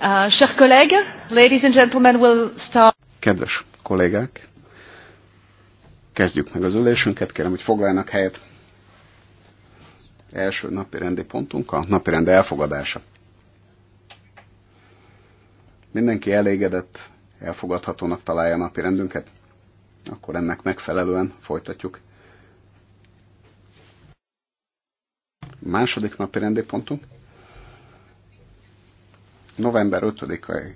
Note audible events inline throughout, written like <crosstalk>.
Uh, Kedves kollégák, kezdjük meg az ülésünket, kérem, hogy foglalnak helyet. Első napi rendi pontunk a napi rend elfogadása. Mindenki elégedett, elfogadhatónak találja a napi rendünket, akkor ennek megfelelően folytatjuk második napi rendi pontunk november 5-ai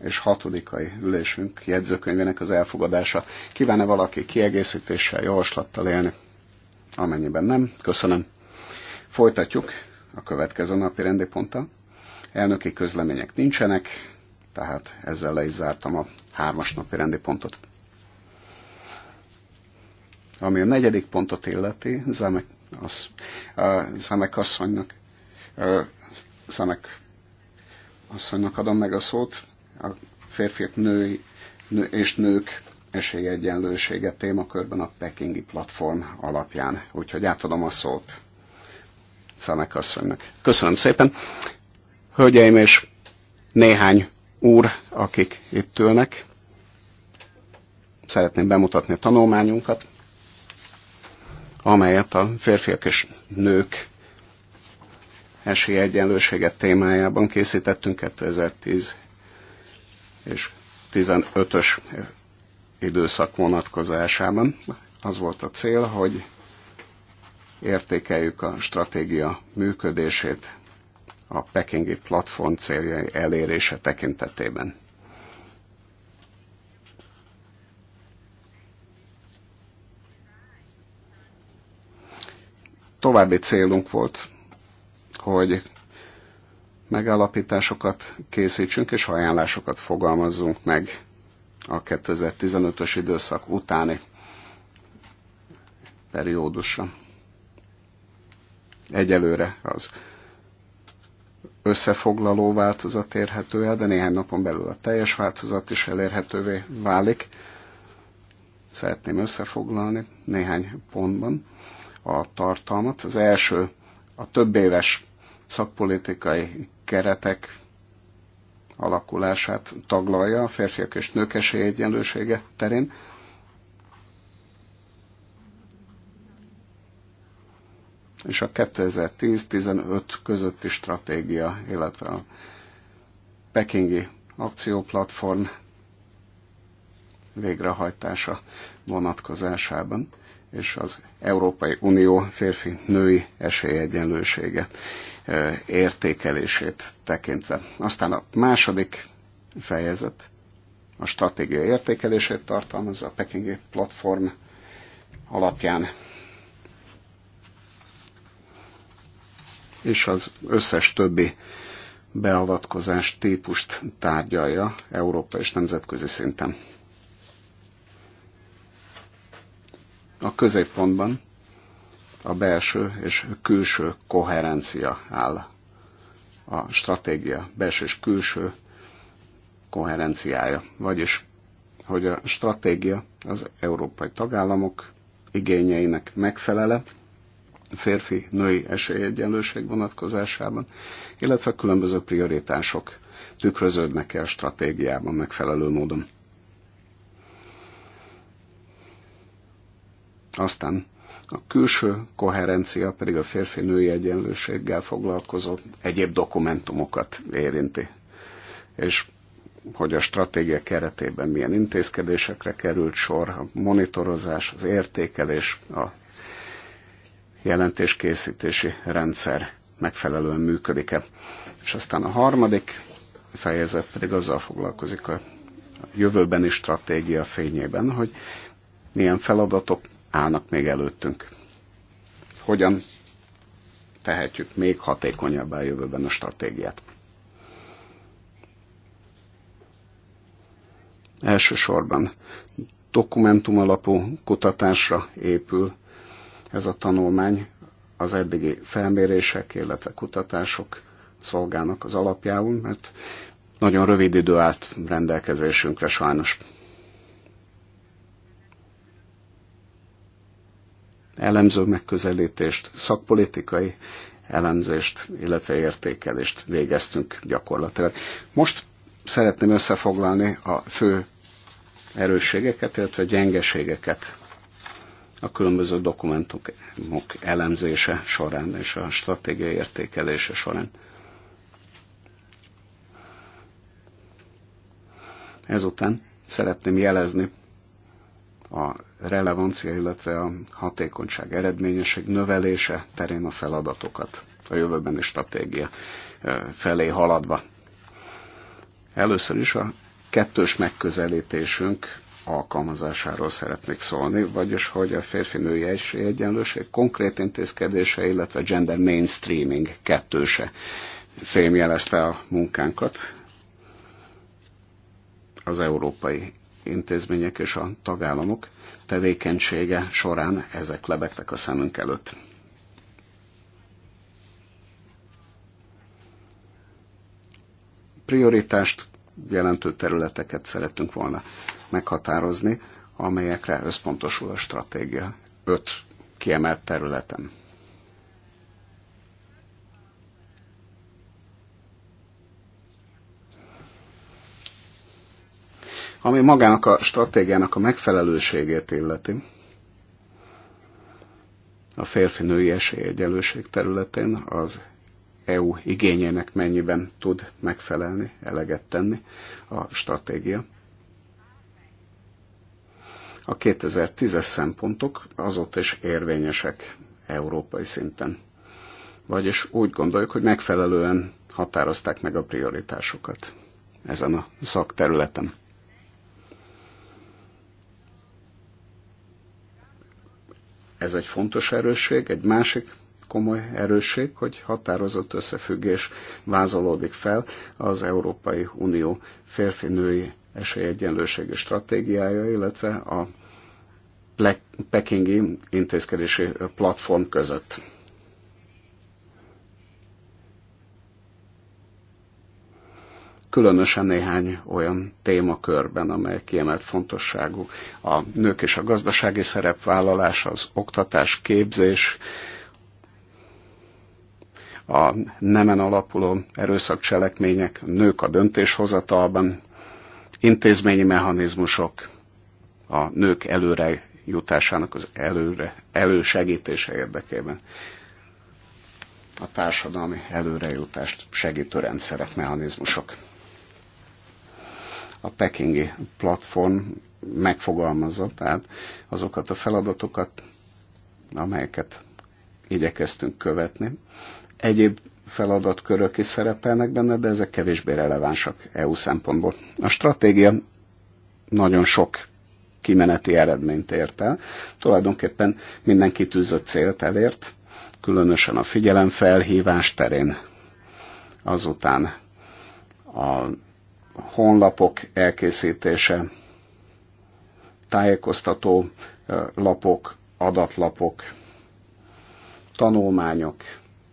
és 6-ai ülésünk jegyzőkönyvének az elfogadása. Kívánne valaki kiegészítéssel, javaslattal élni? Amennyiben nem, köszönöm. Folytatjuk a következő napi rendi ponttal. Elnöki közlemények nincsenek, tehát ezzel le is zártam a hármas napi rendi pontot. Ami a negyedik pontot illeti, Zemek, az, a Zemek asszonynak, a Zemek asszonynak adom meg a szót, a férfiak női, nő és nők esélyegyenlősége témakörben a Pekingi platform alapján. Úgyhogy átadom a szót Szemek asszonynak. Köszönöm szépen. Hölgyeim és néhány úr, akik itt ülnek, szeretném bemutatni a tanulmányunkat, amelyet a férfiak és nők esélyegyenlőséget témájában készítettünk 2010 és 15-ös időszak vonatkozásában. Az volt a cél, hogy értékeljük a stratégia működését a pekingi platform céljai elérése tekintetében. További célunk volt hogy megállapításokat készítsünk és ajánlásokat fogalmazzunk meg a 2015-ös időszak utáni periódusra. Egyelőre az összefoglaló változat érhető el, de néhány napon belül a teljes változat is elérhetővé válik. Szeretném összefoglalni néhány pontban a tartalmat. Az első a több éves szakpolitikai keretek alakulását taglalja a férfiak és nők esélyegyenlősége terén. És a 2010-15 közötti stratégia, illetve a pekingi akcióplatform végrehajtása vonatkozásában és az Európai Unió férfi-női esélyegyenlősége értékelését tekintve. Aztán a második fejezet a stratégia értékelését tartalmazza a pekingi platform alapján. És az összes többi beavatkozás típust tárgyalja Európa és nemzetközi szinten. a középpontban a belső és külső koherencia áll. A stratégia belső és külső koherenciája. Vagyis, hogy a stratégia az európai tagállamok igényeinek megfelele, férfi-női esélyegyenlőség vonatkozásában, illetve különböző prioritások tükröződnek a stratégiában megfelelő módon. Aztán a külső koherencia pedig a férfi-női egyenlőséggel foglalkozó egyéb dokumentumokat érinti. És hogy a stratégia keretében milyen intézkedésekre került sor, a monitorozás, az értékelés, a jelentéskészítési rendszer megfelelően működik-e. És aztán a harmadik fejezet pedig azzal foglalkozik a jövőbeni stratégia fényében, hogy milyen feladatok állnak még előttünk. Hogyan tehetjük még hatékonyabbá a jövőben a stratégiát? Elsősorban dokumentum alapú kutatásra épül ez a tanulmány, az eddigi felmérések, illetve kutatások szolgálnak az alapjául, mert nagyon rövid idő állt rendelkezésünkre sajnos. elemző megközelítést, szakpolitikai elemzést, illetve értékelést végeztünk gyakorlatilag. Most szeretném összefoglalni a fő erősségeket, illetve gyengeségeket a különböző dokumentumok elemzése során és a stratégiai értékelése során. Ezután szeretném jelezni a relevancia, illetve a hatékonyság, eredményesség növelése terén a feladatokat a jövőbeni stratégia felé haladva. Először is a kettős megközelítésünk alkalmazásáról szeretnék szólni, vagyis hogy a férfi-női egyenlőség konkrét intézkedése, illetve gender mainstreaming kettőse fémjelezte a munkánkat az európai intézmények és a tagállamok tevékenysége során ezek lebegtek a szemünk előtt. Prioritást jelentő területeket szerettünk volna meghatározni, amelyekre összpontosul a stratégia öt kiemelt területen. Ami magának a stratégiának a megfelelőségét illeti, a férfi-női esélyegyelőség területén az EU igényének mennyiben tud megfelelni, eleget tenni a stratégia. A 2010-es szempontok azóta is érvényesek európai szinten. Vagyis úgy gondoljuk, hogy megfelelően határozták meg a prioritásokat ezen a szakterületen. Ez egy fontos erősség, egy másik komoly erősség, hogy határozott összefüggés vázolódik fel az Európai Unió férfi-női esélyegyenlőségi stratégiája, illetve a pekingi intézkedési platform között. különösen néhány olyan témakörben, amely kiemelt fontosságú. A nők és a gazdasági szerepvállalás, az oktatás, képzés, a nemen alapuló erőszakcselekmények, nők a döntéshozatalban, intézményi mechanizmusok, a nők előre jutásának az előre, elősegítése érdekében a társadalmi előrejutást segítő rendszerek, mechanizmusok a pekingi platform megfogalmazza, tehát azokat a feladatokat, amelyeket igyekeztünk követni. Egyéb feladatkörök is szerepelnek benne, de ezek kevésbé relevánsak EU szempontból. A stratégia nagyon sok kimeneti eredményt ért el. Tulajdonképpen minden kitűzött célt elért, különösen a figyelemfelhívás terén. Azután a honlapok elkészítése, tájékoztató lapok, adatlapok, tanulmányok,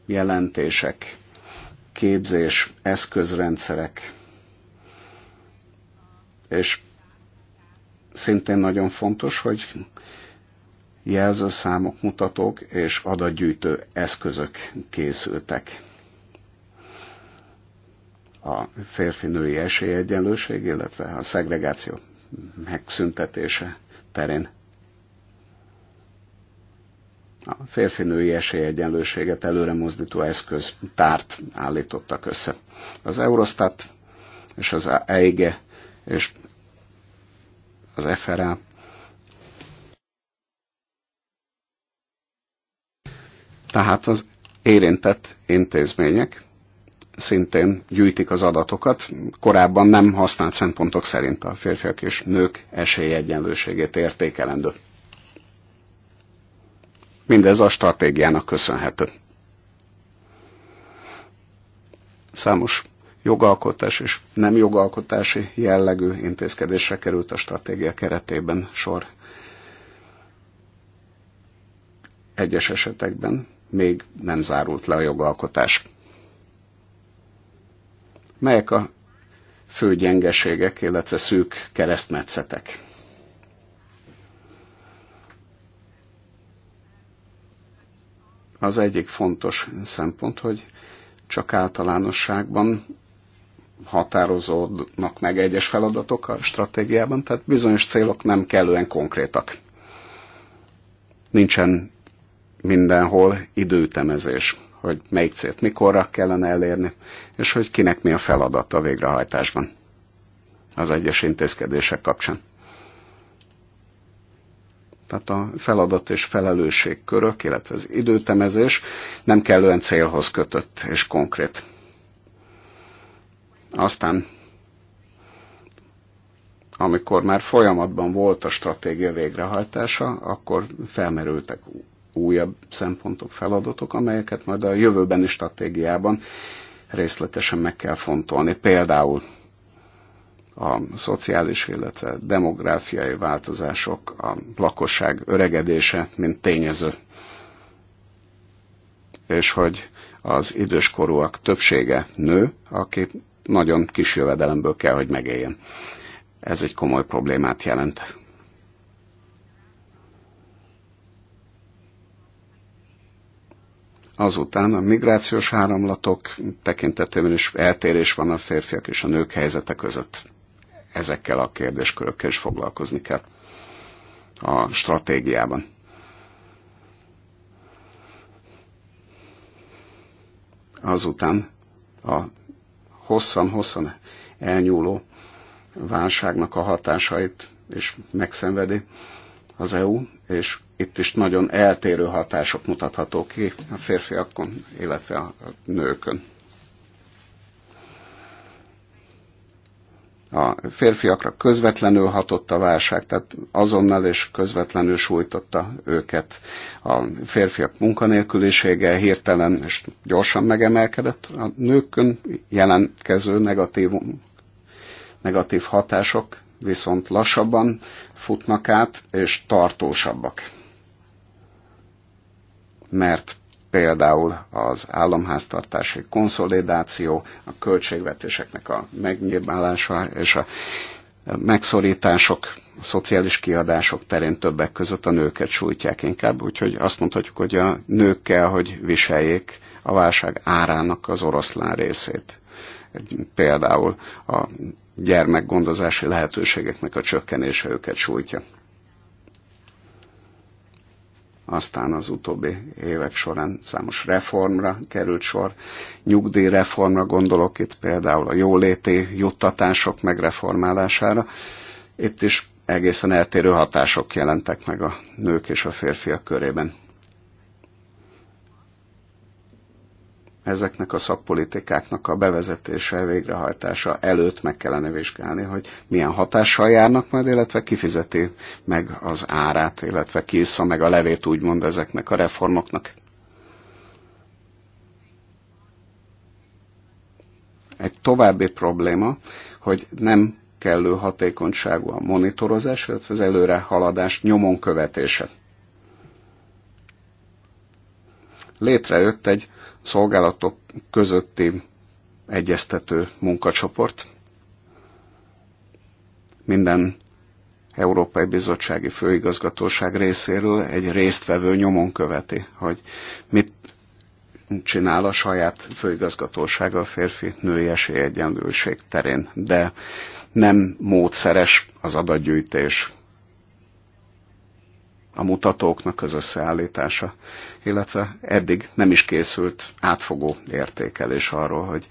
jelentések, képzés, eszközrendszerek, és szintén nagyon fontos, hogy jelzőszámok, mutatók és adatgyűjtő eszközök készültek a férfi-női esélyegyenlőség, illetve a szegregáció megszüntetése terén. A férfi-női esélyegyenlőséget előre mozdító eszköz tárt állítottak össze. Az Eurostat és az EIGE és az FRA tehát az érintett intézmények szintén gyűjtik az adatokat, korábban nem használt szempontok szerint a férfiak és nők esélyegyenlőségét értékelendő. Mindez a stratégiának köszönhető. Számos jogalkotás és nem jogalkotási jellegű intézkedésre került a stratégia keretében sor. Egyes esetekben még nem zárult le a jogalkotás melyek a fő gyengeségek, illetve szűk keresztmetszetek. Az egyik fontos szempont, hogy csak általánosságban határozódnak meg egyes feladatok a stratégiában, tehát bizonyos célok nem kellően konkrétak. Nincsen mindenhol időtemezés hogy melyik célt mikorra kellene elérni, és hogy kinek mi a feladata a végrehajtásban az egyes intézkedések kapcsán. Tehát a feladat és körök, illetve az időtemezés nem kellően célhoz kötött és konkrét. Aztán, amikor már folyamatban volt a stratégia végrehajtása, akkor felmerültek újabb szempontok, feladatok, amelyeket majd a jövőbeni stratégiában részletesen meg kell fontolni. Például a szociális, illetve demográfiai változások, a lakosság öregedése, mint tényező. És hogy az időskorúak többsége nő, aki nagyon kis jövedelemből kell, hogy megéljen. Ez egy komoly problémát jelent azután a migrációs áramlatok tekintetében is eltérés van a férfiak és a nők helyzete között. Ezekkel a kérdéskörökkel is foglalkozni kell a stratégiában. Azután a hosszan-hosszan elnyúló válságnak a hatásait és megszenvedi az EU, és itt is nagyon eltérő hatások mutathatók ki a férfiakon, illetve a nőkön. A férfiakra közvetlenül hatott a válság, tehát azonnal és közvetlenül sújtotta őket. A férfiak munkanélkülisége hirtelen és gyorsan megemelkedett. A nőkön jelentkező negatív, negatív hatások viszont lassabban futnak át, és tartósabbak mert például az államháztartási konszolidáció, a költségvetéseknek a megnyilvánulása és a megszorítások, a szociális kiadások terén többek között a nőket sújtják inkább, úgyhogy azt mondhatjuk, hogy a nők kell, hogy viseljék a válság árának az oroszlán részét. Például a gyermekgondozási lehetőségeknek a csökkenése őket sújtja aztán az utóbbi évek során számos reformra került sor. Nyugdíjreformra gondolok itt például a jóléti juttatások megreformálására. Itt is egészen eltérő hatások jelentek meg a nők és a férfiak körében. ezeknek a szakpolitikáknak a bevezetése, végrehajtása előtt meg kellene vizsgálni, hogy milyen hatással járnak majd, illetve kifizeti meg az árát, illetve kiissza meg a levét úgymond ezeknek a reformoknak. Egy további probléma, hogy nem kellő hatékonyságú a monitorozás, illetve az előre haladás nyomon követése. Létrejött egy szolgálatok közötti egyeztető munkacsoport. Minden Európai Bizottsági Főigazgatóság részéről egy résztvevő nyomon követi, hogy mit csinál a saját főigazgatósága a férfi-női esélyegyenlőség terén, de nem módszeres az adatgyűjtés a mutatóknak az összeállítása, illetve eddig nem is készült átfogó értékelés arról, hogy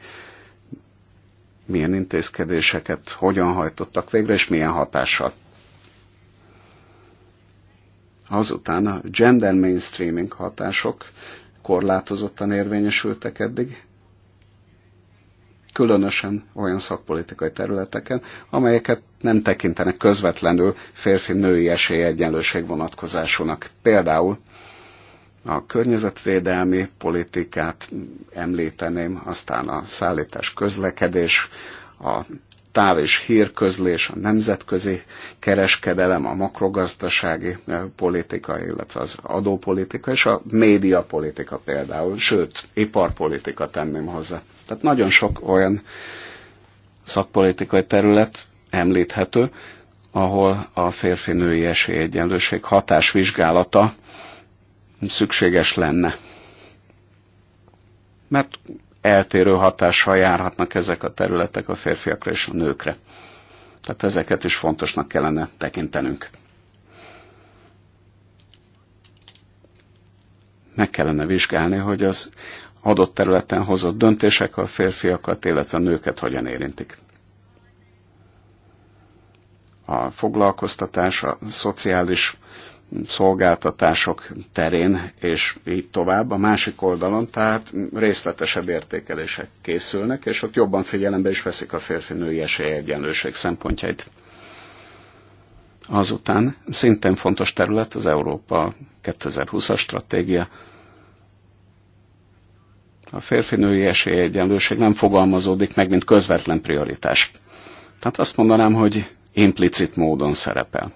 milyen intézkedéseket hogyan hajtottak végre, és milyen hatással. Azután a gender mainstreaming hatások korlátozottan érvényesültek eddig, különösen olyan szakpolitikai területeken, amelyeket nem tekintenek közvetlenül férfi-női esélyegyenlőség vonatkozásúnak. Például a környezetvédelmi politikát említeném, aztán a szállítás közlekedés, a táv és hírközlés, a nemzetközi kereskedelem, a makrogazdasági eh, politika, illetve az adópolitika és a médiapolitika például, sőt, iparpolitika tenném hozzá. Tehát nagyon sok olyan szakpolitikai terület, említhető, ahol a férfi-női esélyegyenlőség hatásvizsgálata szükséges lenne. Mert eltérő hatással járhatnak ezek a területek a férfiakra és a nőkre. Tehát ezeket is fontosnak kellene tekintenünk. Meg kellene vizsgálni, hogy az adott területen hozott döntések a férfiakat, illetve a nőket hogyan érintik a foglalkoztatás, a szociális szolgáltatások terén, és így tovább a másik oldalon, tehát részletesebb értékelések készülnek, és ott jobban figyelembe is veszik a férfi-női esélyegyenlőség szempontjait. Azután szintén fontos terület az Európa 2020-as stratégia. A férfi-női esélyegyenlőség nem fogalmazódik meg, mint közvetlen prioritás. Tehát azt mondanám, hogy implicit módon szerepel.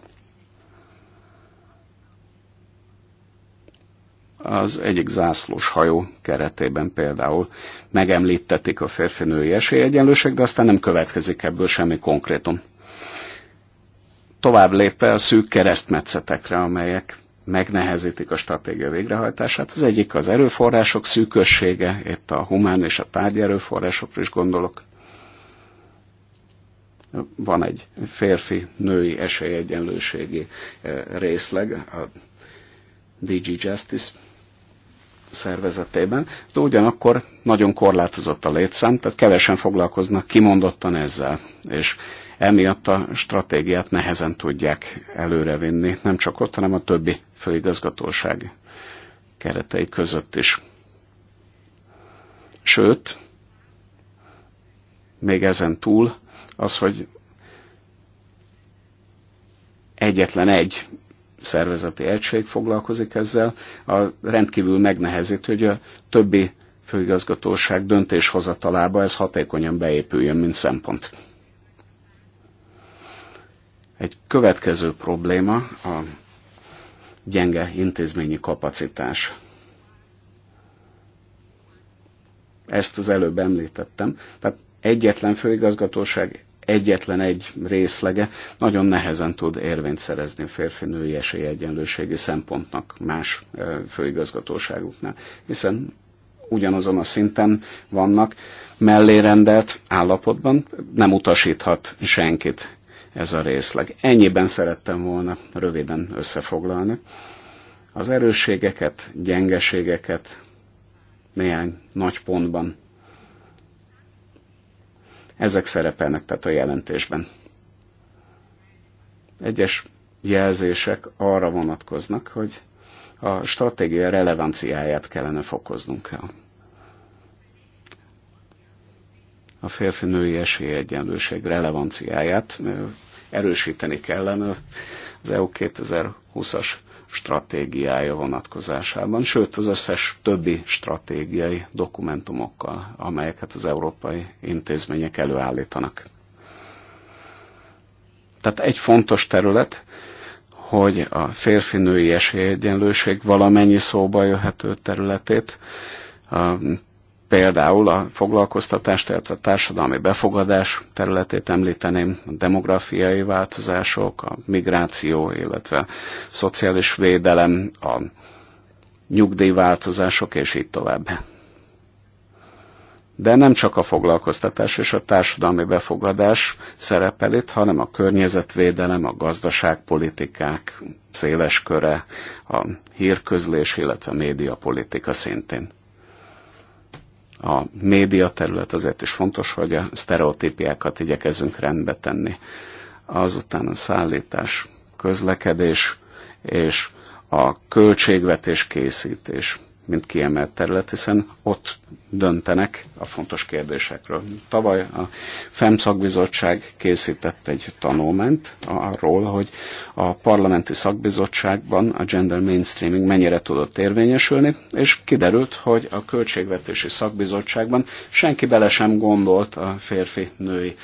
az egyik zászlós hajó keretében például megemlítették a férfinői esélyegyenlőség, de aztán nem következik ebből semmi konkrétum. Tovább lépve a szűk keresztmetszetekre, amelyek megnehezítik a stratégia végrehajtását. Az egyik az erőforrások szűkössége, itt a humán és a tárgy erőforrásokra is gondolok. Van egy férfi-női esélyegyenlőségi eh, részleg a DG Justice szervezetében, de ugyanakkor nagyon korlátozott a létszám, tehát kevesen foglalkoznak kimondottan ezzel, és emiatt a stratégiát nehezen tudják előrevinni, nem csak ott, hanem a többi főigazgatóság keretei között is. Sőt, még ezen túl az, hogy egyetlen egy szervezeti egység foglalkozik ezzel, a rendkívül megnehezít, hogy a többi főigazgatóság döntéshozatalába ez hatékonyan beépüljön, mint szempont. Egy következő probléma a gyenge intézményi kapacitás. Ezt az előbb említettem. Tehát egyetlen főigazgatóság egyetlen egy részlege nagyon nehezen tud érvényt szerezni a férfi-női esélyegyenlőségi szempontnak más főigazgatóságuknál, hiszen ugyanazon a szinten vannak, mellérendelt állapotban nem utasíthat senkit ez a részleg. Ennyiben szerettem volna röviden összefoglalni. Az erősségeket, gyengeségeket néhány nagy pontban ezek szerepelnek tehát a jelentésben. Egyes jelzések arra vonatkoznak, hogy a stratégia relevanciáját kellene fokoznunk el. A férfi-női esélyegyenlőség relevanciáját erősíteni kellene az EU 2020-as stratégiája vonatkozásában, sőt az összes többi stratégiai dokumentumokkal, amelyeket az európai intézmények előállítanak. Tehát egy fontos terület, hogy a férfi-női esélyegyenlőség valamennyi szóba jöhető területét a Például a foglalkoztatás, tehát a társadalmi befogadás területét említeném, a demográfiai változások, a migráció, illetve a szociális védelem, a nyugdíjváltozások, és így tovább. De nem csak a foglalkoztatás és a társadalmi befogadás szerepel itt, hanem a környezetvédelem, a gazdaságpolitikák széles köre, a hírközlés, illetve a médiapolitika szintén a média terület azért is fontos, hogy a sztereotípiákat igyekezünk rendbe tenni. Azután a szállítás, közlekedés és a költségvetés készítés mint kiemelt terület, hiszen ott döntenek a fontos kérdésekről. Tavaly a FEM szakbizottság készített egy tanulmányt arról, hogy a parlamenti szakbizottságban a gender mainstreaming mennyire tudott érvényesülni, és kiderült, hogy a költségvetési szakbizottságban senki bele sem gondolt a férfi-női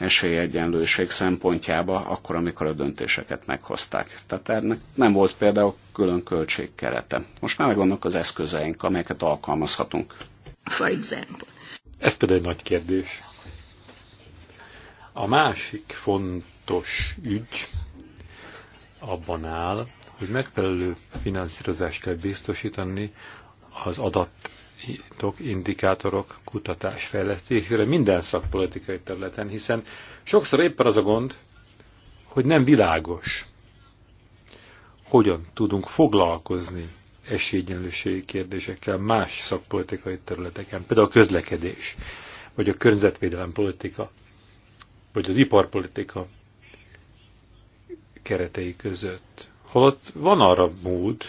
esélyegyenlőség szempontjába, akkor, amikor a döntéseket meghozták. Tehát ennek nem volt például külön költségkerete. Most már megvannak az eszközeink, amelyeket alkalmazhatunk. For example. Ez például egy nagy kérdés. A másik fontos ügy abban áll, hogy megfelelő finanszírozást kell biztosítani az adat tok, indikátorok, kutatás, fejlesztésére minden szakpolitikai területen, hiszen sokszor éppen az a gond, hogy nem világos, hogyan tudunk foglalkozni esélyegyenlőségi kérdésekkel más szakpolitikai területeken, például a közlekedés, vagy a környezetvédelem politika, vagy az iparpolitika keretei között. Holott van arra mód,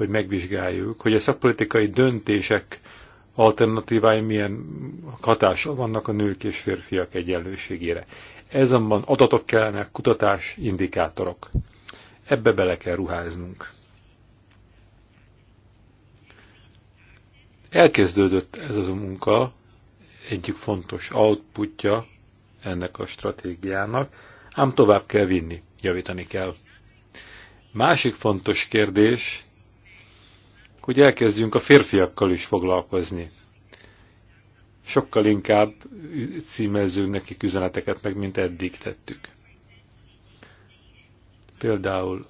hogy megvizsgáljuk, hogy a szakpolitikai döntések alternatívái milyen hatással vannak a nők és férfiak egyenlőségére. Ez azonban adatok kellene, kutatás, indikátorok. Ebbe bele kell ruháznunk. Elkezdődött ez az a munka, egyik fontos outputja ennek a stratégiának, ám tovább kell vinni, javítani kell. Másik fontos kérdés hogy elkezdjünk a férfiakkal is foglalkozni. Sokkal inkább címezzünk nekik üzeneteket meg, mint eddig tettük. Például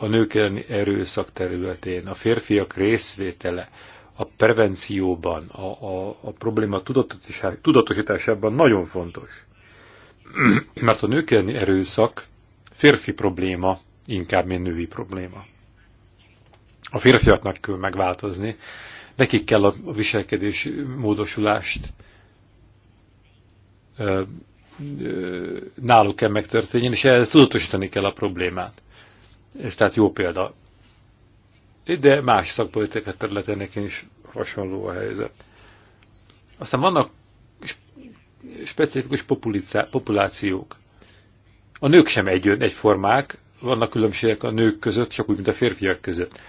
a nők elleni erőszak területén, a férfiak részvétele, a prevencióban, a, a, a probléma tudatosításában nagyon fontos. <clears throat> Mert a nők elleni erőszak férfi probléma, inkább, mint női probléma a férfiaknak kell megváltozni, nekik kell a viselkedés módosulást náluk kell megtörténjen, és ehhez tudatosítani kell a problémát. Ez tehát jó példa. De más szakpolitikát területen is hasonló a helyzet. Aztán vannak specifikus populációk. A nők sem egy, egyformák, vannak különbségek a nők között, csak úgy, mint a férfiak között.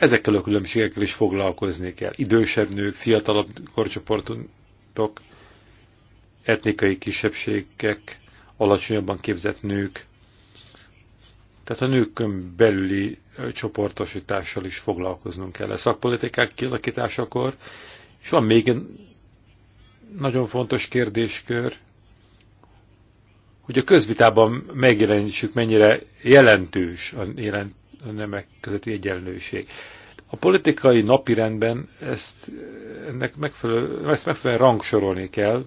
Ezekkel a különbségekkel is foglalkozni kell. Idősebb nők, fiatalabb korcsoportok, etnikai kisebbségek, alacsonyabban képzett nők. Tehát a nőkön belüli csoportosítással is foglalkoznunk kell a szakpolitikák kialakításakor. És van még egy nagyon fontos kérdéskör, hogy a közvitában megjelenítsük, mennyire jelentős a jelent, nemek közötti egyenlőség. A politikai napirendben ezt, ennek megfelelő, ezt megfelelően rangsorolni kell,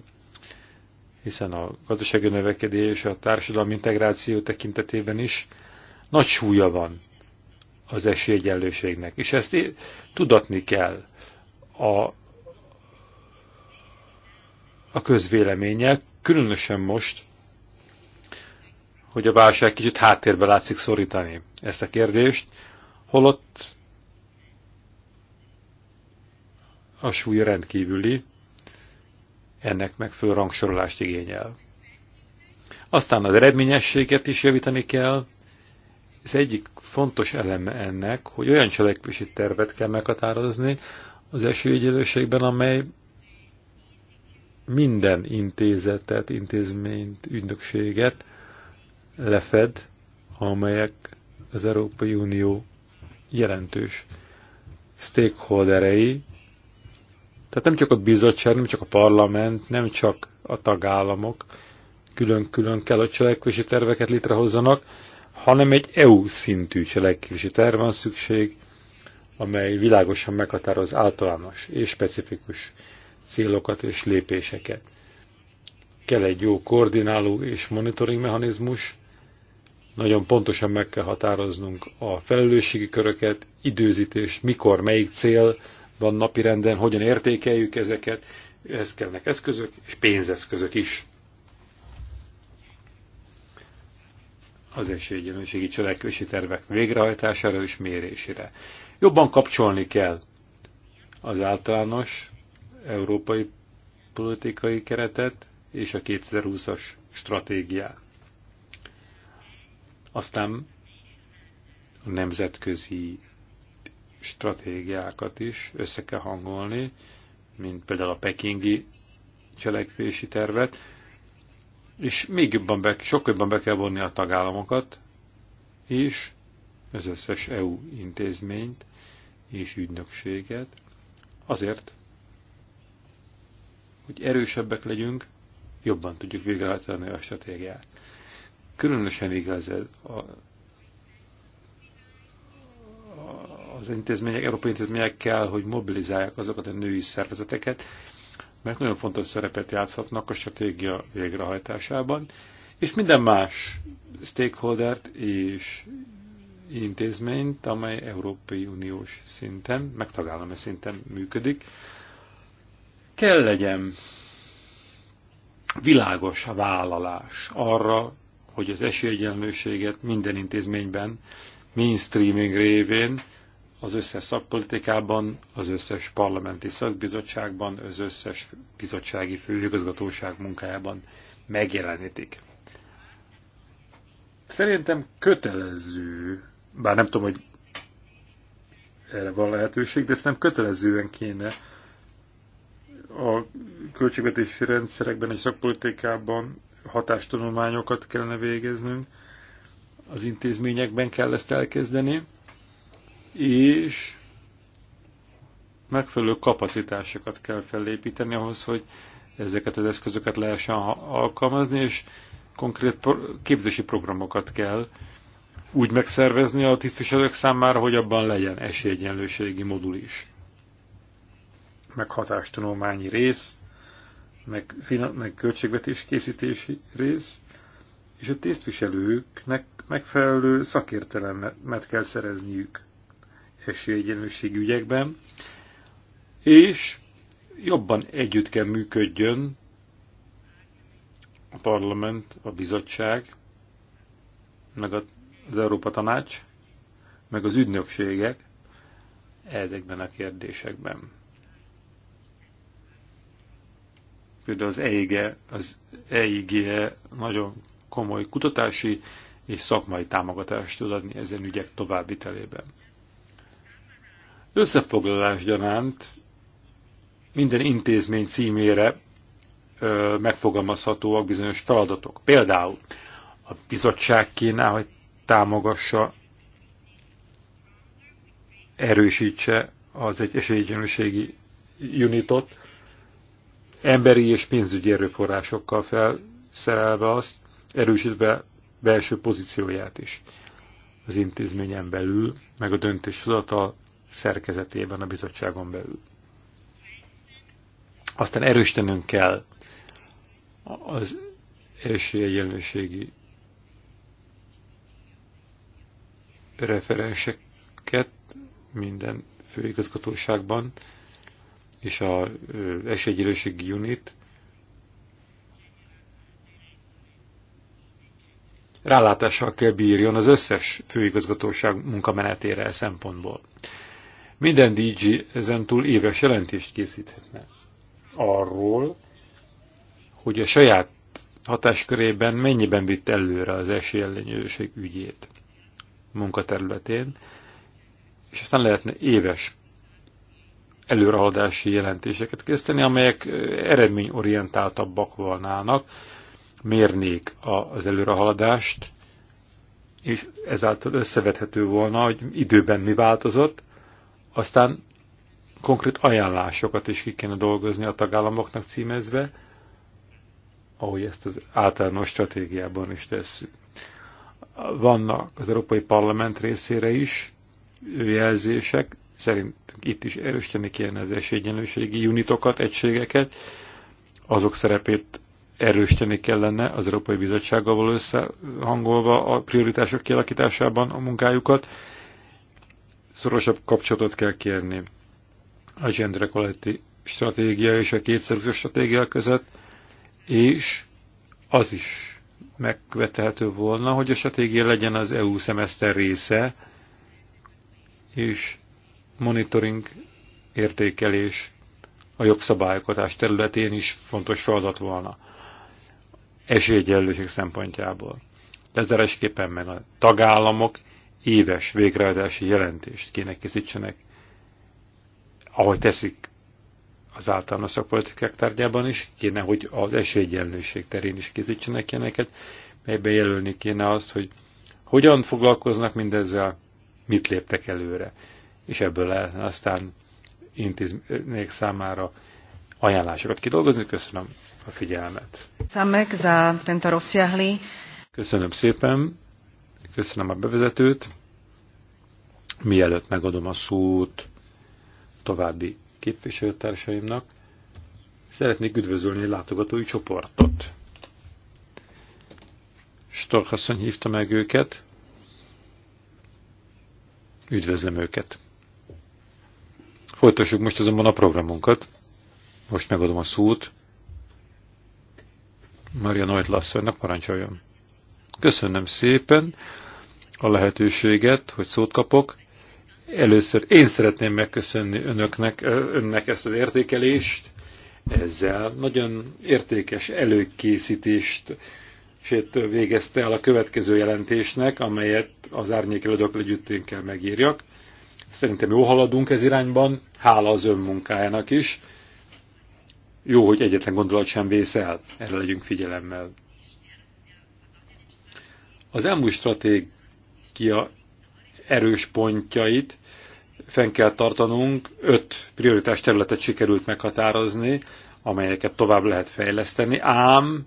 hiszen a gazdasági növekedés, a társadalmi integráció tekintetében is nagy súlya van az esélyegyenlőségnek, és ezt tudatni kell a, a közvéleménnyel, különösen most, hogy a válság kicsit háttérbe látszik szorítani ezt a kérdést, holott a súly rendkívüli, ennek megfelelő rangsorolást igényel. Aztán az eredményességet is javítani kell. Ez egyik fontos eleme ennek, hogy olyan cselekvési tervet kell meghatározni az esélyegyelőségben, amely minden intézetet, intézményt, ügynökséget lefed, amelyek az Európai Unió jelentős stakeholderei, tehát nem csak a bizottság, nem csak a parlament, nem csak a tagállamok külön-külön kell, hogy cselekvési terveket létrehozzanak, hanem egy EU szintű cselekvési terv van szükség, amely világosan meghatároz általános és specifikus célokat és lépéseket. Kell egy jó koordináló és monitoring mechanizmus, nagyon pontosan meg kell határoznunk a felelősségi köröket, időzítés, mikor, melyik cél van napirenden, hogyan értékeljük ezeket, ehhez kellnek eszközök és pénzeszközök is. az első egyenlőségi cselekvési tervek végrehajtására és mérésére. Jobban kapcsolni kell az általános európai politikai keretet és a 2020-as stratégiát. Aztán a nemzetközi stratégiákat is össze kell hangolni, mint például a pekingi cselekvési tervet, és még jobban be, sok jobban be kell vonni a tagállamokat, és az összes EU intézményt és ügynökséget, azért, hogy erősebbek legyünk, jobban tudjuk végrehajtani a stratégiát. Különösen igaz ez a, az intézmények, európai intézmények kell, hogy mobilizálják azokat a női szervezeteket, mert nagyon fontos szerepet játszhatnak a stratégia végrehajtásában, és minden más stakeholdert és intézményt, amely Európai Uniós szinten, meg tagállami szinten működik, kell legyen világos a vállalás arra hogy az esélyegyenlőséget minden intézményben mainstreaming révén az összes szakpolitikában, az összes parlamenti szakbizottságban, az összes bizottsági főigazgatóság munkájában megjelenítik. Szerintem kötelező, bár nem tudom, hogy erre van lehetőség, de ezt nem kötelezően kéne a költségvetési rendszerekben és szakpolitikában hatástanulmányokat kellene végeznünk, az intézményekben kell ezt elkezdeni, és megfelelő kapacitásokat kell felépíteni ahhoz, hogy ezeket az eszközöket lehessen alkalmazni, és konkrét képzési programokat kell úgy megszervezni a tisztviselők számára, hogy abban legyen esélyegyenlőségi modul is. Meg hatástanulmányi rész, meg, meg költségvetés készítési rész, és a tisztviselőknek megfelelő szakértelemet kell szerezniük esélyegyenlőség ügyekben, és jobban együtt kell működjön a parlament, a bizottság, meg az Európa Tanács, meg az ügynökségek ezekben a kérdésekben. Például az EIGE, az EIGE nagyon komoly kutatási és szakmai támogatást tud adni ezen ügyek továbbitelében. Összefoglalás gyanánt minden intézmény címére ö, megfogalmazhatóak bizonyos feladatok. Például a bizottság kéne, hogy támogassa, erősítse az egy esélyegyenlőségi unitot, emberi és pénzügyi erőforrásokkal felszerelve azt, erősítve belső pozícióját is az intézményen belül, meg a döntéshozatal szerkezetében a bizottságon belül. Aztán erősítenünk kell az első egyenlőségi referenseket minden főigazgatóságban, és a esélygyűlőségi unit rálátással kell bírjon az összes főigazgatóság munkamenetére e szempontból. Minden DG ezentúl éves jelentést készíthetne arról, hogy a saját hatáskörében mennyiben vitt előre az esélyellenőrség ügyét munkaterületén, és aztán lehetne éves előrehaladási jelentéseket készíteni, amelyek eredményorientáltabbak volnának, mérnék az előrehaladást, és ezáltal összevethető volna, hogy időben mi változott, aztán konkrét ajánlásokat is ki kéne dolgozni a tagállamoknak címezve, ahogy ezt az általános stratégiában is tesszük. Vannak az Európai Parlament részére is jelzések, szerintünk itt is erősíteni kéne az esélyegyenlőségi unitokat, egységeket, azok szerepét erősíteni kellene az Európai Bizottsággal való összehangolva a prioritások kialakításában a munkájukat. Szorosabb kapcsolatot kell kérni a gender equality stratégia és a kétszerűző stratégia között, és az is megkövetelhető volna, hogy a stratégia legyen az EU szemeszter része, és monitoring, értékelés a jogszabályokatás területén is fontos feladat volna esélyegyenlőség szempontjából. Lezeresképpen meg a tagállamok éves végrehajtási jelentést kéne készítsenek, ahogy teszik az általános szakpolitikák tárgyában is, kéne, hogy az esélyegyenlőség terén is készítsenek ilyeneket, melyben jelölni kéne azt, hogy hogyan foglalkoznak mindezzel, mit léptek előre és ebből el, aztán intézmények számára ajánlásokat kidolgozni. Köszönöm a figyelmet. Köszönöm szépen, köszönöm a bevezetőt. Mielőtt megadom a szót további képviselőtársaimnak, szeretnék üdvözölni a látogatói csoportot. Storkasszony hívta meg őket. Üdvözlöm őket. Folytassuk most azonban a programunkat. Most megadom a szót. Maria Nagy Lasszonynak parancsoljon. Köszönöm szépen a lehetőséget, hogy szót kapok. Először én szeretném megköszönni önöknek, önnek ezt az értékelést. Ezzel nagyon értékes előkészítést sőt végezte el a következő jelentésnek, amelyet az árnyékelődök együtt kell megírjak. Szerintem jó haladunk ez irányban, hála az önmunkájának is. Jó, hogy egyetlen gondolat sem vész el, erre legyünk figyelemmel. Az elmúlt stratégia erős pontjait fenn kell tartanunk, öt prioritás területet sikerült meghatározni, amelyeket tovább lehet fejleszteni, ám,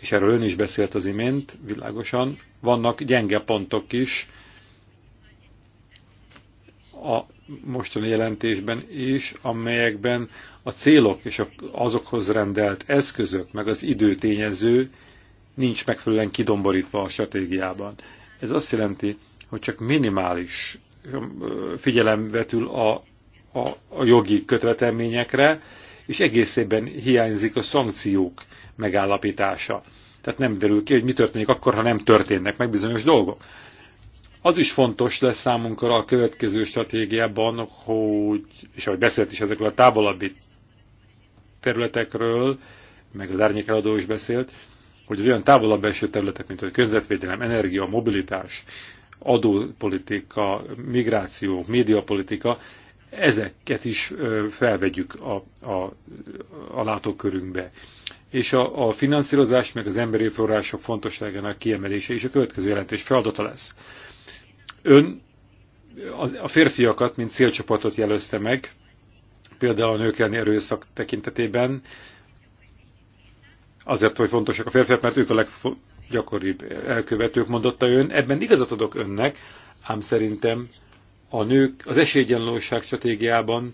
és erről ön is beszélt az imént, világosan, vannak gyenge pontok is, a mostani jelentésben is, amelyekben a célok és azokhoz rendelt eszközök, meg az időtényező nincs megfelelően kidomborítva a stratégiában. Ez azt jelenti, hogy csak minimális figyelem vetül a, a, a jogi köteleteményekre, és egészében hiányzik a szankciók megállapítása. Tehát nem derül ki, hogy mi történik akkor, ha nem történnek meg bizonyos dolgok. Az is fontos lesz számunkra a következő stratégiában, hogy, és ahogy beszélt is ezekről a távolabbi területekről, meg az árnyékeladó is beszélt, hogy az olyan távolabb eső területek, mint a környezetvédelem, energia, mobilitás, adópolitika, migráció, médiapolitika, ezeket is felvegyük a, a, a látókörünkbe. És a, a finanszírozás, meg az emberi források fontosságának kiemelése is a következő jelentés feladata lesz. Ön a férfiakat, mint célcsoportot jelözte meg, például a nők elleni erőszak tekintetében, azért, hogy fontosak a férfiak, mert ők a leggyakoribb elkövetők, mondotta ön. Ebben igazat adok önnek, ám szerintem a nők az esélyegyenlóság stratégiában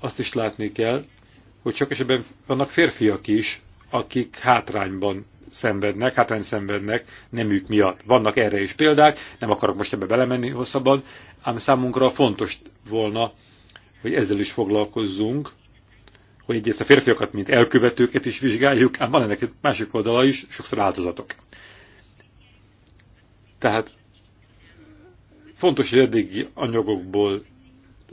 azt is látni kell, hogy csak esetben vannak férfiak is, akik hátrányban szenvednek, hátrány szenvednek ők miatt. Vannak erre is példák, nem akarok most ebbe belemenni hosszabban, ám számunkra fontos volna, hogy ezzel is foglalkozzunk, hogy egyrészt a férfiakat, mint elkövetőket is vizsgáljuk, ám van ennek egy másik oldala is, sokszor áldozatok. Tehát fontos, hogy eddigi anyagokból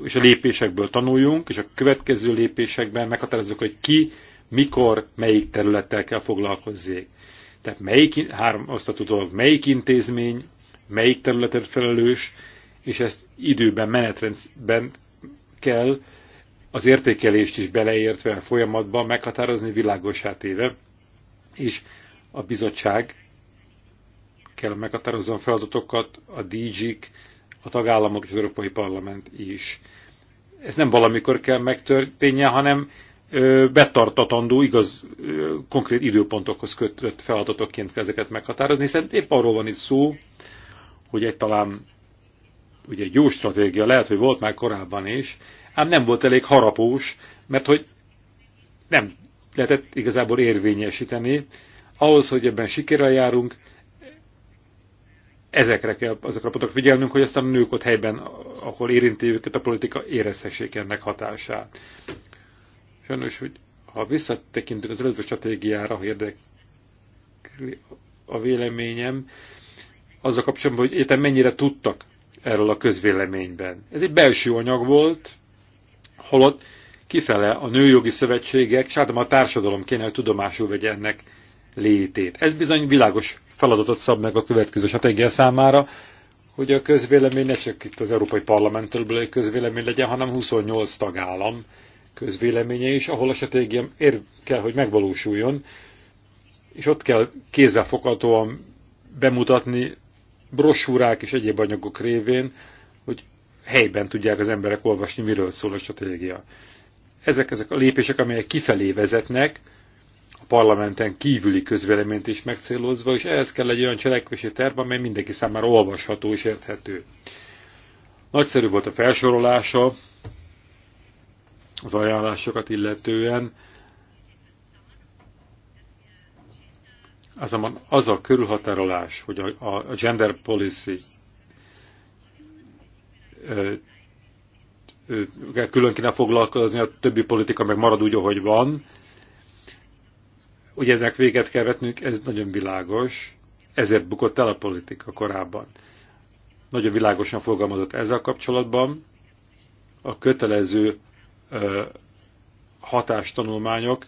és a lépésekből tanuljunk, és a következő lépésekben meghatározzuk, hogy ki, mikor, melyik területtel kell foglalkozzék. Tehát melyik, három osztatú dolog, melyik intézmény, melyik területet felelős, és ezt időben, menetrendben kell az értékelést is beleértve a folyamatban meghatározni világosá téve, és a bizottság kell meghatározzon feladatokat, a DG-k, a tagállamok és az Európai Parlament is. Ez nem valamikor kell megtörténjen, hanem betartatandó, igaz, konkrét időpontokhoz kötött feladatokként kell ezeket meghatározni, hiszen épp arról van itt szó, hogy egy talán ugye egy jó stratégia, lehet, hogy volt már korábban is, ám nem volt elég harapós, mert hogy nem lehetett igazából érvényesíteni. Ahhoz, hogy ebben sikerrel járunk, ezekre kell, azokra pontok figyelnünk, hogy aztán a nők ott helyben, ahol érinti őket a politika, érezhessék ennek hatását. Sajnos, hogy ha visszatekintünk az előző stratégiára, ha érdekli a véleményem, az a kapcsolatban, hogy értem mennyire tudtak erről a közvéleményben. Ez egy belső anyag volt, holott kifele a nőjogi szövetségek, és a társadalom kéne, hogy tudomásul vegye ennek létét. Ez bizony világos feladatot szab meg a következő stratégia számára, hogy a közvélemény ne csak itt az Európai Parlamenttől közvélemény legyen, hanem 28 tagállam közvéleménye is, ahol a stratégia ér kell, hogy megvalósuljon, és ott kell kézzelfoghatóan bemutatni brosúrák és egyéb anyagok révén, hogy helyben tudják az emberek olvasni, miről szól a stratégia. Ezek, ezek a lépések, amelyek kifelé vezetnek, a parlamenten kívüli közvéleményt is megcélozva, és ehhez kell egy olyan cselekvési terv, amely mindenki számára olvasható és érthető. Nagyszerű volt a felsorolása az ajánlásokat illetően. Azonban az a körülhatárolás, hogy a, a gender policy ö, ö, külön kéne foglalkozni, a többi politika meg marad úgy, ahogy van. Ugye ennek véget kell vetnünk, ez nagyon világos, ezért bukott el a politika korábban. Nagyon világosan fogalmazott ezzel kapcsolatban, a kötelező hatástanulmányok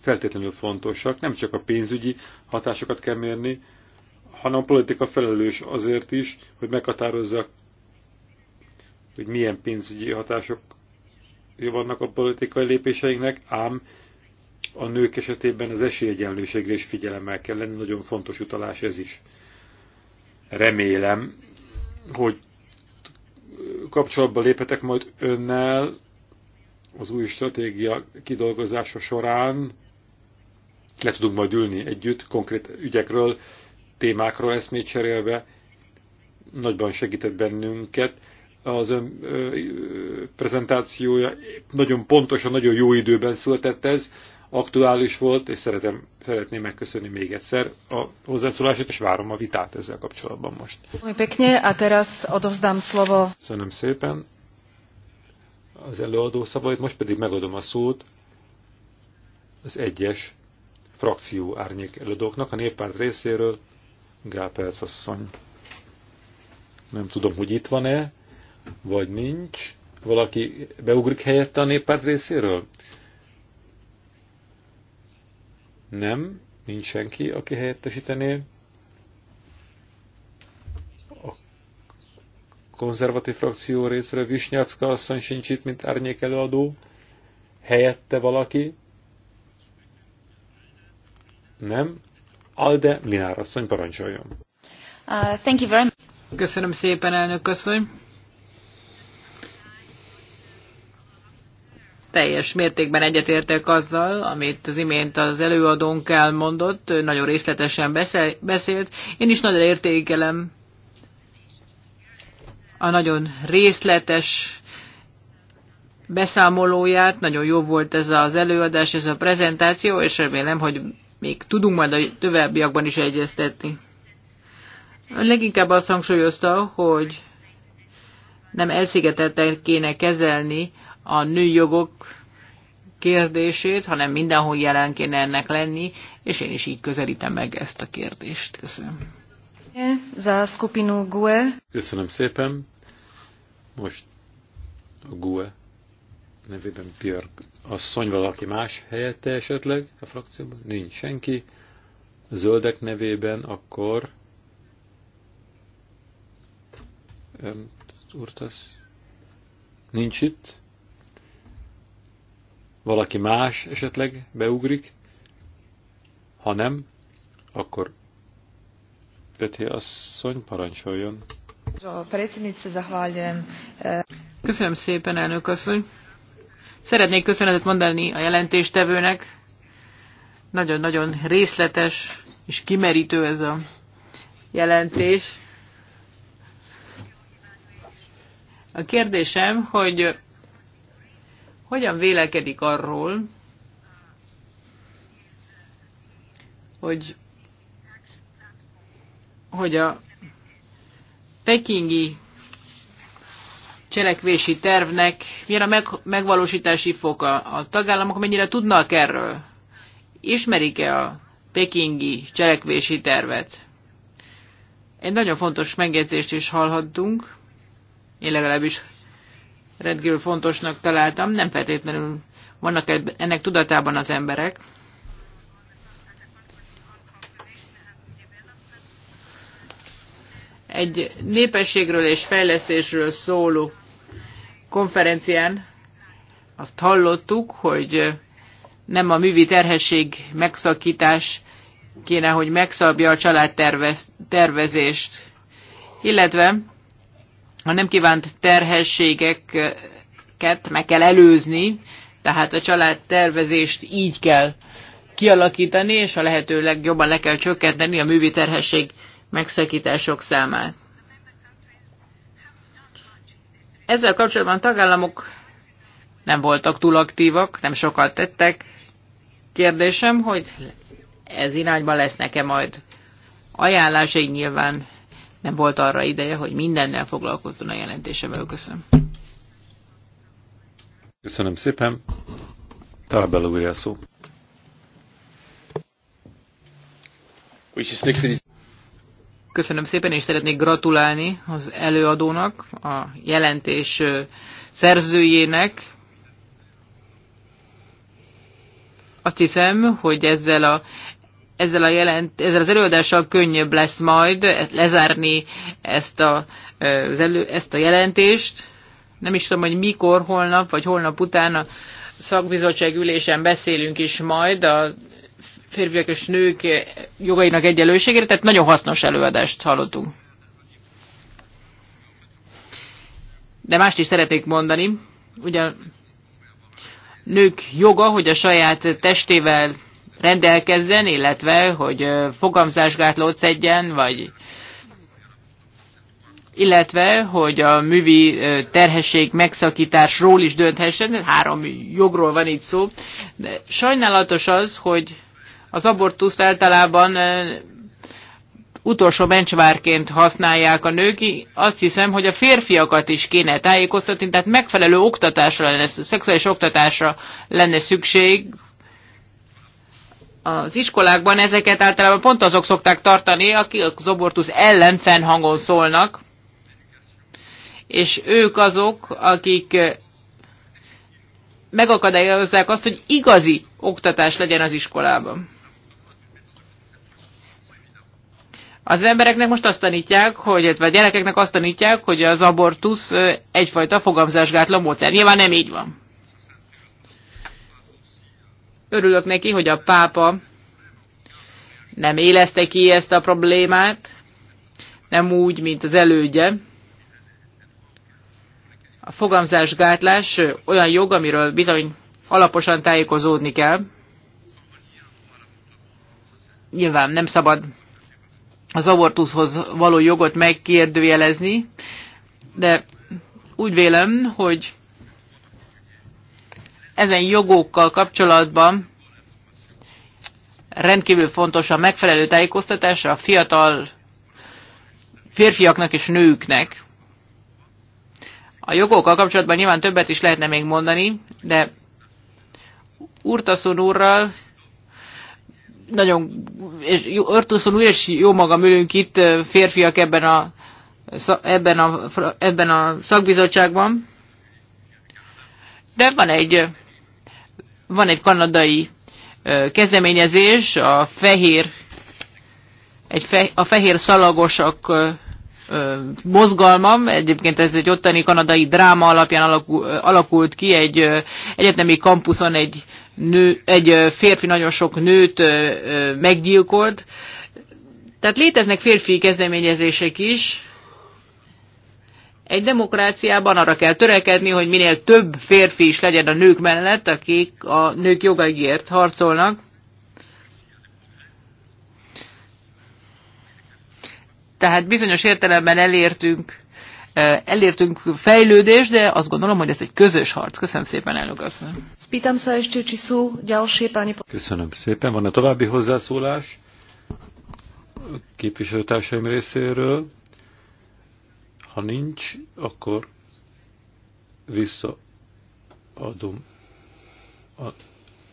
feltétlenül fontosak. Nem csak a pénzügyi hatásokat kell mérni, hanem a politika felelős azért is, hogy meghatározza, hogy milyen pénzügyi hatások vannak a politikai lépéseinknek, ám a nők esetében az esélyegyenlőségre is figyelemmel kell lenni, nagyon fontos utalás ez is. Remélem, hogy kapcsolatba léphetek majd önnel, az új stratégia kidolgozása során le tudunk majd ülni együtt, konkrét ügyekről, témákról eszmét cserélve. Nagyban segített bennünket az ön ö, ö, prezentációja. Nagyon pontosan, nagyon jó időben született ez, aktuális volt, és szeretem, szeretném megköszönni még egyszer a hozzászólását, és várom a vitát ezzel kapcsolatban most. Köszönöm szépen az előadó szavait, most pedig megadom a szót az egyes frakció árnyék előadóknak, a néppárt részéről Gál Perc asszony. Nem tudom, hogy itt van-e, vagy nincs. Valaki beugrik helyette a néppárt részéről? Nem, nincs senki, aki helyettesítené. konzervatív frakció részéről Visnyavska asszony sincs itt, mint árnyék előadó. Helyette valaki? Nem? Alde Linár asszony parancsoljon. Uh, thank you very much. Köszönöm szépen, elnök asszony. teljes mértékben egyetértek azzal, amit az imént az előadónk elmondott, nagyon részletesen beszélt. Én is nagyon értékelem a nagyon részletes beszámolóját. Nagyon jó volt ez az előadás, ez a prezentáció, és remélem, hogy még tudunk majd a továbbiakban is egyeztetni. Leginkább azt hangsúlyozta, hogy nem elszigetelten kéne kezelni a nőjogok kérdését, hanem mindenhol jelen kéne ennek lenni, és én is így közelítem meg ezt a kérdést. Köszönöm. Köszönöm szépen. Most a GUE nevében Björk asszony valaki más helyette esetleg a frakcióban? Nincs senki. A zöldek nevében akkor Urtasz nincs itt. Valaki más esetleg beugrik. Ha nem, akkor Peti asszony parancsoljon. Köszönöm szépen, elnök asszony. Szeretnék köszönetet mondani a jelentéstevőnek. Nagyon-nagyon részletes és kimerítő ez a jelentés. A kérdésem, hogy hogyan vélekedik arról, hogy, hogy a pekingi cselekvési tervnek milyen a meg, megvalósítási foka? A tagállamok mennyire tudnak erről? Ismerik-e a pekingi cselekvési tervet? Egy nagyon fontos megjegyzést is hallhattunk, én legalábbis rendkívül fontosnak találtam, nem feltétlenül vannak ennek tudatában az emberek, egy népességről és fejlesztésről szóló konferencián azt hallottuk, hogy nem a művi terhesség megszakítás kéne, hogy megszabja a családtervezést, illetve a nem kívánt terhességeket meg kell előzni, tehát a családtervezést így kell kialakítani, és a lehető legjobban le kell csökkenteni a művi terhesség megszakítások számát. Ezzel kapcsolatban a tagállamok nem voltak túl aktívak, nem sokat tettek. Kérdésem, hogy ez irányban lesz nekem, majd ajánlásai nyilván nem volt arra ideje, hogy mindennel foglalkozzon a jelentésemvel. Köszönöm. Köszönöm szépen. Tarabella a szó. Köszönöm szépen, és szeretnék gratulálni az előadónak, a jelentés szerzőjének. Azt hiszem, hogy ezzel a ezzel, a jelent, ezzel az előadással könnyebb lesz majd lezárni ezt a, elő, ezt a jelentést. Nem is tudom, hogy mikor, holnap vagy holnap után a szakbizottság ülésen beszélünk is majd a férfiak és nők jogainak egyenlőségére, tehát nagyon hasznos előadást hallottunk. De mást is szeretnék mondani. ugye nők joga, hogy a saját testével rendelkezzen, illetve hogy fogamzásgátlót szedjen, vagy illetve, hogy a művi terhesség megszakításról is dönthessen, három jogról van itt szó. De sajnálatos az, hogy az abortuszt általában utolsó mencsvárként használják a nők, azt hiszem, hogy a férfiakat is kéne tájékoztatni, tehát megfelelő oktatásra lenne, szexuális oktatásra lenne szükség. Az iskolákban ezeket általában pont azok szokták tartani, akik az abortusz ellen fennhangon szólnak, és ők azok, akik megakadályozzák azt, hogy igazi oktatás legyen az iskolában. Az embereknek most azt tanítják, hogy, illetve a gyerekeknek azt tanítják, hogy az abortusz egyfajta fogamzásgátló módszer. Nyilván nem így van. Örülök neki, hogy a pápa nem élezte ki ezt a problémát, nem úgy, mint az elődje. A fogamzásgátlás olyan jog, amiről bizony alaposan tájékozódni kell. Nyilván nem szabad az abortuszhoz való jogot megkérdőjelezni, de úgy vélem, hogy ezen jogokkal kapcsolatban rendkívül fontos a megfelelő tájékoztatás a fiatal férfiaknak és nőknek. A jogokkal kapcsolatban nyilván többet is lehetne még mondani, de Urtaszon úrral nagyon, és Örtuszon úgy, és jó magam ülünk itt, férfiak ebben a, ebben a, ebben a szakbizottságban. De van egy, van egy kanadai kezdeményezés, a fehér, egy fe, a fehér szalagosak mozgalmam, egyébként ez egy ottani kanadai dráma alapján alakult ki, egy egyetemi kampuszon egy, nő, egy férfi nagyon sok nőt meggyilkolt. Tehát léteznek férfi kezdeményezések is. Egy demokráciában arra kell törekedni, hogy minél több férfi is legyen a nők mellett, akik a nők jogaiért harcolnak. Tehát bizonyos értelemben elértünk, elértünk fejlődést, de azt gondolom, hogy ez egy közös harc. Köszönöm szépen, elnök asszony. Köszönöm szépen. Van a további hozzászólás a képviselőtársaim részéről? Ha nincs, akkor visszaadom a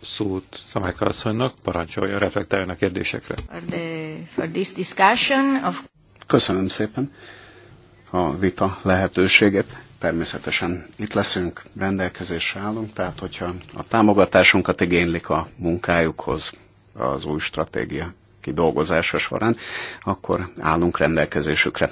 szót Szamályka asszonynak, parancsolja, reflektáljon a kérdésekre. For the, for this discussion of... Köszönöm szépen a vita lehetőséget. Természetesen itt leszünk, rendelkezésre állunk, tehát hogyha a támogatásunkat igénylik a munkájukhoz az új stratégia kidolgozása során, akkor állunk rendelkezésükre.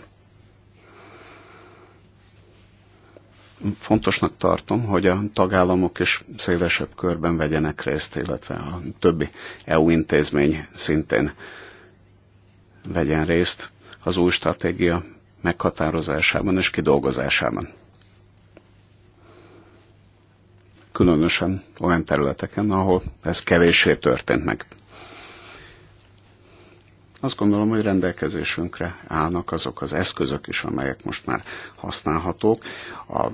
Fontosnak tartom, hogy a tagállamok is szélesebb körben vegyenek részt, illetve a többi EU intézmény szintén vegyen részt az új stratégia meghatározásában és kidolgozásában. Különösen olyan területeken, ahol ez kevéssé történt meg. Azt gondolom, hogy rendelkezésünkre állnak azok az eszközök is, amelyek most már használhatók. A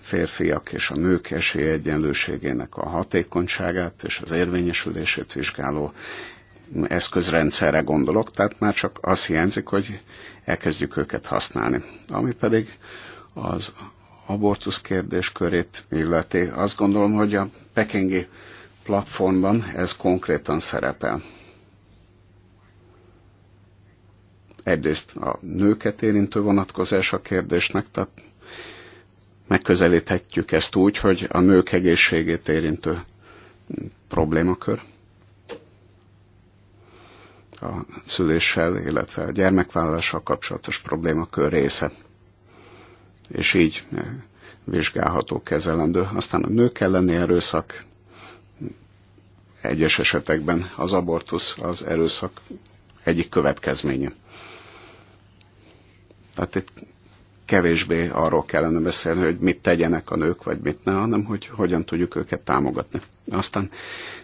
férfiak és a nők esélyegyenlőségének a hatékonyságát és az érvényesülését vizsgáló eszközrendszerre gondolok, tehát már csak az hiányzik, hogy elkezdjük őket használni. Ami pedig az abortusz kérdéskörét illeti, azt gondolom, hogy a pekingi platformban ez konkrétan szerepel. Egyrészt a nőket érintő vonatkozás a kérdésnek, tehát megközelíthetjük ezt úgy, hogy a nők egészségét érintő problémakör a szüléssel, illetve a gyermekvállalással kapcsolatos problémakör része. És így eh, vizsgálható, kezelendő. Aztán a nők elleni erőszak, egyes esetekben az abortusz az erőszak egyik következménye. Tehát itt kevésbé arról kellene beszélni, hogy mit tegyenek a nők, vagy mit ne, hanem hogy hogyan tudjuk őket támogatni. Aztán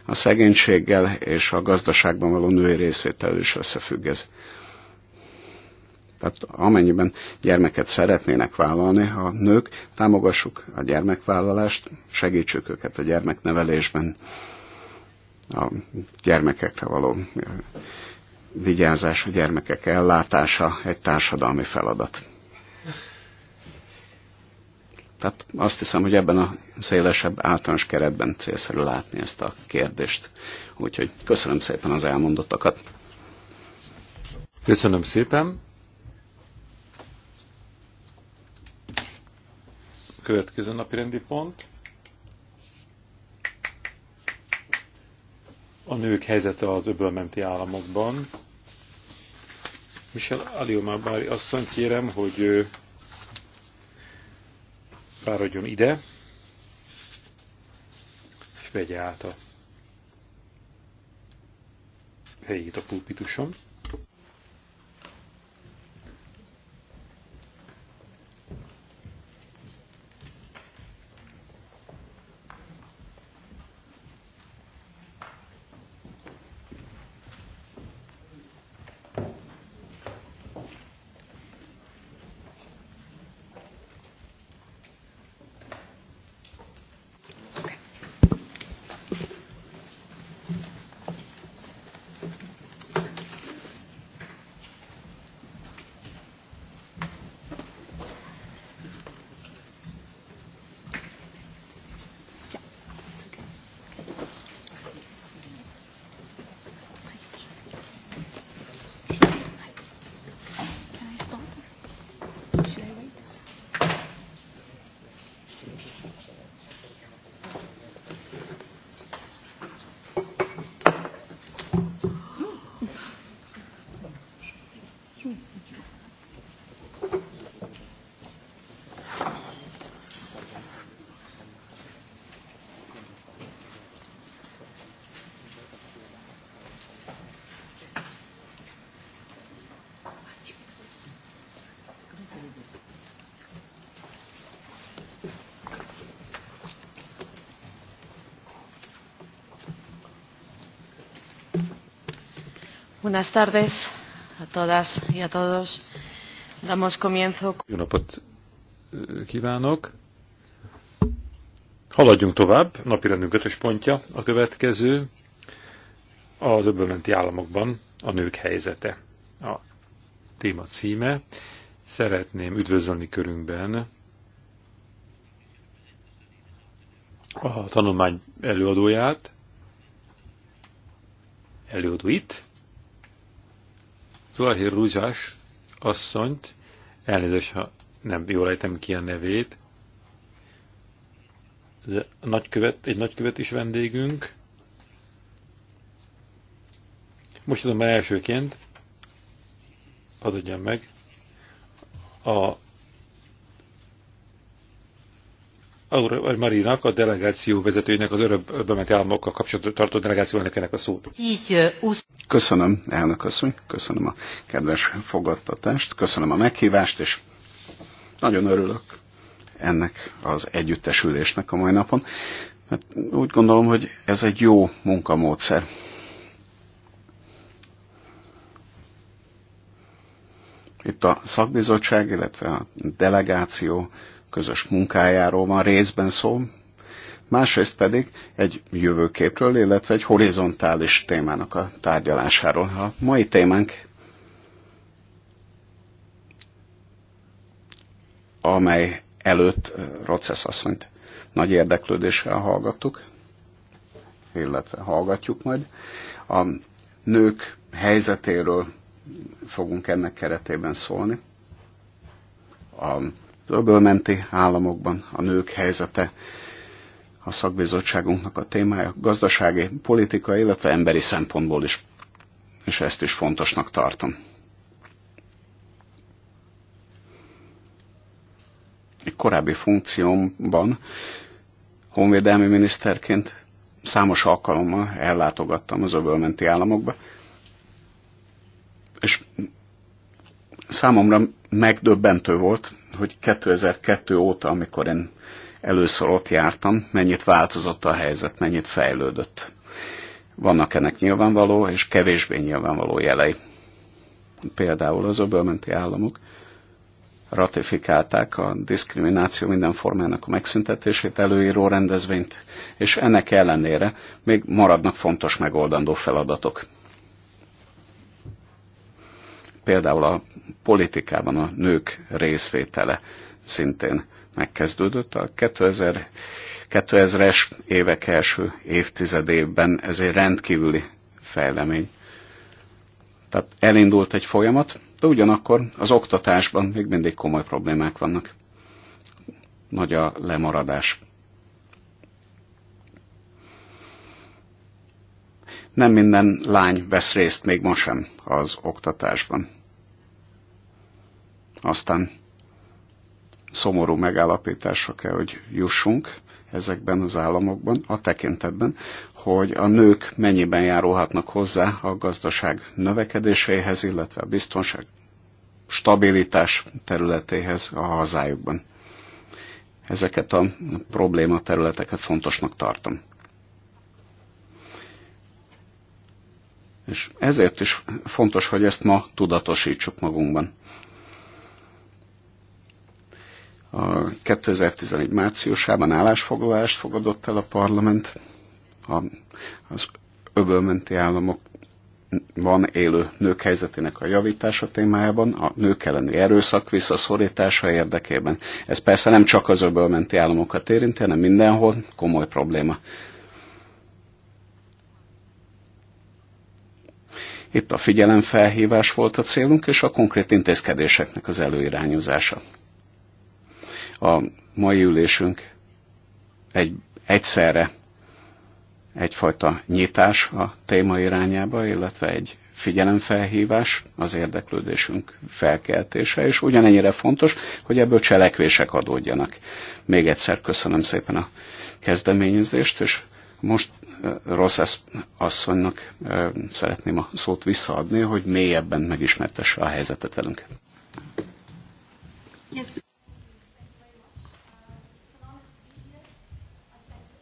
a szegénységgel és a gazdaságban való női részvétel is összefügg ez. Tehát amennyiben gyermeket szeretnének vállalni, a nők támogassuk a gyermekvállalást, segítsük őket a gyermeknevelésben, a gyermekekre való vigyázás, a gyermekek ellátása egy társadalmi feladat. Tehát azt hiszem, hogy ebben a szélesebb általános keretben célszerű látni ezt a kérdést. Úgyhogy köszönöm szépen az elmondottakat. Köszönöm szépen. Következő napi rendi pont. A nők helyzete az öbölmenti államokban. Michel Aliomabari asszony kérem, hogy fáradjon ide, és vegye át a helyét a pulpituson. Buenas tardes a todas y a todos. Damos comienzo. Jó napot eh, kívánok! Haladjunk tovább, napirendünk ötös pontja a következő, az öbölmenti államokban a nők helyzete. A téma címe. Szeretném üdvözölni körünkben a tanulmány előadóját, előadóit, Zulahir Ruzsás asszonyt, elnézést, ha nem jól ejtem ki a nevét, de nagykövet, egy nagykövet is vendégünk. Most azonban elsőként hadd meg a Marinak, a delegáció vezetőjének, az örökbemet államokkal kapcsolatban tartó delegáció ennek a szót. Köszönöm, elnök asszony, köszönöm a kedves fogadtatást, köszönöm a meghívást, és nagyon örülök ennek az együttesülésnek a mai napon, mert hát úgy gondolom, hogy ez egy jó munkamódszer. Itt a szakbizottság, illetve a delegáció közös munkájáról van részben szó, másrészt pedig egy jövőképről, illetve egy horizontális témának a tárgyalásáról. A mai témánk, amely előtt Rocesz asszonyt nagy érdeklődéssel hallgattuk, illetve hallgatjuk majd. A nők helyzetéről fogunk ennek keretében szólni. A öbölmenti államokban a nők helyzete a szakbizottságunknak a témája gazdasági, politikai, illetve emberi szempontból is, és ezt is fontosnak tartom. Egy korábbi funkciómban honvédelmi miniszterként számos alkalommal ellátogattam az öbölmenti államokba, és számomra megdöbbentő volt hogy 2002 óta, amikor én először ott jártam, mennyit változott a helyzet, mennyit fejlődött. Vannak ennek nyilvánvaló és kevésbé nyilvánvaló jelei. Például az öbölmenti államok ratifikálták a diszkrimináció minden formának a megszüntetését előíró rendezvényt, és ennek ellenére még maradnak fontos megoldandó feladatok Például a politikában a nők részvétele szintén megkezdődött a 2000 es évek első évtizedében ez egy rendkívüli fejlemény. Tehát elindult egy folyamat, de ugyanakkor az oktatásban még mindig komoly problémák vannak. Nagy a lemaradás. nem minden lány vesz részt még ma sem az oktatásban. Aztán szomorú megállapításra kell, hogy jussunk ezekben az államokban, a tekintetben, hogy a nők mennyiben járulhatnak hozzá a gazdaság növekedéséhez, illetve a biztonság stabilitás területéhez a hazájukban. Ezeket a probléma területeket fontosnak tartom. És ezért is fontos, hogy ezt ma tudatosítsuk magunkban. A 2011 márciusában állásfoglalást fogadott el a parlament a az öbölmenti államok van élő nők helyzetének a javítása témájában, a nők elleni erőszak visszaszorítása érdekében. Ez persze nem csak az öbölmenti államokat érinti, hanem mindenhol komoly probléma. Itt a figyelemfelhívás volt a célunk, és a konkrét intézkedéseknek az előirányozása. A mai ülésünk egy, egyszerre egyfajta nyitás a téma irányába, illetve egy figyelemfelhívás, az érdeklődésünk felkeltése, és ugyanennyire fontos, hogy ebből cselekvések adódjanak. Még egyszer köszönöm szépen a kezdeményezést, és most Rossz asszonynak szeretném a szót visszaadni, hogy mélyebben megismertesse a helyzetet velünk. Yes.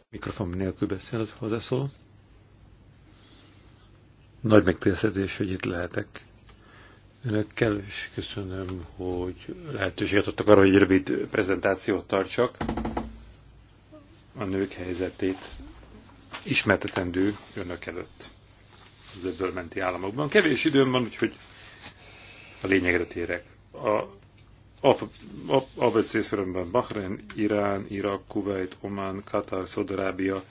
Mikrofon nélkül beszél hozzászóló. Nagy megtiszteltetés, hogy itt lehetek önökkel, és köszönöm, hogy lehetőséget adtak arra, hogy rövid prezentációt tartsak a nők helyzetét ismertetendő önök előtt az öbből menti államokban. Kevés időm van, úgyhogy a lényegre térek. A ABC szörömben Bahrein, Irán, Irak, Kuwait, Oman, Katar, Szaudarábia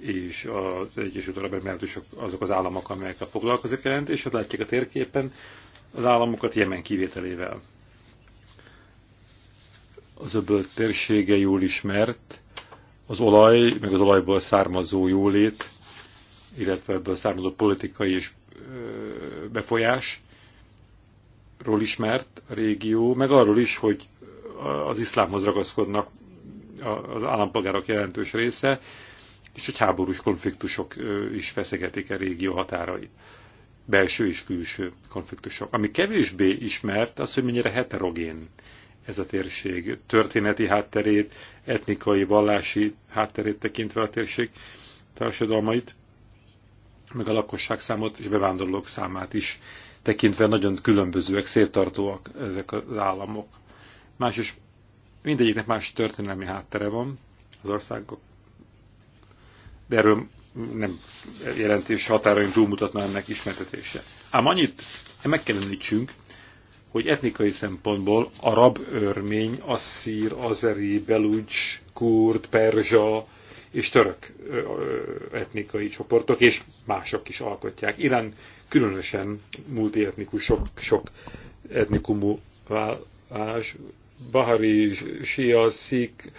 és az Egyesült Arab Emirátusok azok az államok, amelyekkel foglalkozik jelent, és ott látják a térképen az államokat Jemen kivételével. Az öböl térsége jól ismert, az olaj, meg az olajból származó jólét, illetve ebből származó politikai és befolyásról ismert a régió, meg arról is, hogy az iszlámhoz ragaszkodnak az állampolgárok jelentős része, és hogy háborús konfliktusok is feszegetik a régió határait. Belső és külső konfliktusok. Ami kevésbé ismert, az, hogy mennyire heterogén ez a térség történeti hátterét, etnikai, vallási hátterét tekintve a térség társadalmait, meg a lakosság számot és bevándorlók számát is tekintve nagyon különbözőek, széttartóak ezek az államok. Más is, mindegyiknek más történelmi háttere van az országok, de erről nem jelentés határaim túlmutatna ennek ismertetése. Ám annyit meg kell említsünk, hogy etnikai szempontból arab, örmény, asszír, azeri, belucs, kurd, perzsa és török etnikai csoportok, és mások is alkotják. Irán különösen multietnikus, sok, sok etnikumú vállás, bahari, sia, szik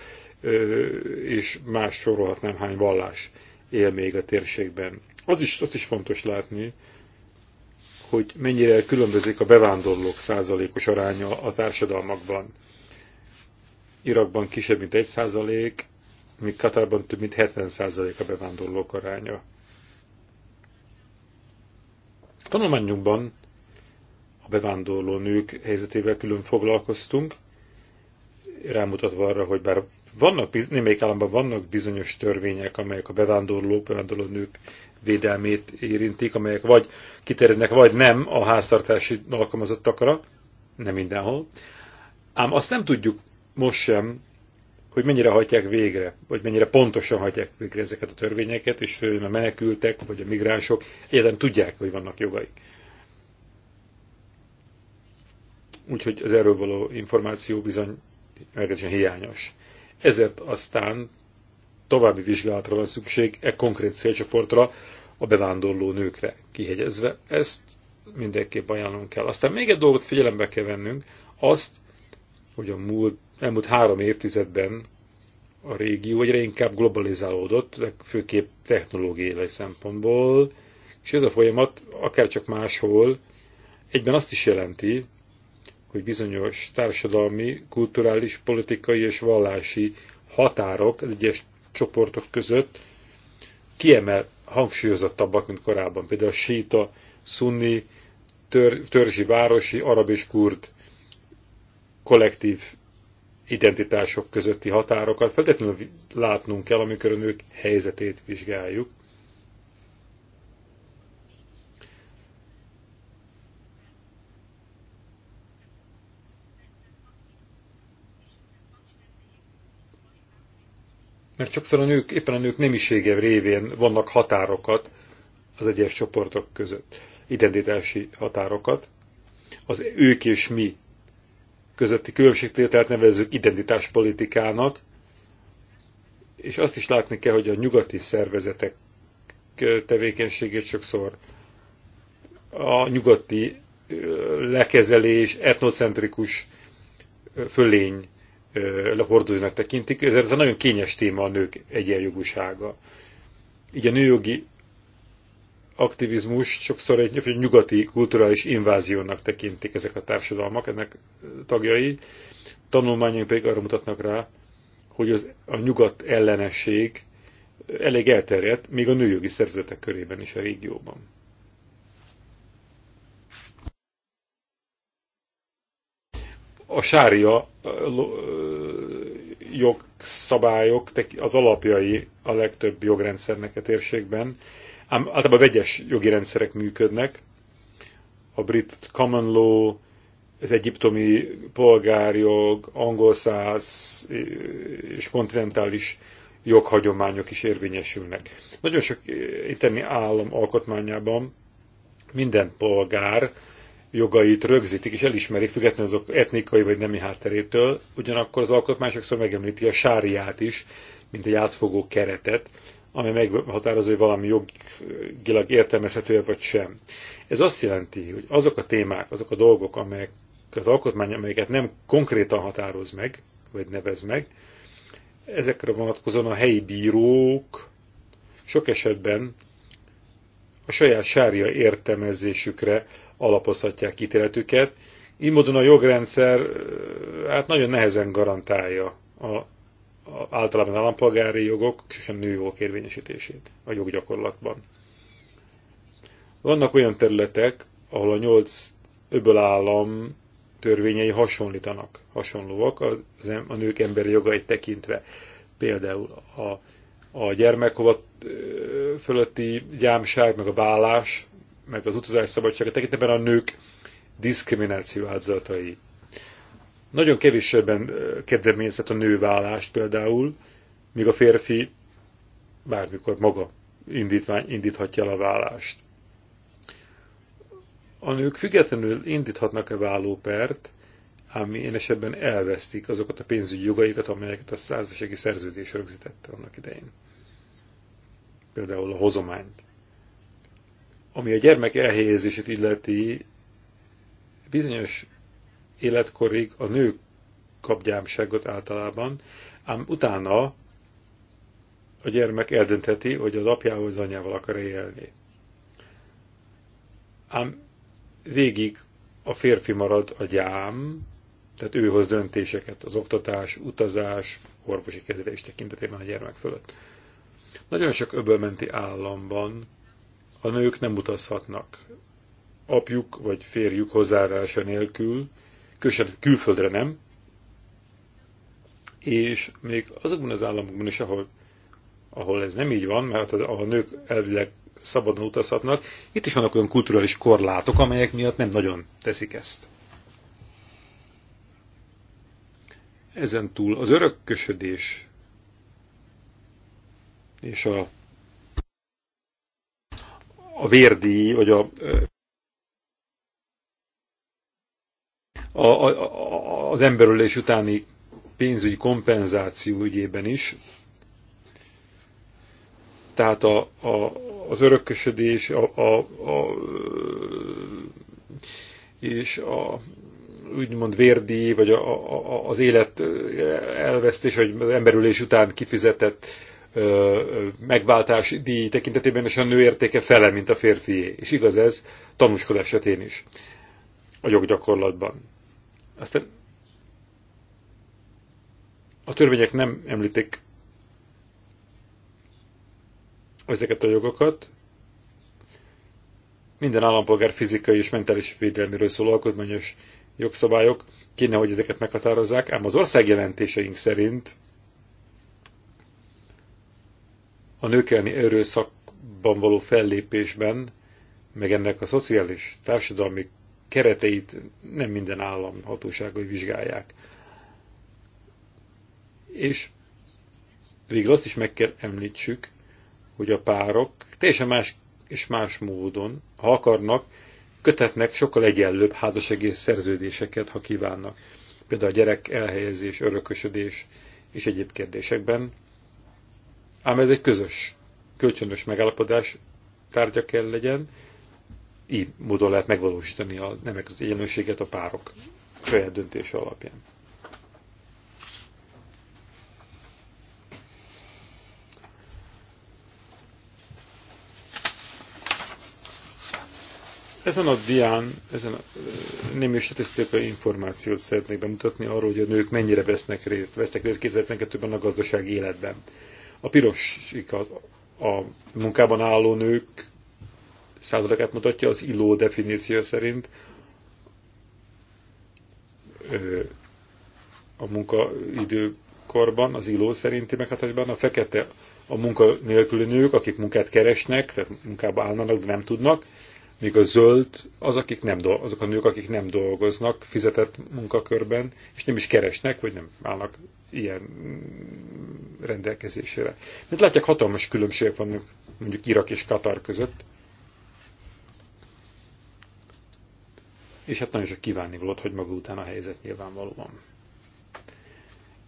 és más sorolhatnám hány vallás él még a térségben. Az is, azt is fontos látni, hogy mennyire különbözik a bevándorlók százalékos aránya a társadalmakban. Irakban kisebb, mint 1 százalék, míg Katarban több, mint 70 százalék a bevándorlók aránya. A tanulmányunkban a bevándorló nők helyzetével külön foglalkoztunk, rámutatva arra, hogy bár vannak, némelyik államban vannak bizonyos törvények, amelyek a bevándorlók, bevándorló nők védelmét érintik, amelyek vagy kiterjednek, vagy nem a háztartási alkalmazottakra, nem mindenhol. Ám azt nem tudjuk most sem, hogy mennyire hajtják végre, vagy mennyire pontosan hajtják végre ezeket a törvényeket, és főleg a menekültek, vagy a migránsok egyáltalán tudják, hogy vannak jogaik. Úgyhogy az erről való információ bizony meglehetősen hiányos. Ezért aztán további vizsgálatra van szükség e konkrét célcsoportra, a bevándorló nőkre kihegyezve. Ezt mindenképp ajánlunk kell. Aztán még egy dolgot figyelembe kell vennünk, azt, hogy a múlt, elmúlt három évtizedben a régió egyre inkább globalizálódott, főképp technológiai szempontból, és ez a folyamat, akár csak máshol, egyben azt is jelenti, hogy bizonyos társadalmi, kulturális, politikai és vallási határok az egyes csoportok között kiemel hangsúlyozottabbak, mint korábban. Például a síta, szunni, tör, törzsi, városi, arab és kurd kollektív identitások közötti határokat feltétlenül látnunk kell, amikor a nők helyzetét vizsgáljuk. mert sokszor a nők, éppen a nők nemisége révén vannak határokat az egyes csoportok között, identitási határokat. Az ők és mi közötti különbségtételt nevezzük identitáspolitikának, és azt is látni kell, hogy a nyugati szervezetek tevékenységét sokszor a nyugati lekezelés, etnocentrikus fölény hordozónak tekintik, ezért ez egy nagyon kényes téma a nők egyenjogúsága. Így a nőjogi aktivizmus sokszor egy nyugati kulturális inváziónak tekintik ezek a társadalmak, ennek tagjai. Tanulmányok pedig arra mutatnak rá, hogy az, a nyugat ellenesség elég elterjedt, még a nőjogi szerzetek körében is a régióban. a sária jogszabályok az alapjai a legtöbb jogrendszernek a térségben, ám általában vegyes jogi rendszerek működnek. A brit common law, az egyiptomi polgárjog, angol száz és kontinentális joghagyományok is érvényesülnek. Nagyon sok itteni állam alkotmányában minden polgár jogait rögzítik és elismerik, függetlenül azok etnikai vagy nemi hátterétől, ugyanakkor az alkotmány sokszor szóval megemlíti a sáriát is, mint egy átfogó keretet, amely meghatározó, hogy valami jogilag értelmezhető vagy sem. Ez azt jelenti, hogy azok a témák, azok a dolgok, amelyek az alkotmány, amelyeket nem konkrétan határoz meg, vagy nevez meg, ezekre vonatkozóan a helyi bírók sok esetben a saját sárja értelmezésükre alapozhatják ítéletüket. Így módon a jogrendszer hát nagyon nehezen garantálja a, a általában állampolgári jogok és a nőjogok érvényesítését a joggyakorlatban. Vannak olyan területek, ahol a nyolc öböl állam törvényei hasonlítanak, hasonlóak az, a nők emberi jogait tekintve. Például a, a gyermekhova fölötti gyámság, meg a vállás meg az utazás szabadsága tekintetben a nők diszkrimináció áldozatai. Nagyon kevésebben kedvezményezhet a nővállást például, míg a férfi bármikor maga indítvány indíthatja el a vállást. A nők függetlenül indíthatnak-e vállópert, ám én esetben elvesztik azokat a pénzügyi jogaikat, amelyeket a százasegi szerződés rögzítette annak idején. Például a hozományt. Ami a gyermek elhelyezését illeti, bizonyos életkorig a nők kap gyámságot általában, ám utána a gyermek eldöntheti, hogy az apjával vagy az anyjával akar -e élni. Ám végig a férfi marad a gyám, tehát ő hoz döntéseket az oktatás, utazás, orvosi kezelés tekintetében a gyermek fölött. Nagyon sok öbölmenti államban a nők nem utazhatnak apjuk vagy férjük hozzárása nélkül, különösen külföldre nem, és még azokban az államokban is, ahol, ahol ez nem így van, mert a nők elvileg szabadon utazhatnak, itt is vannak olyan kulturális korlátok, amelyek miatt nem nagyon teszik ezt. Ezen túl az örökkösödés és a a vérdíj, vagy a, a, a, az emberölés utáni pénzügyi kompenzáció ügyében is. Tehát a, a, az örökösödés a, a, a, és a úgymond vérdi vagy a, a, az élet elvesztés, vagy az emberülés után kifizetett megváltás díj tekintetében is a nő értéke fele, mint a férfié. És igaz ez tanúskodás esetén is a joggyakorlatban. Aztán a törvények nem említik ezeket a jogokat. Minden állampolgár fizikai és mentális védelméről szóló alkotmányos jogszabályok kéne, hogy ezeket meghatározzák, ám az országjelentéseink szerint a nők elleni erőszakban való fellépésben, meg ennek a szociális, társadalmi kereteit nem minden állam hatóságai vizsgálják. És végül azt is meg kell említsük, hogy a párok teljesen más és más módon, ha akarnak, kötetnek sokkal egyenlőbb házasegész szerződéseket, ha kívánnak. Például a gyerek elhelyezés, örökösödés és egyéb kérdésekben Ám ez egy közös, kölcsönös megállapodás tárgya kell legyen, így módon lehet megvalósítani a nemek az egyenlőséget a párok saját döntése alapján. Ezen a dián, ezen a némi statisztikai információt szeretnék bemutatni arról, hogy a nők mennyire vesznek részt, vesznek részt 2012-ben a gazdasági életben. A pirosik a, a munkában álló nők százalékát mutatja az illó definíció szerint. A munkaidőkorban, az illó szerinti meghatásban a fekete a munkanélküli nők, akik munkát keresnek, tehát munkába állnak, de nem tudnak, míg a zöld az, akik nem dolgoznak, azok a nők, akik nem dolgoznak fizetett munkakörben, és nem is keresnek, vagy nem állnak ilyen rendelkezésére. Mert látják, hatalmas különbségek vannak mondjuk Irak és Katar között. És hát nagyon sok kívánni volt, hogy maga után a helyzet nyilvánvalóan.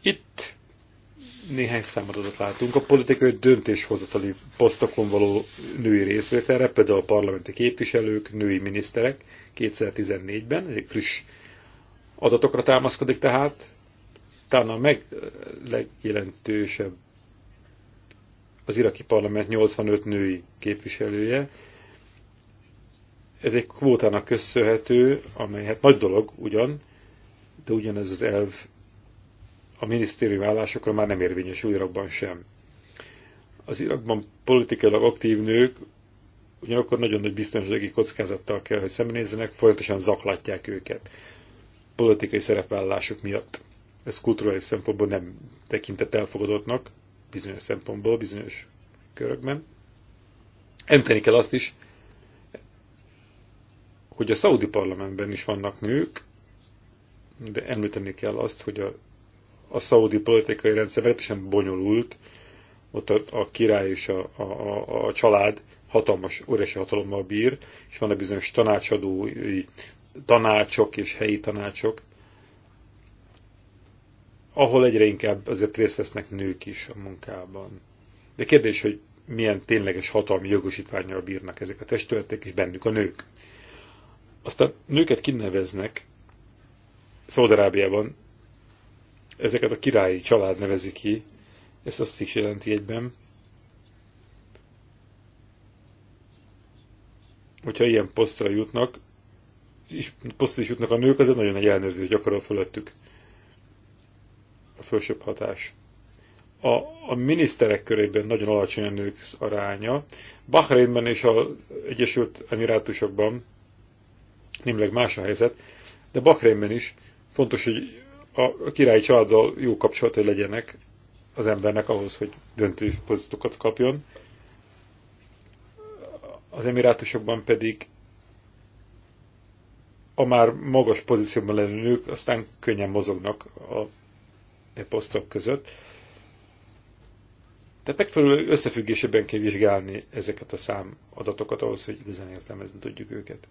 Itt néhány számadatot látunk. A politikai döntéshozatali posztokon való női részvételre, például a parlamenti képviselők, női miniszterek 2014-ben, egy friss adatokra támaszkodik tehát, talán a meg legjelentősebb az iraki parlament 85 női képviselője. Ez egy kvótának köszönhető, amely hát nagy dolog ugyan, de ugyanez az elv a minisztériumi állásokra már nem érvényesül Irakban sem. Az Irakban politikailag aktív nők ugyanakkor nagyon nagy biztonsági kockázattal kell, hogy szembenézzenek, folyamatosan zaklatják őket politikai szerepvállások miatt. Ez kulturális szempontból nem tekintett elfogadottnak, bizonyos szempontból, bizonyos körökben. Említeni kell azt is, hogy a szaudi parlamentben is vannak nők, de említeni kell azt, hogy a a szaudi politikai rendszer meglepősen bonyolult, ott a, a király és a, a, a, a család hatalmas, óriási hatalommal bír, és vannak bizonyos tanácsadói tanácsok és helyi tanácsok, ahol egyre inkább azért részt vesznek nők is a munkában. De kérdés, hogy milyen tényleges hatalmi jogosítványjal bírnak ezek a testületek, és bennük a nők. Aztán nőket kineveznek Szaudarábiában ezeket a királyi család nevezi ki, Ezt azt is jelenti egyben, hogyha ilyen posztra jutnak, és posztra is jutnak a nők, az nagyon nagy elnőrzés gyakorol fölöttük a felsőbb hatás. A, a miniszterek körében nagyon alacsony a nők aránya. Bahreinben és az Egyesült Emirátusokban némileg más a helyzet, de Bahreinben is fontos, hogy a királyi családdal jó hogy legyenek az embernek ahhoz, hogy döntő pozitokat kapjon. Az emirátusokban pedig a már magas pozícióban lenni nők aztán könnyen mozognak a e posztok között. Tehát megfelelő összefüggésében kell vizsgálni ezeket a számadatokat ahhoz, hogy igazán értelmezni tudjuk őket.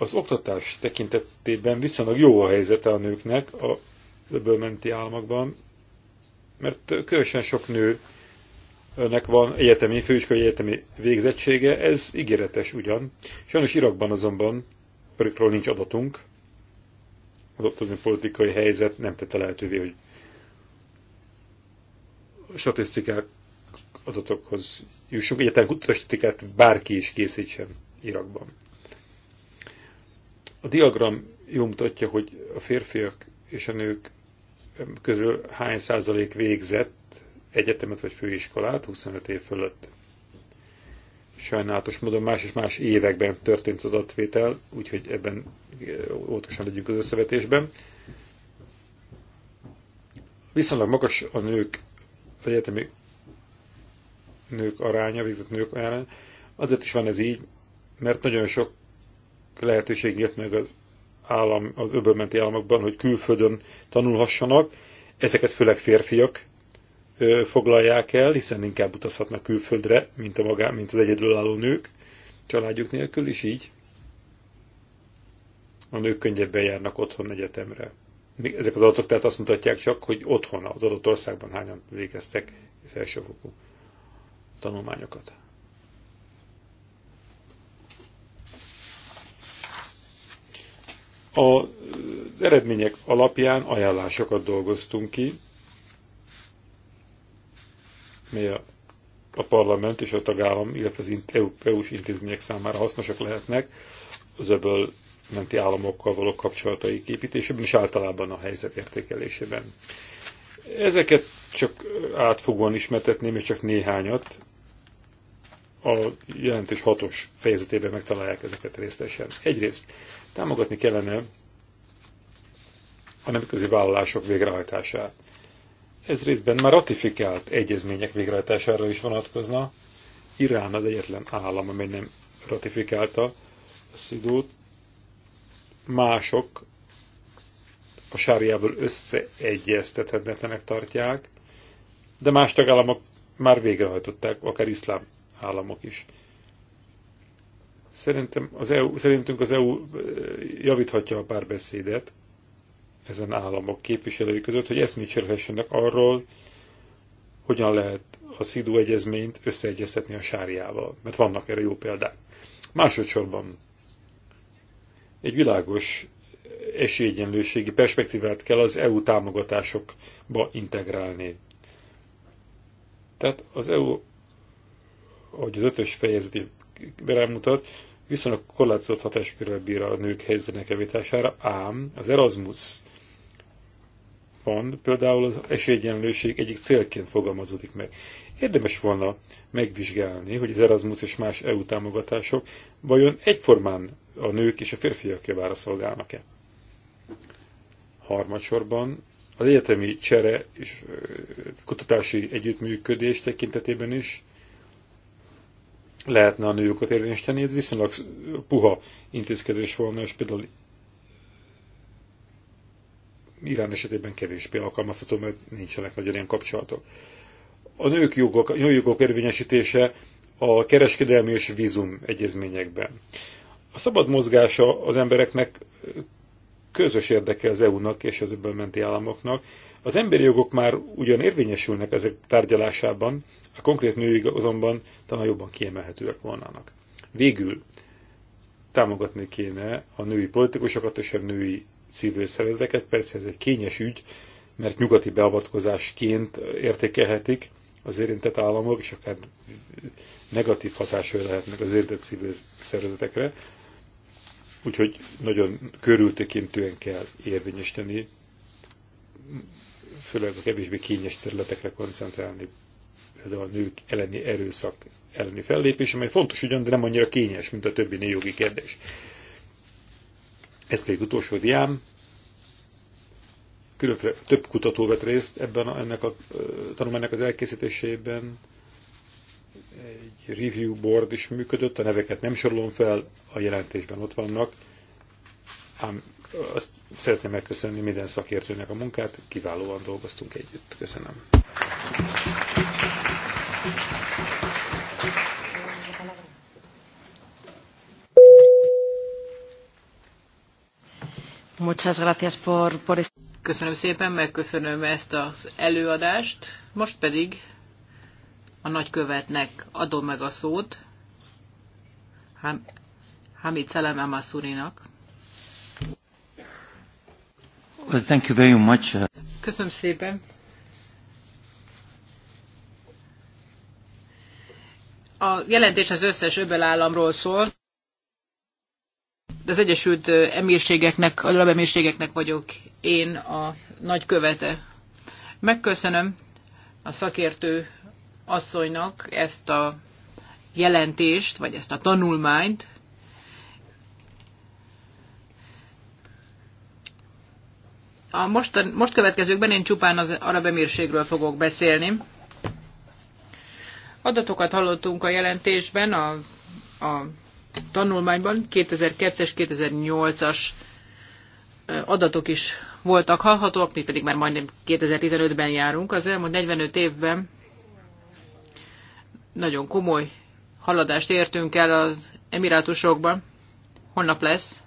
az oktatás tekintetében viszonylag jó a helyzete a nőknek a öböl menti államokban, mert különösen sok nőnek van egyetemi, főiskolai egyetemi végzettsége, ez ígéretes ugyan. Sajnos Irakban azonban, örökről nincs adatunk, az ottani politikai helyzet nem tette lehetővé, hogy statisztikák adatokhoz jussunk, egyetlen statisztikát bárki is készítsen Irakban. A diagram jól mutatja, hogy a férfiak és a nők közül hány százalék végzett egyetemet vagy főiskolát 25 év fölött. Sajnálatos módon más és más években történt az adatvétel, úgyhogy ebben eh, óvatosan legyünk az összevetésben. Viszonylag magas a nők, egyetemi nők aránya, végzett nők aránya. Azért is van ez így, mert nagyon sok lehetőség nyílt meg az, állam, az öbölmenti államokban, hogy külföldön tanulhassanak. Ezeket főleg férfiak ö, foglalják el, hiszen inkább utazhatnak külföldre, mint, a magá, mint az egyedülálló nők családjuk nélkül, is így a nők könnyebben járnak otthon egyetemre. Ezek az adatok tehát azt mutatják csak, hogy otthon, az adott országban hányan végeztek felsőfokú tanulmányokat. Az eredmények alapján ajánlásokat dolgoztunk ki, mely a, a parlament és a tagállam, illetve az EU-s intézmények számára hasznosak lehetnek az ebből menti államokkal való kapcsolatai képítésében és általában a helyzet értékelésében. Ezeket csak átfogóan ismertetném, és csak néhányat, a jelentős hatos fejezetében megtalálják ezeket részletesen. Egyrészt támogatni kellene a nemzetközi vállalások végrehajtását. Ez részben már ratifikált egyezmények végrehajtására is vonatkozna. Irán az egyetlen állam, amely nem ratifikálta a szidót. Mások a sárjából összeegyeztethetetlenek tartják, de más tagállamok már végrehajtották, akár iszlám államok is. Szerintem az EU, szerintünk az EU javíthatja a párbeszédet ezen államok képviselői között, hogy eszmét cserélhessenek arról, hogyan lehet a szidó egyezményt összeegyeztetni a sáriával, mert vannak erre jó példák. Másodszorban egy világos esélyegyenlőségi perspektívát kell az EU támogatásokba integrálni. Tehát az EU ahogy az ötös fejezet rámutat, viszonylag korlátozott hatáskörrel bír a nők helyzetének javítására, ám az Erasmus pont például az esélyegyenlőség egyik célként fogalmazódik meg. Érdemes volna megvizsgálni, hogy az Erasmus és más EU támogatások vajon egyformán a nők és a férfiak javára szolgálnak-e. Harmadsorban az egyetemi csere és kutatási együttműködés tekintetében is lehetne a nőjogot érvényesíteni, ez viszonylag puha intézkedés volna, és például Irán esetében kevésbé alkalmazható, mert nincsenek nagyon ilyen kapcsolatok. A nők jogok, a jogok érvényesítése a kereskedelmi és vízum egyezményekben. A szabad mozgása az embereknek közös érdeke az EU-nak és az öbben menti államoknak. Az emberi jogok már ugyan érvényesülnek ezek tárgyalásában, a konkrét női azonban talán jobban kiemelhetőek volnának. Végül támogatni kéne a női politikusokat és a női civil szervezeteket. Persze ez egy kényes ügy, mert nyugati beavatkozásként értékelhetik az érintett államok, és akár negatív hatásai lehetnek az érintett civil szervezetekre. Úgyhogy nagyon körültekintően kell érvényesíteni, főleg a kevésbé kényes területekre koncentrálni például a nők elleni erőszak elleni fellépés, amely fontos ugyan, de nem annyira kényes, mint a többi jogi kérdés. Ez pedig utolsó diám. Különféle több kutató vett részt ebben a, ennek a tanulmánynak az elkészítésében. Egy review board is működött, a neveket nem sorolom fel, a jelentésben ott vannak. Ám azt szeretném megköszönni minden szakértőnek a munkát, kiválóan dolgoztunk együtt. Köszönöm. Muchas gracias por, por... Köszönöm szépen, megköszönöm ezt az előadást. Most pedig a nagykövetnek adom meg a szót, Ham Hamid Salam Amasurinak. Well, thank you very much. Uh, Köszönöm szépen. A jelentés az összes öbel államról szól az Egyesült Emírségeknek, Arab Emírségeknek vagyok én a nagykövete. Megköszönöm a szakértő asszonynak ezt a jelentést, vagy ezt a tanulmányt. A most, most következőkben én csupán az Arab Emírségről fogok beszélni. Adatokat hallottunk a jelentésben a, a tanulmányban 2002-es, 2008-as adatok is voltak hallhatóak, mi pedig már majdnem 2015-ben járunk. Az elmúlt 45 évben nagyon komoly haladást értünk el az Emirátusokban. Holnap lesz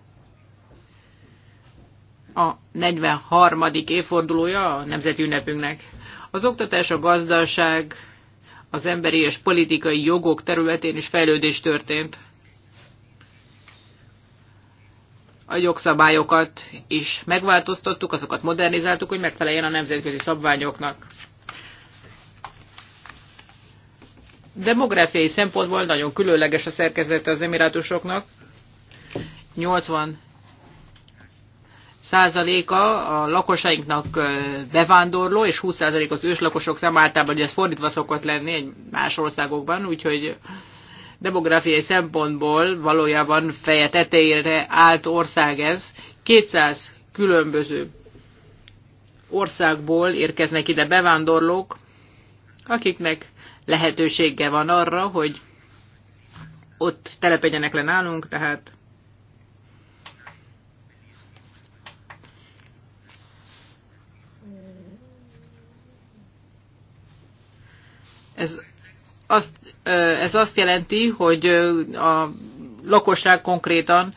a 43. évfordulója a nemzeti ünnepünknek. Az oktatás, a gazdaság, az emberi és politikai jogok területén is fejlődés történt. a jogszabályokat is megváltoztattuk, azokat modernizáltuk, hogy megfeleljen a nemzetközi szabványoknak. Demográfiai szempontból nagyon különleges a szerkezete az emirátusoknak. 80 százaléka a lakosainknak bevándorló, és 20 százalék az őslakosok szem általában, hogy ez fordítva szokott lenni egy más országokban, úgyhogy demográfiai szempontból valójában feje tetejére állt ország ez. 200 különböző országból érkeznek ide bevándorlók, akiknek lehetősége van arra, hogy ott telepedjenek le nálunk, tehát ez azt ez azt jelenti, hogy a lakosság konkrétan,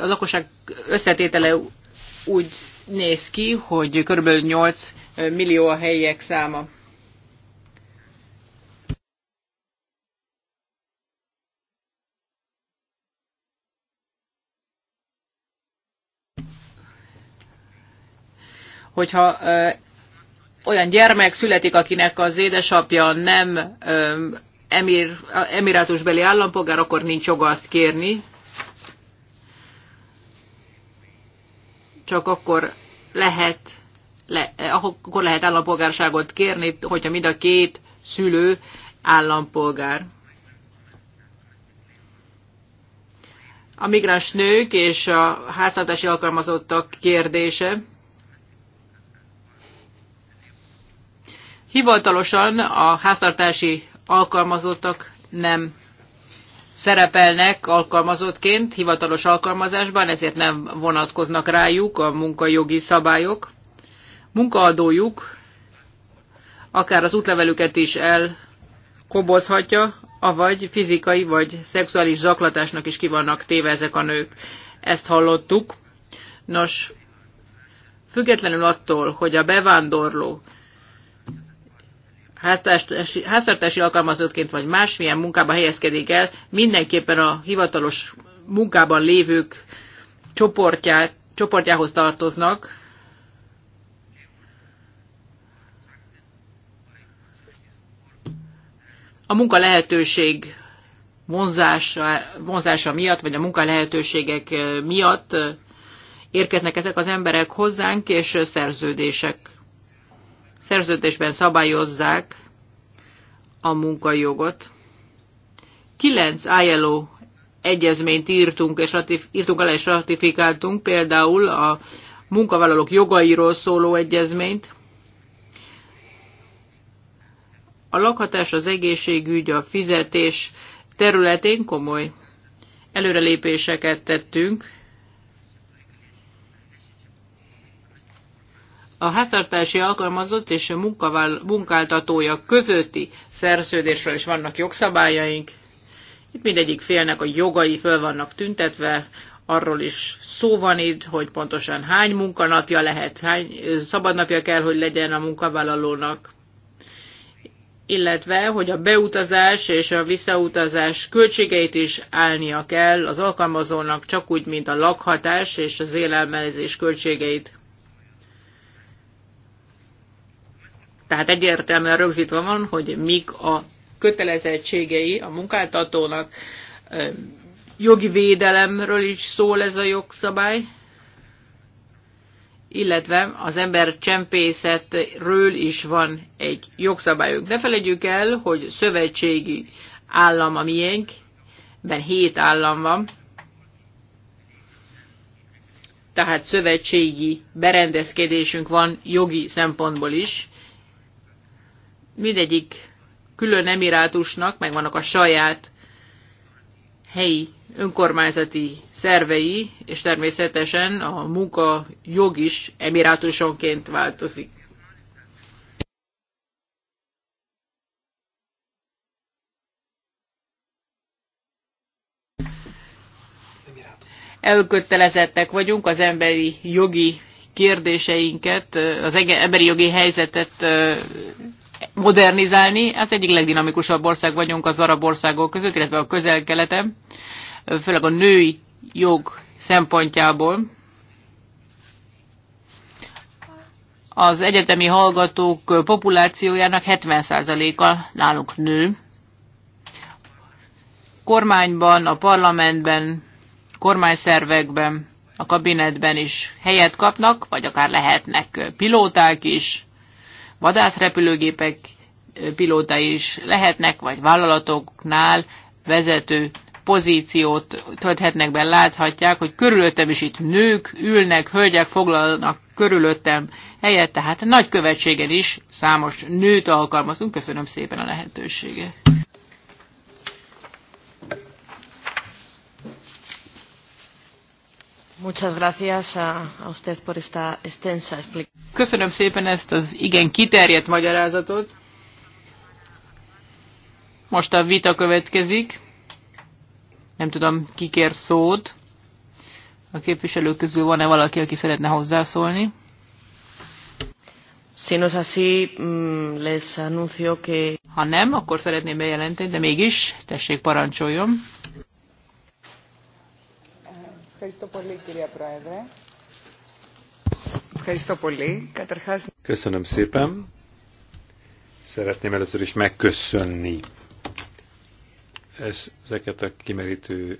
a lakosság összetétele úgy néz ki, hogy kb. 8 millió a helyiek száma. Hogyha olyan gyermek születik, akinek az édesapja nem emir, emirátusbeli állampolgár, akkor nincs joga azt kérni. Csak akkor lehet, le, eh, akkor lehet állampolgárságot kérni, hogyha mind a két szülő állampolgár. A migráns nők és a háztartási alkalmazottak kérdése. Hivatalosan a háztartási alkalmazottak nem szerepelnek alkalmazottként hivatalos alkalmazásban, ezért nem vonatkoznak rájuk a munkajogi szabályok. Munkaadójuk akár az útlevelüket is elkobozhatja, avagy fizikai vagy szexuális zaklatásnak is kivannak téve ezek a nők. Ezt hallottuk. Nos, függetlenül attól, hogy a bevándorló háztartási, háztartási alkalmazottként vagy másmilyen munkába helyezkedik el, mindenképpen a hivatalos munkában lévők csoportját, csoportjához tartoznak, a munka lehetőség vonzása, vonzása miatt, vagy a munka lehetőségek eh, miatt eh, érkeznek ezek az emberek hozzánk, és eh, szerződések szerződésben szabályozzák a munkajogot. Kilenc ILO egyezményt írtunk, és ratif- írtunk alá és ratifikáltunk, például a munkavállalók jogairól szóló egyezményt. A lakhatás, az egészségügy, a fizetés területén komoly előrelépéseket tettünk, a háztartási alkalmazott és a munkáltatója közötti szerződésről is vannak jogszabályaink. Itt mindegyik félnek a jogai föl vannak tüntetve, arról is szó van itt, hogy pontosan hány munkanapja lehet, hány szabadnapja kell, hogy legyen a munkavállalónak, illetve, hogy a beutazás és a visszautazás költségeit is állnia kell az alkalmazónak, csak úgy, mint a lakhatás és az élelmezés költségeit. Tehát egyértelműen rögzítve van, hogy mik a kötelezettségei a munkáltatónak, jogi védelemről is szól ez a jogszabály, illetve az ember csempészetről is van egy jogszabályunk. Ne felejtjük el, hogy szövetségi állam a miénk, ben hét állam van, tehát szövetségi berendezkedésünk van jogi szempontból is mindegyik külön emirátusnak megvannak a saját helyi önkormányzati szervei, és természetesen a munka jog is emirátusonként változik. elkötelezettek vagyunk az emberi jogi kérdéseinket, az emberi jogi helyzetet modernizálni. Hát egyik legdinamikusabb ország vagyunk az arab országok között, illetve a közel-keleten, főleg a női jog szempontjából. Az egyetemi hallgatók populációjának 70%-a nálunk nő. Kormányban, a parlamentben, kormányszervekben, a kabinetben is helyet kapnak, vagy akár lehetnek pilóták is, vadászrepülőgépek pilótái is lehetnek, vagy vállalatoknál vezető pozíciót tölthetnek be, láthatják, hogy körülöttem is itt nők ülnek, hölgyek foglalnak körülöttem helyet, tehát nagy követségen is számos nőt alkalmazunk. Köszönöm szépen a lehetőséget. Köszönöm szépen ezt az igen kiterjedt magyarázatot. Most a vita következik. Nem tudom, ki kér szót. A képviselők közül van-e valaki, aki szeretne hozzászólni? Mm, ha nem, akkor szeretném bejelenteni, de mégis, tessék parancsoljon. Köszönöm szépen. Szeretném először is megköszönni ezeket a kimerítő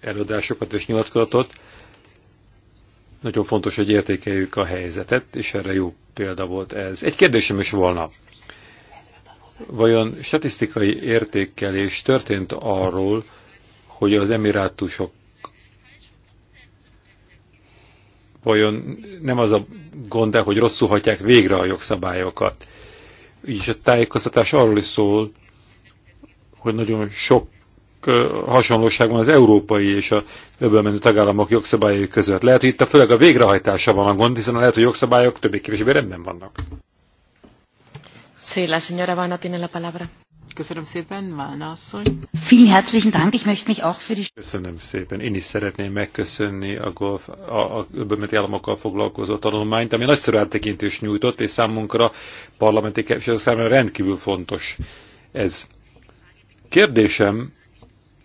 előadásokat és nyilatkozatot. Nagyon fontos, hogy értékeljük a helyzetet, és erre jó példa volt ez. Egy kérdésem is volna. Vajon statisztikai értékelés történt arról, hogy az emirátusok vajon nem az a gond, hogy rosszul hagyják végre a jogszabályokat. Így a tájékoztatás arról is szól, hogy nagyon sok hasonlóság van az európai és a öbben menő tagállamok jogszabályai között. Lehet, hogy itt a főleg a végrehajtása van a gond, hiszen lehet, hogy jogszabályok többé kérdésében rendben vannak. Sí, la señora a tiene la palabra. Köszönöm szépen, Válna asszony. Vielen herzlichen Dank, ich möchte mich auch für die... Köszönöm szépen. Én is szeretném megköszönni a, golf, a, a öbölmeti államokkal foglalkozó tanulmányt, ami nagyszerű áttekintést nyújtott, és számunkra parlamenti képviselő számára rendkívül fontos ez. Kérdésem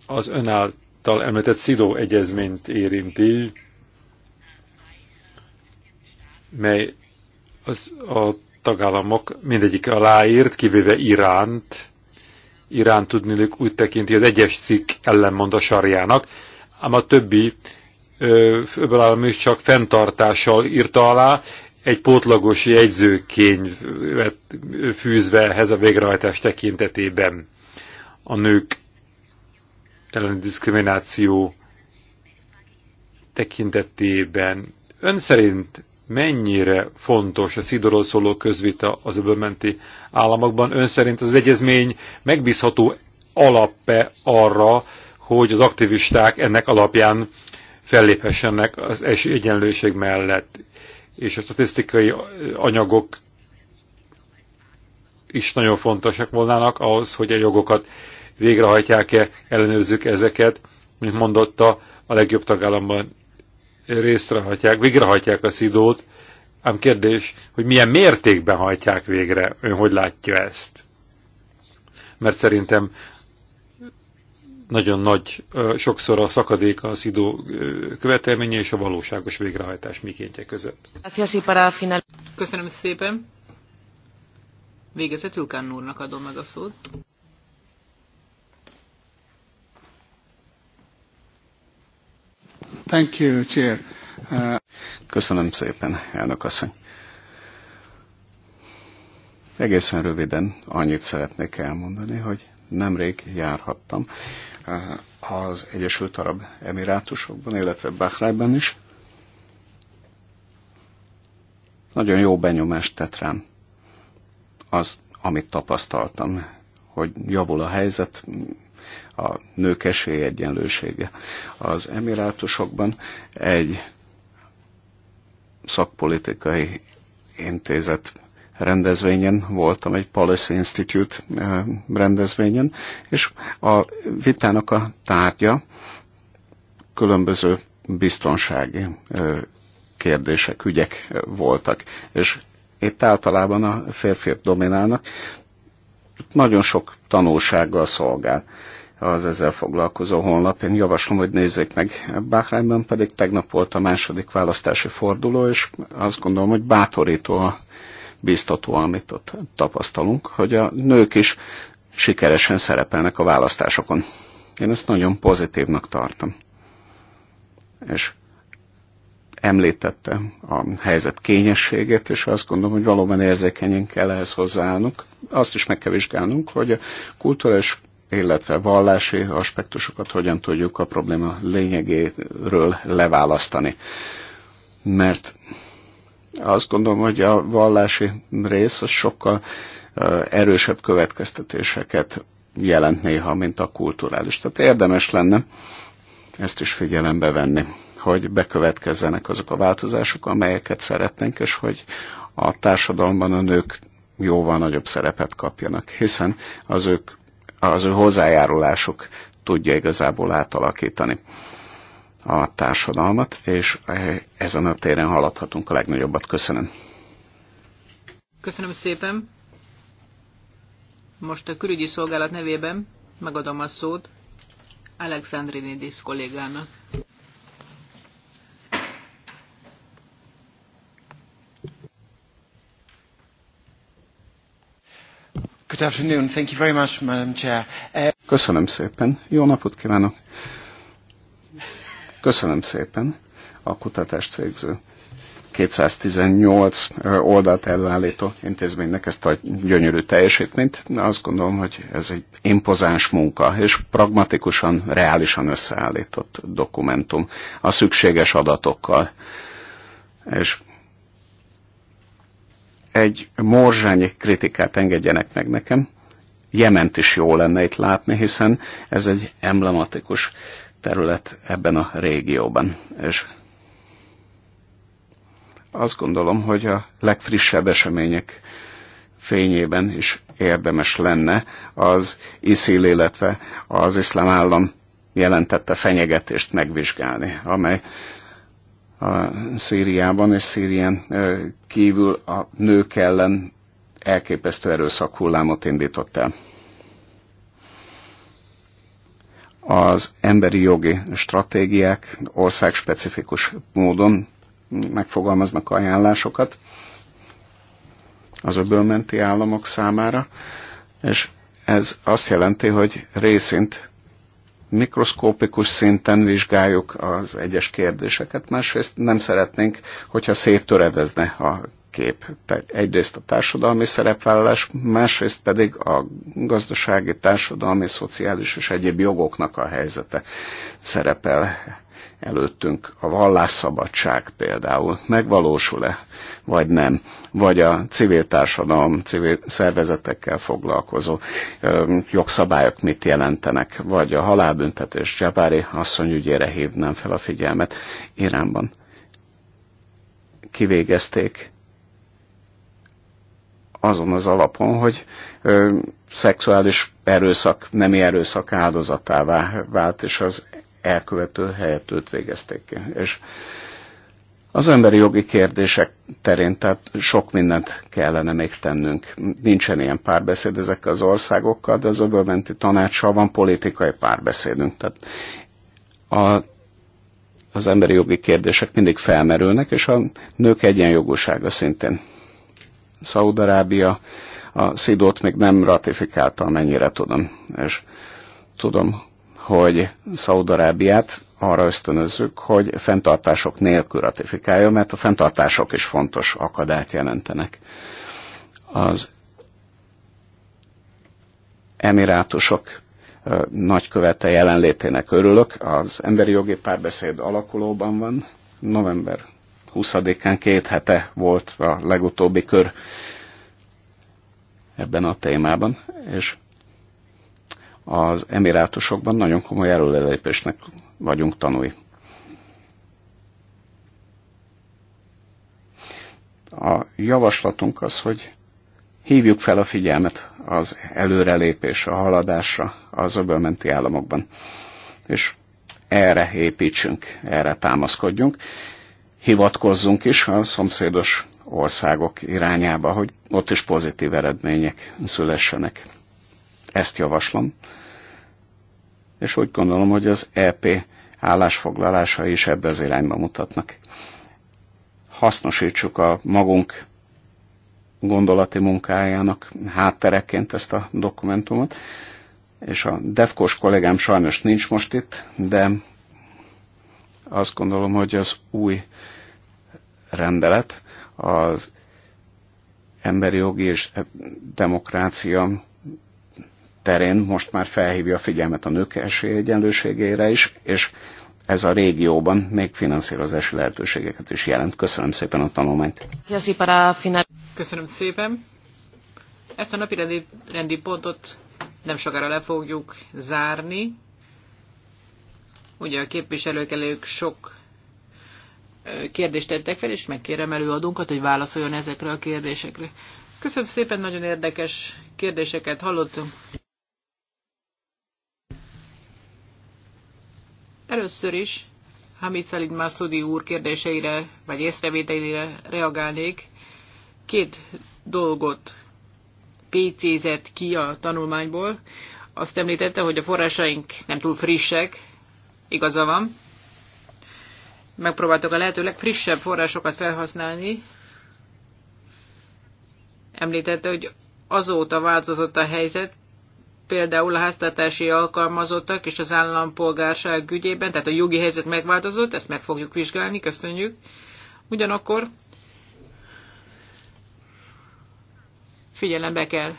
az ön által említett SZIDO egyezményt érinti, mely az a tagállamok mindegyik aláírt, kivéve Iránt, Irán tudnilik úgy tekinti, az egyes cikk ellenmond a sarjának, ám a többi főbelállam is csak fenntartással írta alá, egy pótlagos jegyzőkényvet fűzve ehhez a végrehajtás tekintetében a nők elleni diszkrimináció tekintetében. Ön szerint mennyire fontos a szidoról szóló közvita az öbölmenti államokban. Ön szerint az egyezmény megbízható alappe arra, hogy az aktivisták ennek alapján felléphessenek az egyenlőség mellett. És a statisztikai anyagok is nagyon fontosak volnának ahhoz, hogy a jogokat végrehajtják-e, ellenőrzzük ezeket, mint mondotta, a legjobb tagállamban részrehajtják, végrehajtják a szidót, ám kérdés, hogy milyen mértékben hajtják végre, ön hogy látja ezt? Mert szerintem nagyon nagy, sokszor a szakadék a szidó követelménye és a valóságos végrehajtás mikéntje között. Köszönöm szépen. Végezetül Kán úrnak adom meg a szót. Thank you, Chair. Uh... Köszönöm szépen, elnök asszony. Egészen röviden annyit szeretnék elmondani, hogy nemrég járhattam eh, az Egyesült Arab Emirátusokban, illetve Bahrájban is. Nagyon jó benyomást tett rám az, amit tapasztaltam, hogy javul a helyzet, a nők esélyegyenlősége. Az emirátusokban egy szakpolitikai intézet rendezvényen, voltam egy Policy Institute eh, rendezvényen, és a vitának a tárgya különböző biztonsági eh, kérdések, ügyek voltak, és itt általában a férfiak dominálnak, nagyon sok tanulsággal szolgál az ezzel foglalkozó honlap. Én javaslom, hogy nézzék meg. Bahrányban pedig tegnap volt a második választási forduló, és azt gondolom, hogy bátorító, a biztató, amit ott tapasztalunk, hogy a nők is sikeresen szerepelnek a választásokon. Én ezt nagyon pozitívnak tartom. És említette a helyzet kényességét, és azt gondolom, hogy valóban érzékenyen kell ehhez hozzáállnunk. Azt is meg kell vizsgálnunk, hogy a kulturális illetve vallási aspektusokat hogyan tudjuk a probléma lényegéről leválasztani. Mert azt gondolom, hogy a vallási rész az sokkal erősebb következtetéseket jelent néha, mint a kulturális. Tehát érdemes lenne ezt is figyelembe venni, hogy bekövetkezzenek azok a változások, amelyeket szeretnénk, és hogy a társadalomban a nők jóval nagyobb szerepet kapjanak, hiszen az ők az ő hozzájárulásuk tudja igazából átalakítani a társadalmat, és eh, ezen a téren haladhatunk a legnagyobbat. Köszönöm. Köszönöm szépen. Most a külügyi szolgálat nevében megadom a szót Alexandrinidis kollégának. Good afternoon. Thank you very much, Madam Chair. Uh, Köszönöm szépen. Jó napot kívánok. Köszönöm szépen a kutatást végző 218 oldalt előállító intézménynek ezt a gyönyörű teljesítményt. Azt gondolom, hogy ez egy impozáns munka, és pragmatikusan, reálisan összeállított dokumentum a szükséges adatokkal. És egy morzsányi kritikát engedjenek meg nekem. Jement is jó lenne itt látni, hiszen ez egy emblematikus terület ebben a régióban. És azt gondolom, hogy a legfrissebb események fényében is érdemes lenne az ISIL, illetve az iszlám állam jelentette fenyegetést megvizsgálni, amely a Szíriában és Szírián kívül a nők ellen elképesztő hullámot indított el. Az emberi jogi stratégiák országspecifikus módon megfogalmaznak ajánlásokat az öbölmenti államok számára, és ez azt jelenti, hogy részint mikroszkópikus szinten vizsgáljuk az egyes kérdéseket, másrészt nem szeretnénk, hogyha széttöredezne a kép. Egyrészt a társadalmi szerepvállalás, másrészt pedig a gazdasági, társadalmi, szociális és egyéb jogoknak a helyzete szerepel előttünk a vallásszabadság például megvalósul-e, vagy nem, vagy a civil társadalom, civil szervezetekkel foglalkozó ö, jogszabályok mit jelentenek, vagy a halálbüntetés Csapári asszony ügyére hívnám fel a figyelmet Iránban. Kivégezték azon az alapon, hogy ö, szexuális erőszak, nemi erőszak áldozatává vált, és az elkövető helyett őt végezték ki. És az emberi jogi kérdések terén, tehát sok mindent kellene még tennünk. Nincsen ilyen párbeszéd ezekkel az országokkal, de az öbölmenti tanácssal van politikai párbeszédünk. Tehát a, az emberi jogi kérdések mindig felmerülnek, és a nők egyenjogúsága szintén. Szaudarábia a szidót még nem ratifikálta, amennyire tudom. És tudom, hogy Szaudarábiát arra ösztönözzük, hogy fenntartások nélkül ratifikálja, mert a fenntartások is fontos akadályt jelentenek. Az emirátusok nagykövete jelenlétének örülök. Az emberi jogi párbeszéd alakulóban van. November 20-án két hete volt a legutóbbi kör ebben a témában, és az emirátusokban nagyon komoly előrelépésnek vagyunk tanúi. A javaslatunk az, hogy hívjuk fel a figyelmet az előrelépés, a haladásra az öbölmenti államokban. És erre építsünk, erre támaszkodjunk. Hivatkozzunk is a szomszédos országok irányába, hogy ott is pozitív eredmények szülessenek. Ezt javaslom, és úgy gondolom, hogy az EP állásfoglalása is ebbe az irányba mutatnak. Hasznosítsuk a magunk gondolati munkájának háttereként ezt a dokumentumot, és a Defkos kollégám sajnos nincs most itt, de azt gondolom, hogy az új rendelet az emberi jogi és demokrácia terén most már felhívja a figyelmet a nők egyenlőségére is, és ez a régióban még finanszírozási lehetőségeket is jelent. Köszönöm szépen a tanulmányt. Köszönöm szépen. Ezt a napi rendi, rendi pontot nem sokára le fogjuk zárni. Ugye a képviselők elők sok kérdést tettek fel, és megkérem előadónkat, hogy válaszoljon ezekre a kérdésekre. Köszönöm szépen, nagyon érdekes kérdéseket hallottunk. Először is Hamid Salid Masudi úr kérdéseire vagy észrevételére reagálnék. Két dolgot pécézett ki a tanulmányból. Azt említette, hogy a forrásaink nem túl frissek, igaza van. Megpróbáltuk a lehető legfrissebb forrásokat felhasználni. Említette, hogy azóta változott a helyzet, például a háztartási alkalmazottak és az állampolgárság ügyében, tehát a jogi helyzet megváltozott, ezt meg fogjuk vizsgálni, köszönjük. Ugyanakkor figyelembe kell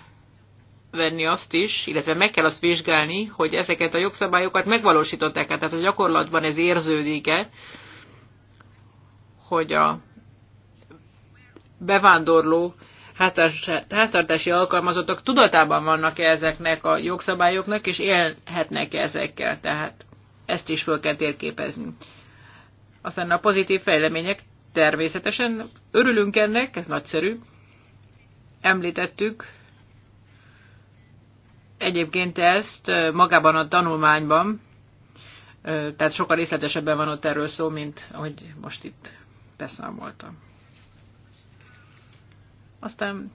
venni azt is, illetve meg kell azt vizsgálni, hogy ezeket a jogszabályokat megvalósították-e, tehát a gyakorlatban ez érződik-e, hogy a bevándorló háztartási alkalmazottak tudatában vannak-e ezeknek a jogszabályoknak, és élhetnek -e ezekkel. Tehát ezt is föl kell térképezni. Aztán a pozitív fejlemények természetesen örülünk ennek, ez nagyszerű. Említettük egyébként ezt magában a tanulmányban, tehát sokkal részletesebben van ott erről szó, mint ahogy most itt beszámoltam. Aztán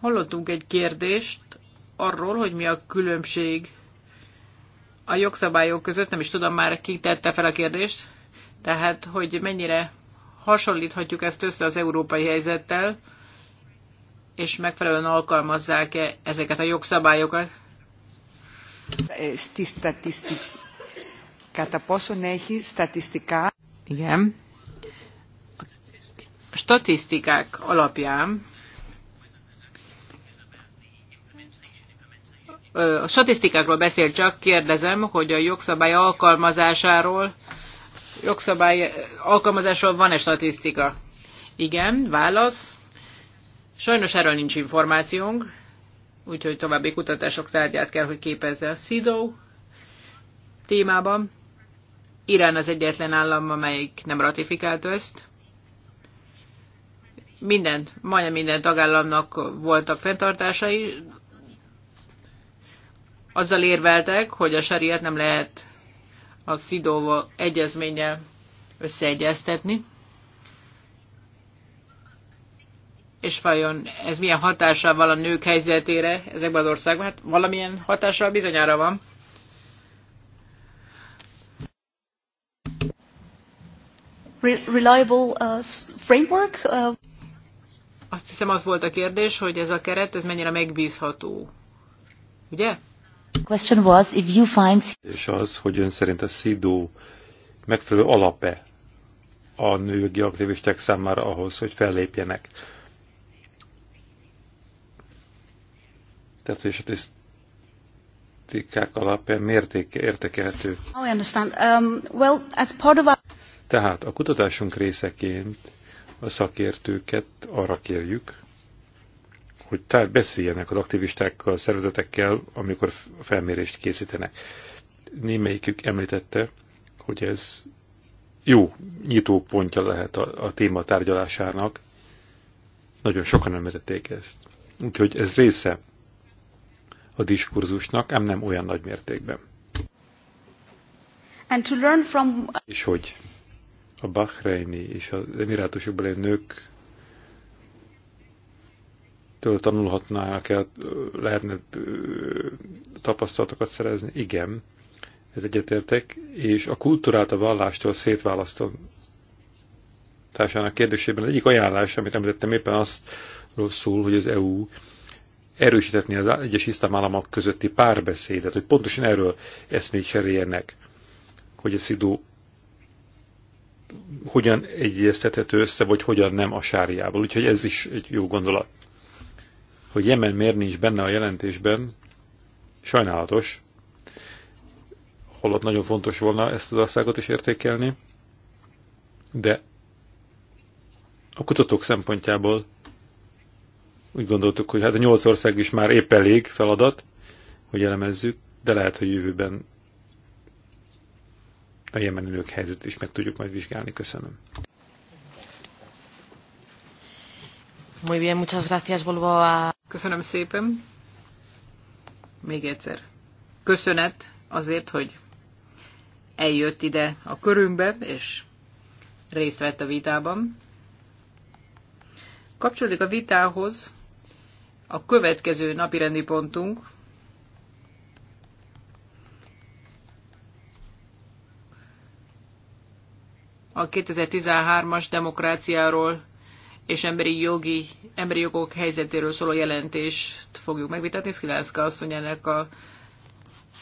hallottunk egy kérdést arról, hogy mi a különbség a jogszabályok között, nem is tudom már, ki tette fel a kérdést, tehát hogy mennyire hasonlíthatjuk ezt össze az európai helyzettel, és megfelelően alkalmazzák-e ezeket a jogszabályokat. Igen statisztikák alapján a statisztikákról beszél csak, kérdezem, hogy a jogszabály alkalmazásáról jogszabály alkalmazásról van-e statisztika? Igen, válasz. Sajnos erről nincs információnk, úgyhogy további kutatások tárgyát kell, hogy képezze a SIDO témában. Irán az egyetlen állam, amelyik nem ratifikálta ezt minden, majdnem minden tagállamnak voltak fenntartásai, azzal érveltek, hogy a sariát nem lehet a szidóval egyezménye összeegyeztetni. És vajon ez milyen hatással van a nők helyzetére ezekben az országban? Hát valamilyen hatással bizonyára van. Reliable uh, framework? Uh... Azt hiszem az volt a kérdés, hogy ez a keret, ez mennyire megbízható. Ugye? Question was, if you find... És az, hogy ön szerint a szidó megfelelő alape a nőgi aktivisták számára ahhoz, hogy fellépjenek. Tehát, hogy a statisztikák alapján mérték értekelhető. Oh, I understand. Um, well, as part of our... Tehát a kutatásunk részeként a szakértőket arra kérjük, hogy tár beszéljenek az aktivistákkal, szervezetekkel, amikor felmérést készítenek. Némelyikük említette, hogy ez jó pontja lehet a, a téma tárgyalásának. Nagyon sokan említették ezt. Úgyhogy ez része a diskurzusnak, ám nem olyan nagy mértékben. And to learn from... És hogy a Bahreini és az emirátusokban lévő nők től tanulhatnának el, lehetne tapasztalatokat szerezni? Igen, ez egyetértek. És a kultúrát a vallástól szétválasztom társának kérdésében az egyik ajánlás, amit említettem éppen azt szól, hogy az EU erősítetni az egyes iszlám államok közötti párbeszédet, hogy pontosan erről eszmét cseréljenek, hogy a szidó hogyan egyeztethető össze, vagy hogyan nem a sáriával. Úgyhogy ez is egy jó gondolat. Hogy Jemen miért nincs benne a jelentésben, sajnálatos, holott nagyon fontos volna ezt az országot is értékelni, de a kutatók szempontjából úgy gondoltuk, hogy hát a nyolc ország is már épp elég feladat, hogy elemezzük, de lehet, hogy jövőben a jemeni nők helyzetét is meg tudjuk majd vizsgálni. Köszönöm. Muy bien, muchas gracias, volvo a... Köszönöm szépen. Még egyszer. Köszönet azért, hogy eljött ide a körünkbe, és részt vett a vitában. Kapcsolódik a vitához a következő napirendi pontunk, a 2013-as demokráciáról és emberi, jogi, emberi jogok helyzetéről szóló jelentést fogjuk megvitatni. Szkilászka asszony ennek a,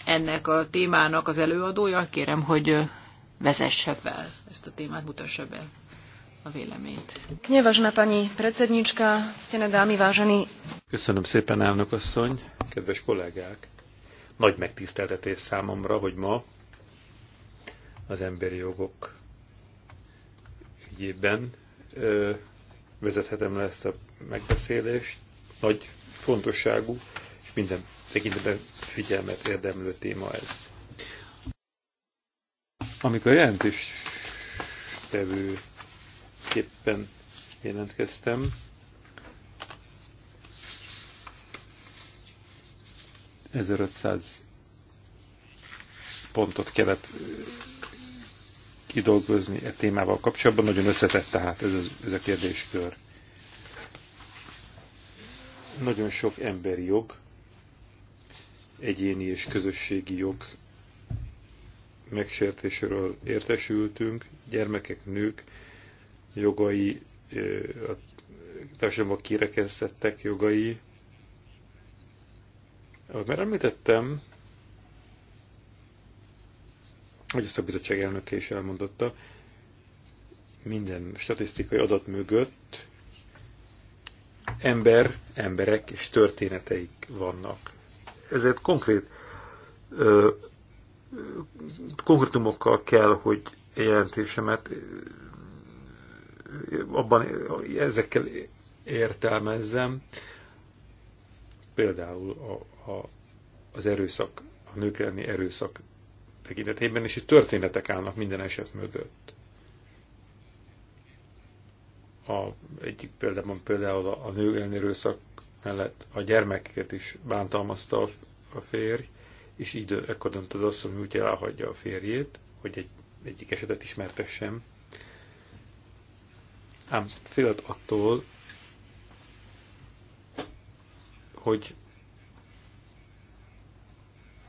ennek a témának az előadója. Kérem, hogy vezesse fel ezt a témát, mutassa be a véleményt. Knyevasna pani predsednička, ctene dámi, vážený. Köszönöm szépen, elnök asszony, kedves kollégák. Nagy megtiszteltetés számomra, hogy ma az emberi jogok ügyében ö, vezethetem le ezt a megbeszélést. Nagy fontosságú, és minden tekintetben figyelmet érdemlő téma ez. Amikor jelentős tevőképpen jelentkeztem, ...1500 pontot kellett kidolgozni e témával kapcsolatban. Nagyon összetett tehát ez, az ez a kérdéskör. Nagyon sok emberi jog, egyéni és közösségi jog megsértéséről értesültünk, gyermekek, nők jogai, a társadalomban kirekesztettek jogai. Ahogy már említettem, ahogy a szakbizottság elnöke is elmondotta, minden statisztikai adat mögött ember, emberek és történeteik vannak. Ezért konkrét ö, konkrétumokkal kell, hogy jelentésemet abban ezekkel értelmezzem. Például a, a, az erőszak, a nők elleni erőszak tekintetében, és itt történetek állnak minden eset mögött. A, egyik példában például a, a nő elleni erőszak mellett a gyermekeket is bántalmazta a, a férj, és így ekkor dönt az asszony, úgy elhagyja a férjét, hogy egy, egyik esetet ismertessem. Ám félt attól, hogy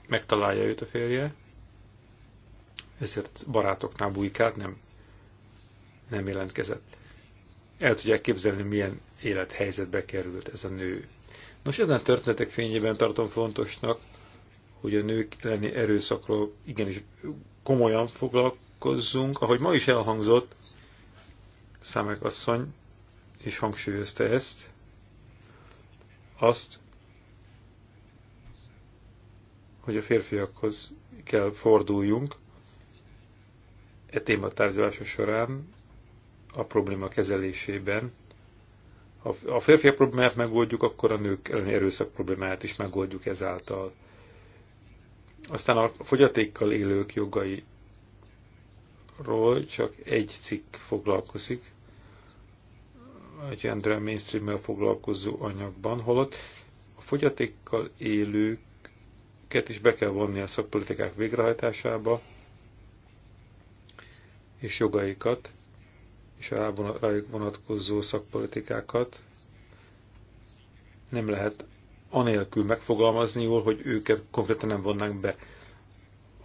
megtalálja őt a férje, ezért barátoknál bujkált, nem, nem jelentkezett. El tudják képzelni, milyen élethelyzetbe került ez a nő. Nos, ezen történetek fényében tartom fontosnak, hogy a nők lenni erőszakról igenis komolyan foglalkozzunk. Ahogy ma is elhangzott, Számek asszony is hangsúlyozta ezt, azt, hogy a férfiakhoz kell forduljunk, E téma során a probléma kezelésében, ha a férfi problémát megoldjuk, akkor a nők elleni erőszak problémáját is megoldjuk ezáltal. Aztán a fogyatékkal élők jogairól csak egy cikk foglalkozik, a gender mainstream foglalkozó anyagban, holott a fogyatékkal élőket is be kell vonni a szakpolitikák végrehajtásába, és jogaikat, és a rájuk vonatkozó szakpolitikákat nem lehet anélkül megfogalmazni jól, hogy őket konkrétan nem vonnánk be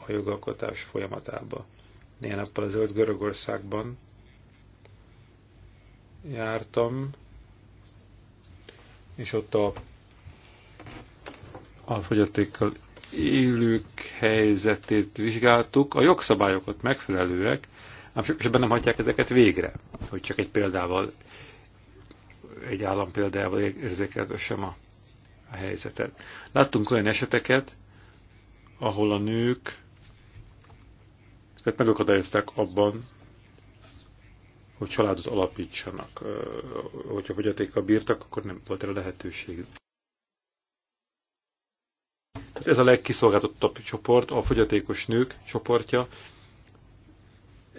a jogalkotás folyamatába. Néhány nappal az ölt Görögországban jártam, és ott a, a fogyatékkal élők helyzetét vizsgáltuk. A jogszabályokat megfelelőek, ám sok nem hagyják ezeket végre, hogy csak egy példával, egy állam példával érzékeltessem a, a helyzetet. Láttunk olyan eseteket, ahol a nők tehát megakadályozták abban, hogy családot alapítsanak. Hogyha fogyatékkal bírtak, akkor nem volt erre lehetőség. Tehát ez a legkiszolgáltatottabb csoport, a fogyatékos nők csoportja,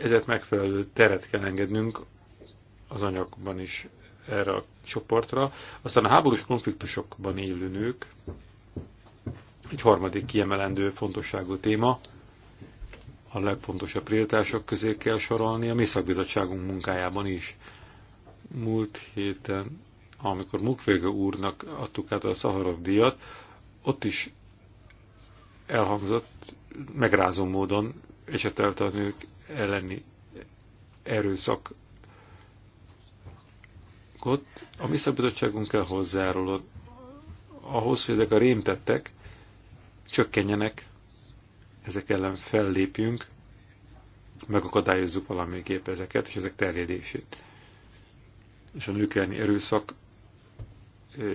ezért megfelelő teret kell engednünk az anyagban is erre a csoportra. Aztán a háborús konfliktusokban élő nők, egy harmadik kiemelendő fontosságú téma, a legfontosabb prioritások közé kell sorolni a mi szakbizottságunk munkájában is. Múlt héten, amikor Mukvége úrnak adtuk át a Szaharov díjat, ott is elhangzott megrázó módon és a nők elleni erőszakot. A mi szabadságunk hozzárul ahhoz, hogy ezek a rémtettek csökkenjenek, ezek ellen fellépjünk, megakadályozzuk valamiképp ezeket, és ezek terjedését. És a nők elleni erőszak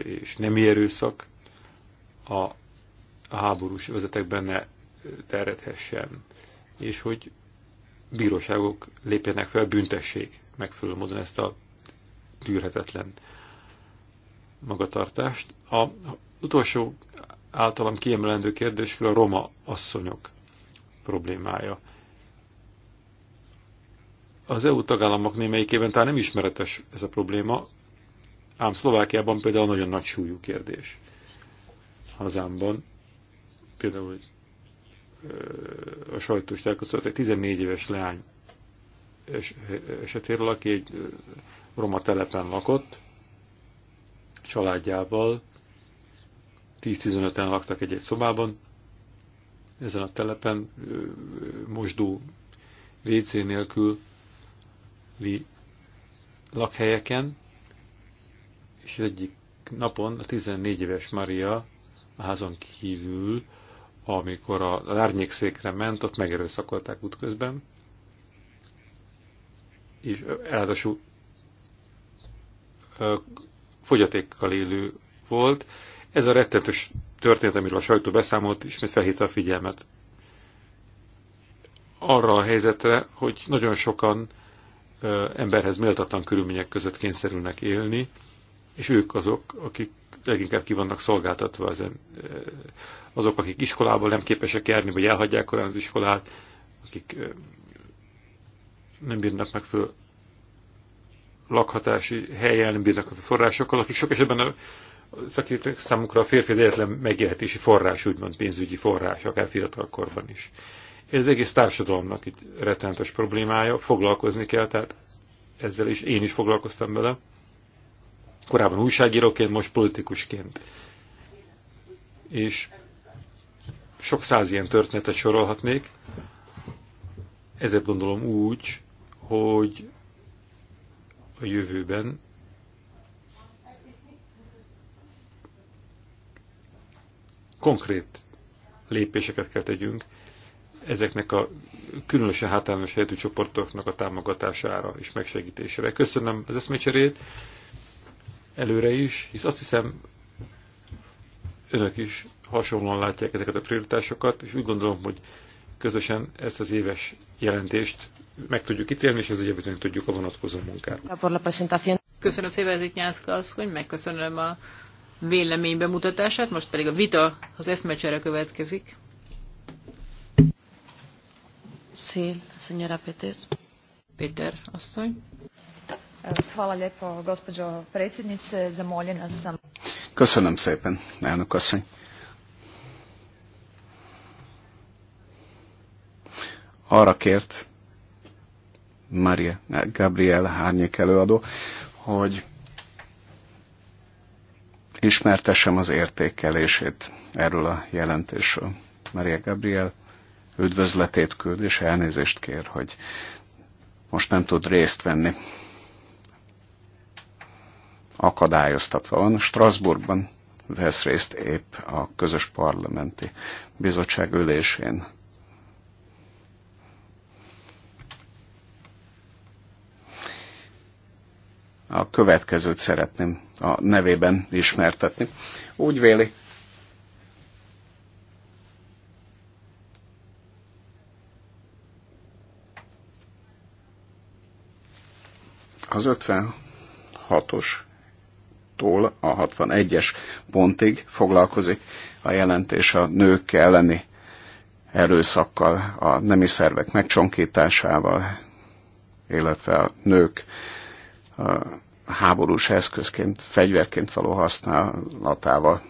és nemi erőszak a, a háborús vezetek benne terjedhessen. És hogy bíróságok lépjenek fel, büntessék megfelelő módon ezt a tűrhetetlen magatartást. A utolsó általam kiemelendő kérdés a roma asszonyok problémája. Az EU tagállamok némelyikében talán nem ismeretes ez a probléma, ám Szlovákiában például nagyon nagy súlyú kérdés. Hazámban például a sajtós tájékoztatott egy 14 éves leány esetéről, aki egy roma telepen lakott, családjával, 10-15-en laktak egy-egy szobában, ezen a telepen mosdó WC nélkül lakhelyeken, és egyik napon a 14 éves Maria a házon kívül amikor a árnyékszékre ment, ott megerőszakolták útközben, és ráadásul fogyatékkal élő volt. Ez a rettentős történet, amiről a sajtó beszámolt, ismét felhívta a figyelmet arra a helyzetre, hogy nagyon sokan emberhez méltatlan körülmények között kényszerülnek élni, és ők azok, akik leginkább ki vannak szolgáltatva ezen, eh, azok, akik iskolából nem képesek járni, vagy elhagyják korán az iskolát, akik eh, nem bírnak meg föl lakhatási helyen, nem bírnak meg forrásokkal, akik sok esetben a szakítanak számukra a férfi az egyetlen megélhetési forrás, úgymond pénzügyi forrás, akár fiatalkorban is. Ez az egész társadalomnak itt rettenetes problémája, foglalkozni kell, tehát ezzel is én is foglalkoztam vele korábban újságíróként, most politikusként. És sok száz ilyen történetet sorolhatnék, ezért gondolom úgy, hogy a jövőben konkrét lépéseket kell tegyünk ezeknek a különösen hátrányos helyetű csoportoknak a támogatására és megsegítésére. Köszönöm az eszmécserét! előre is, hisz azt hiszem, önök is hasonlóan látják ezeket a prioritásokat, és úgy gondolom, hogy közösen ezt az éves jelentést meg tudjuk ítélni, és ugye bizony tudjuk a vonatkozó munkát. Köszönöm szépen, Ezik Nyászka megköszönöm a vélemény bemutatását, most pedig a vita az eszmecsere következik. Sí, señora Péter. Péter asszony. Köszönöm szépen, elnök asszony. Arra kért Maria Gabriel Hárnyék előadó, hogy ismertessem az értékelését erről a jelentésről. Maria Gabriel üdvözletét küld, és elnézést kér, hogy most nem tud részt venni akadályoztatva van. Strasbourgban vesz részt épp a közös parlamenti bizottság ülésén. A következőt szeretném a nevében ismertetni. Úgy véli, az 56-os tól a 61-es pontig foglalkozik a jelentés a nők elleni erőszakkal, a nemi szervek megcsonkításával, illetve a nők a háborús eszközként, fegyverként való használatával.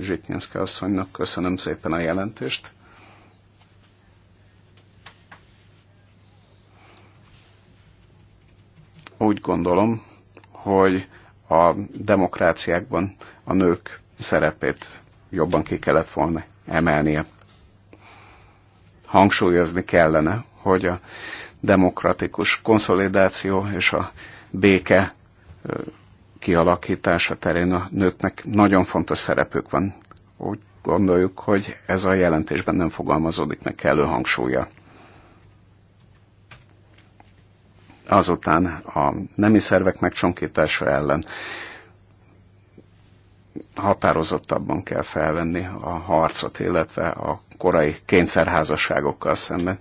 Zsitnyenszke asszonynak köszönöm szépen a jelentést. Úgy gondolom, hogy a demokráciákban a nők szerepét jobban ki kellett volna emelnie. Hangsúlyozni kellene, hogy a demokratikus konszolidáció és a béke kialakítása terén a nőknek nagyon fontos szerepük van. Úgy gondoljuk, hogy ez a jelentésben nem fogalmazódik meg kellő hangsúlya. azután a nemi szervek megcsonkítása ellen határozottabban kell felvenni a harcot, illetve a korai kényszerházasságokkal szemben.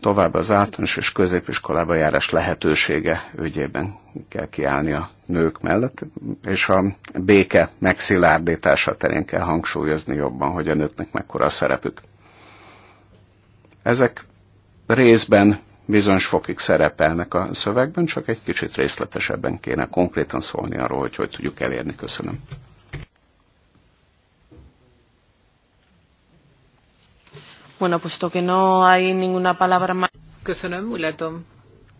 Tovább az általános és középiskolába járás lehetősége ügyében kell kiállni a nők mellett, és a béke megszilárdítása terén kell hangsúlyozni jobban, hogy a nőknek mekkora a szerepük. Ezek részben bizonyos fokig szerepelnek a szövegben, csak egy kicsit részletesebben kéne konkrétan szólni arról, hogy hogy tudjuk elérni. Köszönöm. Bueno, puesto que no hay ninguna palabra más. Köszönöm, úgy látom,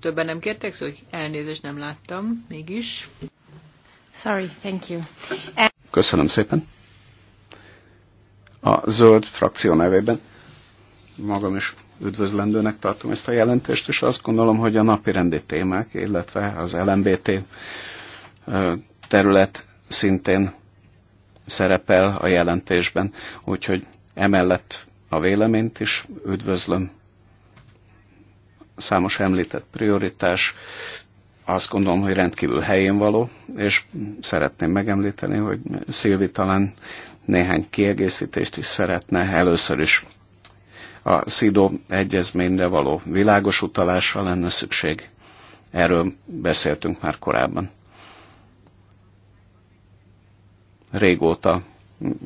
többen nem kértek, szóval elnézést nem láttam, mégis. Sorry, thank you. Köszönöm szépen. A zöld frakció nevében magam is üdvözlendőnek tartom ezt a jelentést, és azt gondolom, hogy a napirendi témák, illetve az LMBT terület szintén szerepel a jelentésben, úgyhogy emellett a véleményt is üdvözlöm. Számos említett prioritás, azt gondolom, hogy rendkívül helyén való, és szeretném megemlíteni, hogy Szilvi talán néhány kiegészítést is szeretne először is a SZIDO egyezményre való világos utalásra lenne szükség. Erről beszéltünk már korábban. Régóta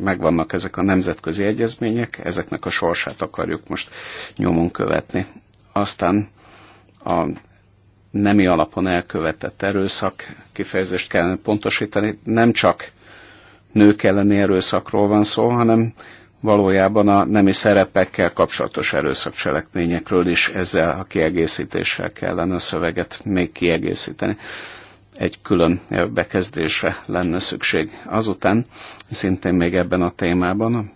megvannak ezek a nemzetközi egyezmények, ezeknek a sorsát akarjuk most nyomon követni. Aztán a nemi alapon elkövetett erőszak kifejezést kellene pontosítani. Nem csak nők elleni erőszakról van szó, hanem valójában a nemi szerepekkel kapcsolatos erőszakcselekményekről is ezzel a kiegészítéssel kellene a szöveget még kiegészíteni. Egy külön bekezdésre lenne szükség. Azután szintén még ebben a témában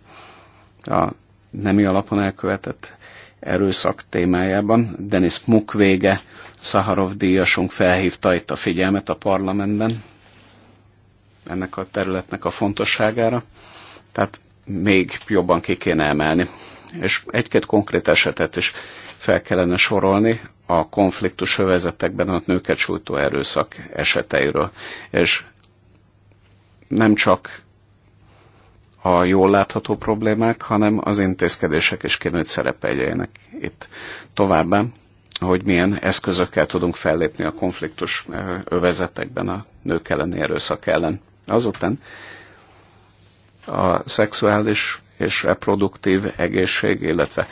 a nemi alapon elkövetett erőszak témájában Denis Mukwege, Szaharov díjasunk felhívta itt a figyelmet a parlamentben ennek a területnek a fontosságára. Tehát még jobban ki kéne emelni. És egy-két konkrét esetet is fel kellene sorolni a konfliktus övezetekben a nőket sújtó erőszak eseteiről. És nem csak a jól látható problémák, hanem az intézkedések is kéne, hogy szerepeljenek itt továbbá, hogy milyen eszközökkel tudunk fellépni a konfliktus övezetekben a nők elleni erőszak ellen. Azután a szexuális és reproduktív egészség, illetve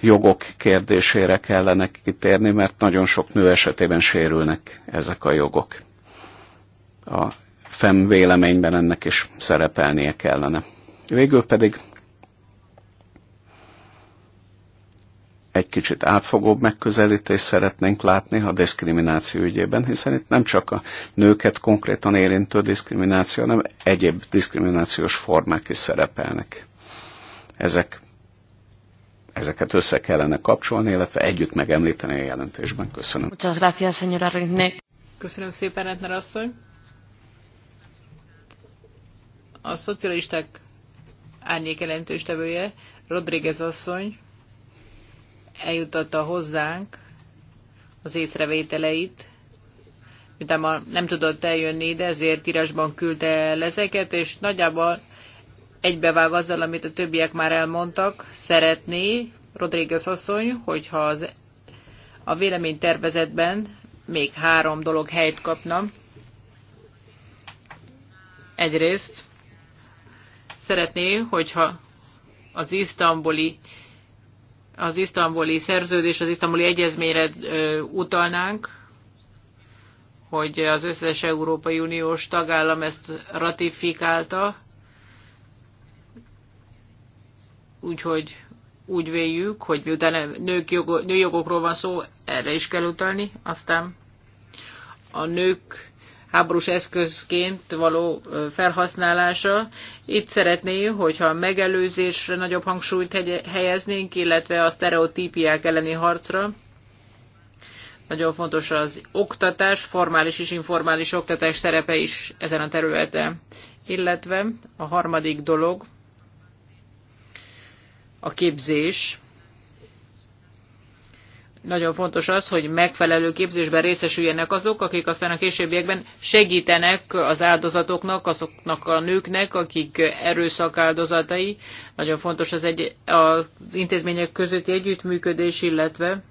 jogok kérdésére kellene kitérni, mert nagyon sok nő esetében sérülnek ezek a jogok. A FEM véleményben ennek is szerepelnie kellene. Végül pedig egy kicsit átfogóbb megközelítést szeretnénk látni a diszkrimináció ügyében, hiszen itt nem csak a nőket konkrétan érintő diszkrimináció, hanem egyéb diszkriminációs formák is szerepelnek. Ezek, ezeket össze kellene kapcsolni, illetve együtt megemlíteni a jelentésben. Köszönöm. Köszönöm szépen, Retner asszony. A szocialisták árnyék jelentőstevője, Rodríguez asszony, eljutatta hozzánk az észrevételeit, utána nem tudott eljönni ide, ezért írásban küldte el ezeket, és nagyjából egybevág azzal, amit a többiek már elmondtak, szeretné Rodríguez asszony, hogyha az, a véleménytervezetben még három dolog helyt kapna. Egyrészt szeretné, hogyha az isztambuli az isztambuli szerződés, az isztambuli egyezményre utalnánk, hogy az összes Európai Uniós tagállam ezt ratifikálta, úgyhogy úgy véljük, hogy miután nők jogo, nőjogokról van szó, erre is kell utalni, aztán a nők háborús eszközként való felhasználása. Itt szeretné, hogyha a megelőzésre nagyobb hangsúlyt helyeznénk, illetve a sztereotípiák elleni harcra. Nagyon fontos az oktatás, formális és informális oktatás szerepe is ezen a területen. Illetve a harmadik dolog, a képzés nagyon fontos az, hogy megfelelő képzésben részesüljenek azok, akik aztán a későbbiekben segítenek az áldozatoknak, azoknak a nőknek, akik erőszak áldozatai. Nagyon fontos az, egy, az intézmények közötti együttműködés, illetve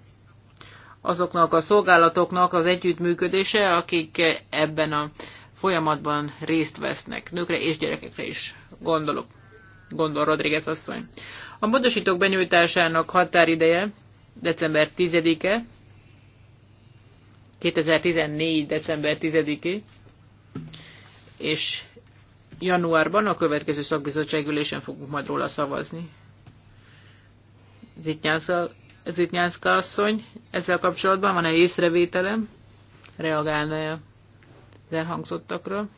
azoknak a szolgálatoknak az együttműködése, akik ebben a folyamatban részt vesznek. Nőkre és gyerekekre is gondolok. Gondol Rodríguez asszony. A módosítók benyújtásának határideje december 10-e, 2014. december 10 -e, és januárban a következő szakbizottságülésen fogunk majd róla szavazni. Zitnyánszka, Zitnyánszka asszony, ezzel kapcsolatban van-e észrevételem? Reagálna-e az elhangzottakra?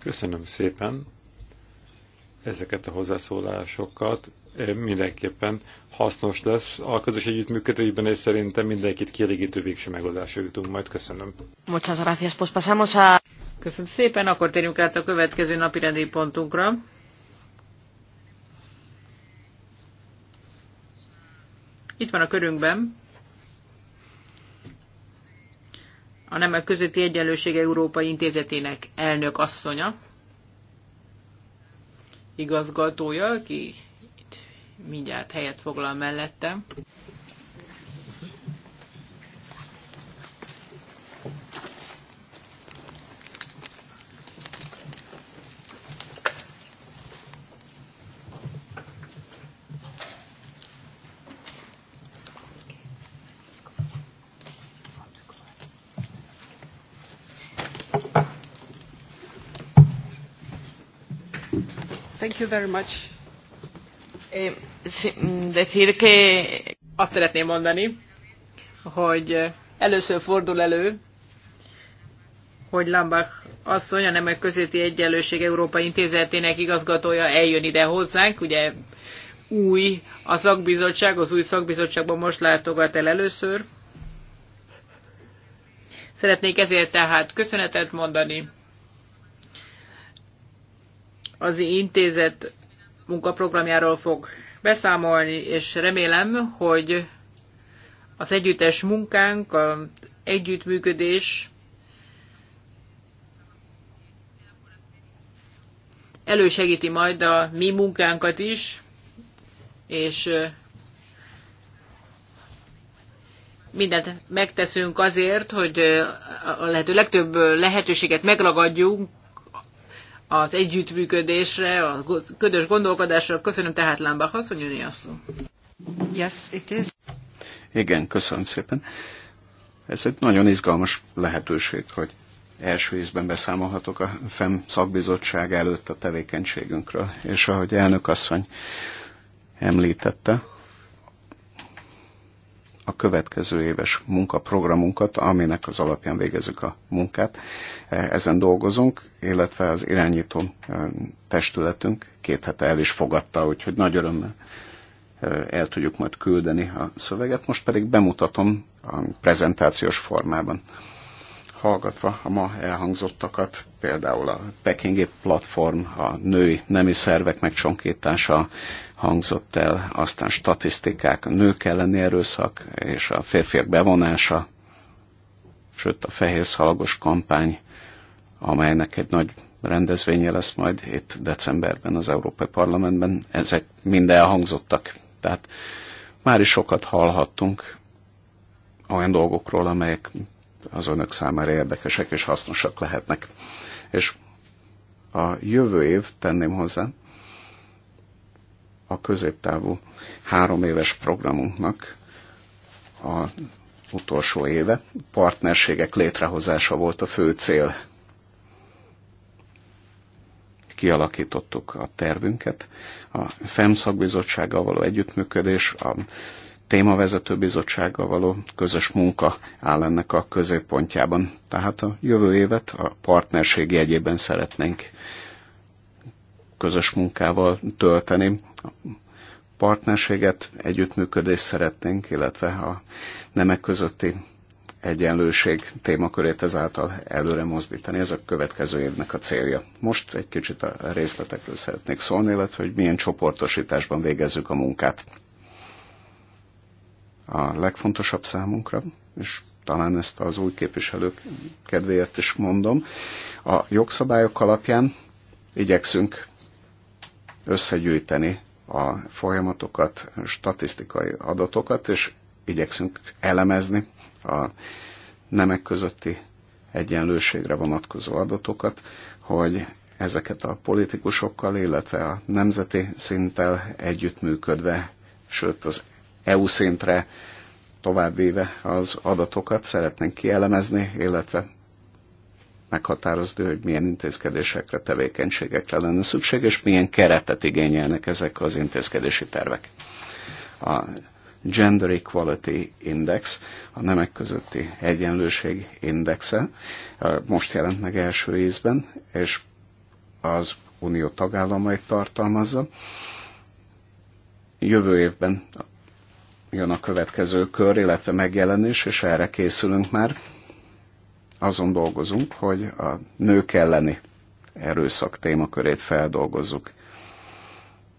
Köszönöm szépen ezeket a hozzászólásokat mindenképpen hasznos lesz. A közös együttműködésben és szerintem mindenkit kielégítő végső megoldásra jutunk. Majd köszönöm. Muchas gracias. Pues pasamos a... Köszönöm szépen, akkor térjünk át a következő napi rendi pontunkra. Itt van a körünkben a Nemek Közötti Egyenlőség Európai Intézetének elnök asszonya, igazgatója, aki mindjárt helyet foglal mellettem. Thank you very much. Um decir que... Azt szeretném mondani, hogy először fordul elő, hogy Lambach asszony, a Nemek Közötti Egyenlőség Európa Intézetének igazgatója eljön ide hozzánk, ugye új a szakbizottság, az új szakbizottságban most látogat el először. Szeretnék ezért tehát köszönetet mondani az intézet munkaprogramjáról fog beszámolni, és remélem, hogy az együttes munkánk, az együttműködés elősegíti majd a mi munkánkat is, és mindent megteszünk azért, hogy a lehető legtöbb lehetőséget megragadjunk az együttműködésre, a ködös gondolkodásra. Köszönöm tehát Lámbach asszony, a szó. Yes, it is. Igen, köszönöm szépen. Ez egy nagyon izgalmas lehetőség, hogy első ízben beszámolhatok a FEM szakbizottság előtt a tevékenységünkről. És ahogy elnök asszony említette, a következő éves munkaprogramunkat, aminek az alapján végezzük a munkát. E, ezen dolgozunk, illetve az irányító e, testületünk két hete el is fogadta, úgyhogy nagy örömmel e, el tudjuk majd küldeni a szöveget. Most pedig bemutatom a prezentációs formában. Hallgatva a ma elhangzottakat, például a Pekingi platform, a női nemi szervek megcsonkítása, hangzott el, aztán statisztikák, a nők elleni erőszak és a férfiak bevonása, sőt a fehér szalagos kampány, amelynek egy nagy rendezvénye lesz majd itt decemberben az Európai Parlamentben. Ezek mind elhangzottak. Tehát már is sokat hallhattunk olyan dolgokról, amelyek az önök számára érdekesek és hasznosak lehetnek. És a jövő év, tenném hozzá, a középtávú három éves programunknak a utolsó éve partnerségek létrehozása volt a fő cél. Kialakítottuk a tervünket, a FEM szakbizottsággal való együttműködés, a témavezető bizottsággal való közös munka áll ennek a középpontjában. Tehát a jövő évet a partnerség jegyében szeretnénk közös munkával tölteni, partnerséget, együttműködést szeretnénk, illetve a nemek közötti egyenlőség témakörét ezáltal előre mozdítani. Ez a következő évnek a célja. Most egy kicsit a részletekről szeretnék szólni, illetve hogy milyen csoportosításban végezzük a munkát. A legfontosabb számunkra, és talán ezt az új képviselők kedvéért is mondom, a jogszabályok alapján igyekszünk összegyűjteni a folyamatokat, statisztikai adatokat, és igyekszünk elemezni a nemek közötti egyenlőségre vonatkozó adatokat, hogy ezeket a politikusokkal, illetve a nemzeti szinttel együttműködve, sőt az EU szintre továbbvéve az adatokat szeretnénk kielemezni, illetve meghatározni, hogy milyen intézkedésekre, tevékenységekre lenne szükség, és milyen keretet igényelnek ezek az intézkedési tervek. A Gender Equality Index, a nemek közötti egyenlőség indexe most jelent meg első ízben, és az unió tagállamait tartalmazza. Jövő évben jön a következő kör, illetve megjelenés, és erre készülünk már azon dolgozunk, hogy a nők elleni erőszak témakörét feldolgozzuk.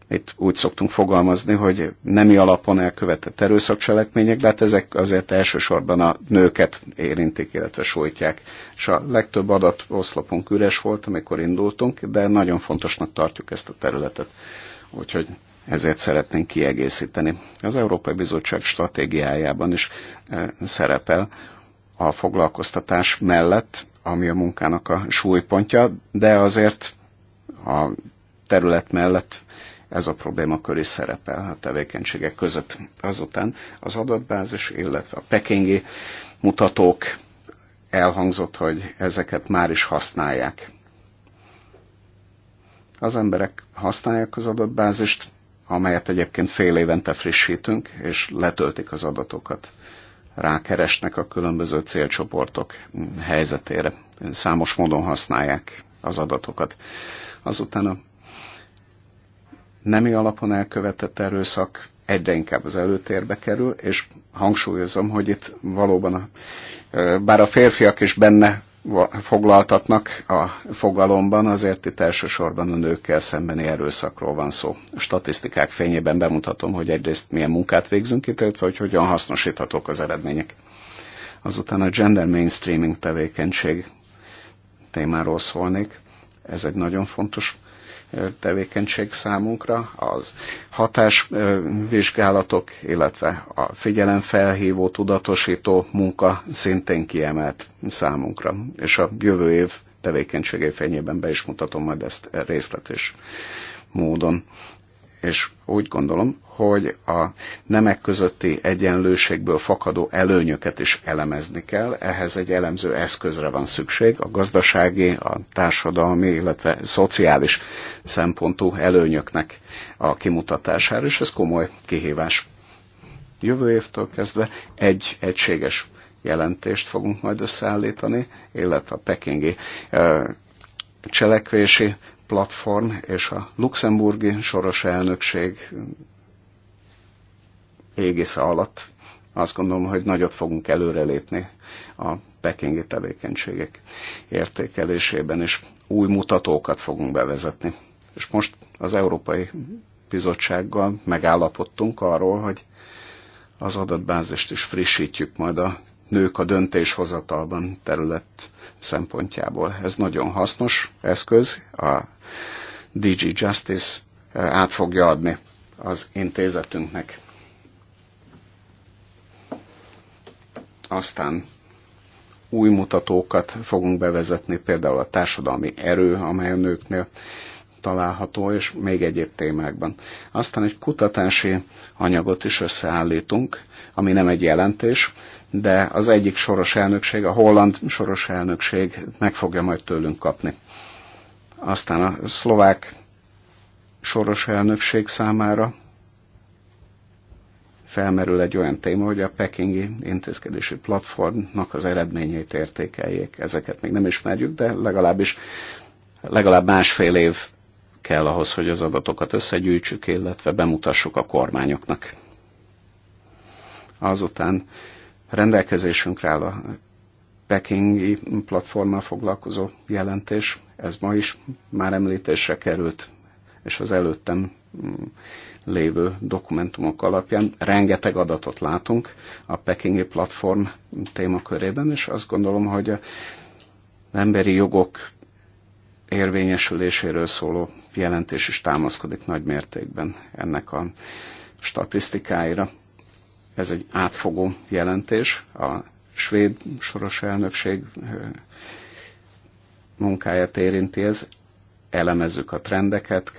Itt úgy szoktunk fogalmazni, hogy nemi alapon elkövetett erőszakcselekmények, de hát ezek azért elsősorban a nőket érintik, illetve sújtják. És a legtöbb adat oszlopunk üres volt, amikor indultunk, de nagyon fontosnak tartjuk ezt a területet. Úgyhogy ezért szeretnénk kiegészíteni. Az Európai Bizottság stratégiájában is eh, szerepel, a foglalkoztatás mellett, ami a munkának a súlypontja, de azért a terület mellett ez a probléma köré szerepel a tevékenységek között. Azután az adatbázis, illetve a pekingi mutatók elhangzott, hogy ezeket már is használják. Az emberek használják az adatbázist, amelyet egyébként fél évente frissítünk, és letöltik az adatokat rákeresnek a különböző célcsoportok helyzetére. Számos módon használják az adatokat. Azután a nemi alapon elkövetett erőszak egyre inkább az előtérbe kerül, és hangsúlyozom, hogy itt valóban, a, bár a férfiak is benne foglaltatnak a fogalomban, azért itt elsősorban a nőkkel szembeni erőszakról van szó. A statisztikák fényében bemutatom, hogy egyrészt milyen munkát végzünk itt, illetve hogy hogyan hasznosíthatók az eredmények. Azután a gender mainstreaming tevékenység témáról szólnék. Ez egy nagyon fontos tevékenység számunkra, az hatásvizsgálatok, illetve a figyelemfelhívó, tudatosító munka szintén kiemelt számunkra. És a jövő év tevékenységei fényében be is mutatom majd ezt részletes módon. És úgy gondolom, hogy a nemek közötti egyenlőségből fakadó előnyöket is elemezni kell. Ehhez egy elemző eszközre van szükség, a gazdasági, a társadalmi, illetve szociális szempontú előnyöknek a kimutatására, és ez komoly kihívás. Jövő évtől kezdve egy egységes jelentést fogunk majd összeállítani, illetve a pekingi cselekvési platform és a luxemburgi soros elnökség égésze alatt azt gondolom, hogy nagyot fogunk előrelépni a pekingi tevékenységek értékelésében, és új mutatókat fogunk bevezetni. És most az Európai Bizottsággal megállapodtunk arról, hogy az adatbázist is frissítjük majd a nők a döntéshozatalban terület szempontjából. Ez nagyon hasznos eszköz, a DG Justice eh, át fogja adni az intézetünknek Aztán új mutatókat fogunk bevezetni, például a társadalmi erő, amely a nőknél található, és még egyéb témákban. Aztán egy kutatási anyagot is összeállítunk, ami nem egy jelentés, de az egyik soros elnökség, a holland soros elnökség meg fogja majd tőlünk kapni. Aztán a szlovák soros elnökség számára felmerül egy olyan téma, hogy a pekingi intézkedési platformnak az eredményeit értékeljék. Ezeket még nem ismerjük, de legalábbis legalább másfél év kell ahhoz, hogy az adatokat összegyűjtsük, illetve bemutassuk a kormányoknak. Azután rendelkezésünkre áll a pekingi platformmal foglalkozó jelentés, ez ma is már említésre került, és az előttem Mm, lévő dokumentumok alapján rengeteg adatot látunk a pekingi platform témakörében, és azt gondolom, hogy az emberi jogok érvényesüléséről szóló jelentés is támaszkodik nagy mértékben ennek a statisztikáira. Ez egy átfogó jelentés, a svéd soros elnökség munkáját érinti ez, elemezzük a trendeket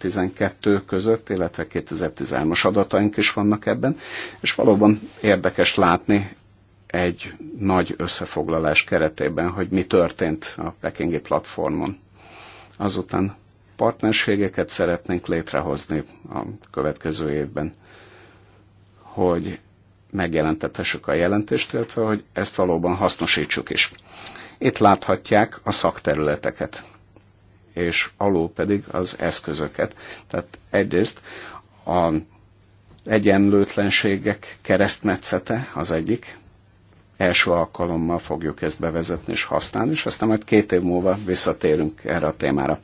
2007-12 között, illetve 2013-as adataink is vannak ebben, és valóban érdekes látni egy nagy összefoglalás keretében, hogy mi történt a pekingi platformon. Azután partnerségeket szeretnénk létrehozni a következő évben, hogy megjelentetessük a jelentést, illetve hogy ezt valóban hasznosítsuk is. Itt láthatják a szakterületeket és alul pedig az eszközöket. Tehát egyrészt a egyenlőtlenségek keresztmetszete az egyik, első alkalommal fogjuk ezt bevezetni és használni, és aztán majd két év múlva visszatérünk erre a témára.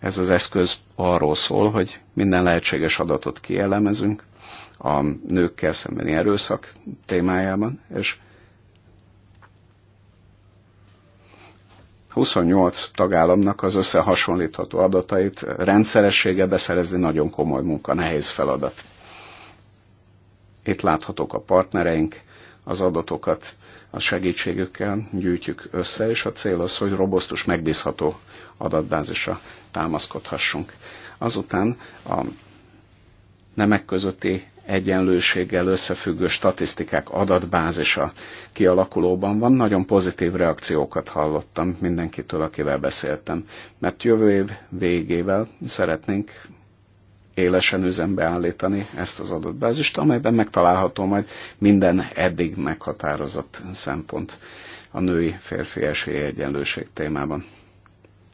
Ez az eszköz arról szól, hogy minden lehetséges adatot kielemezünk a nőkkel szembeni erőszak témájában, és 28 tagállamnak az összehasonlítható adatait rendszeressége beszerezni nagyon komoly munka, nehéz feladat. Itt láthatók a partnereink, az adatokat a segítségükkel gyűjtjük össze, és a cél az, hogy robosztus, megbízható adatbázisra támaszkodhassunk. Azután a nemek közötti egyenlőséggel összefüggő statisztikák adatbázisa kialakulóban van. Nagyon pozitív reakciókat hallottam mindenkitől, akivel beszéltem, mert jövő év végével szeretnénk élesen üzembe állítani ezt az adatbázist, amelyben megtalálható majd minden eddig meghatározott szempont a női férfi egyenlőség témában.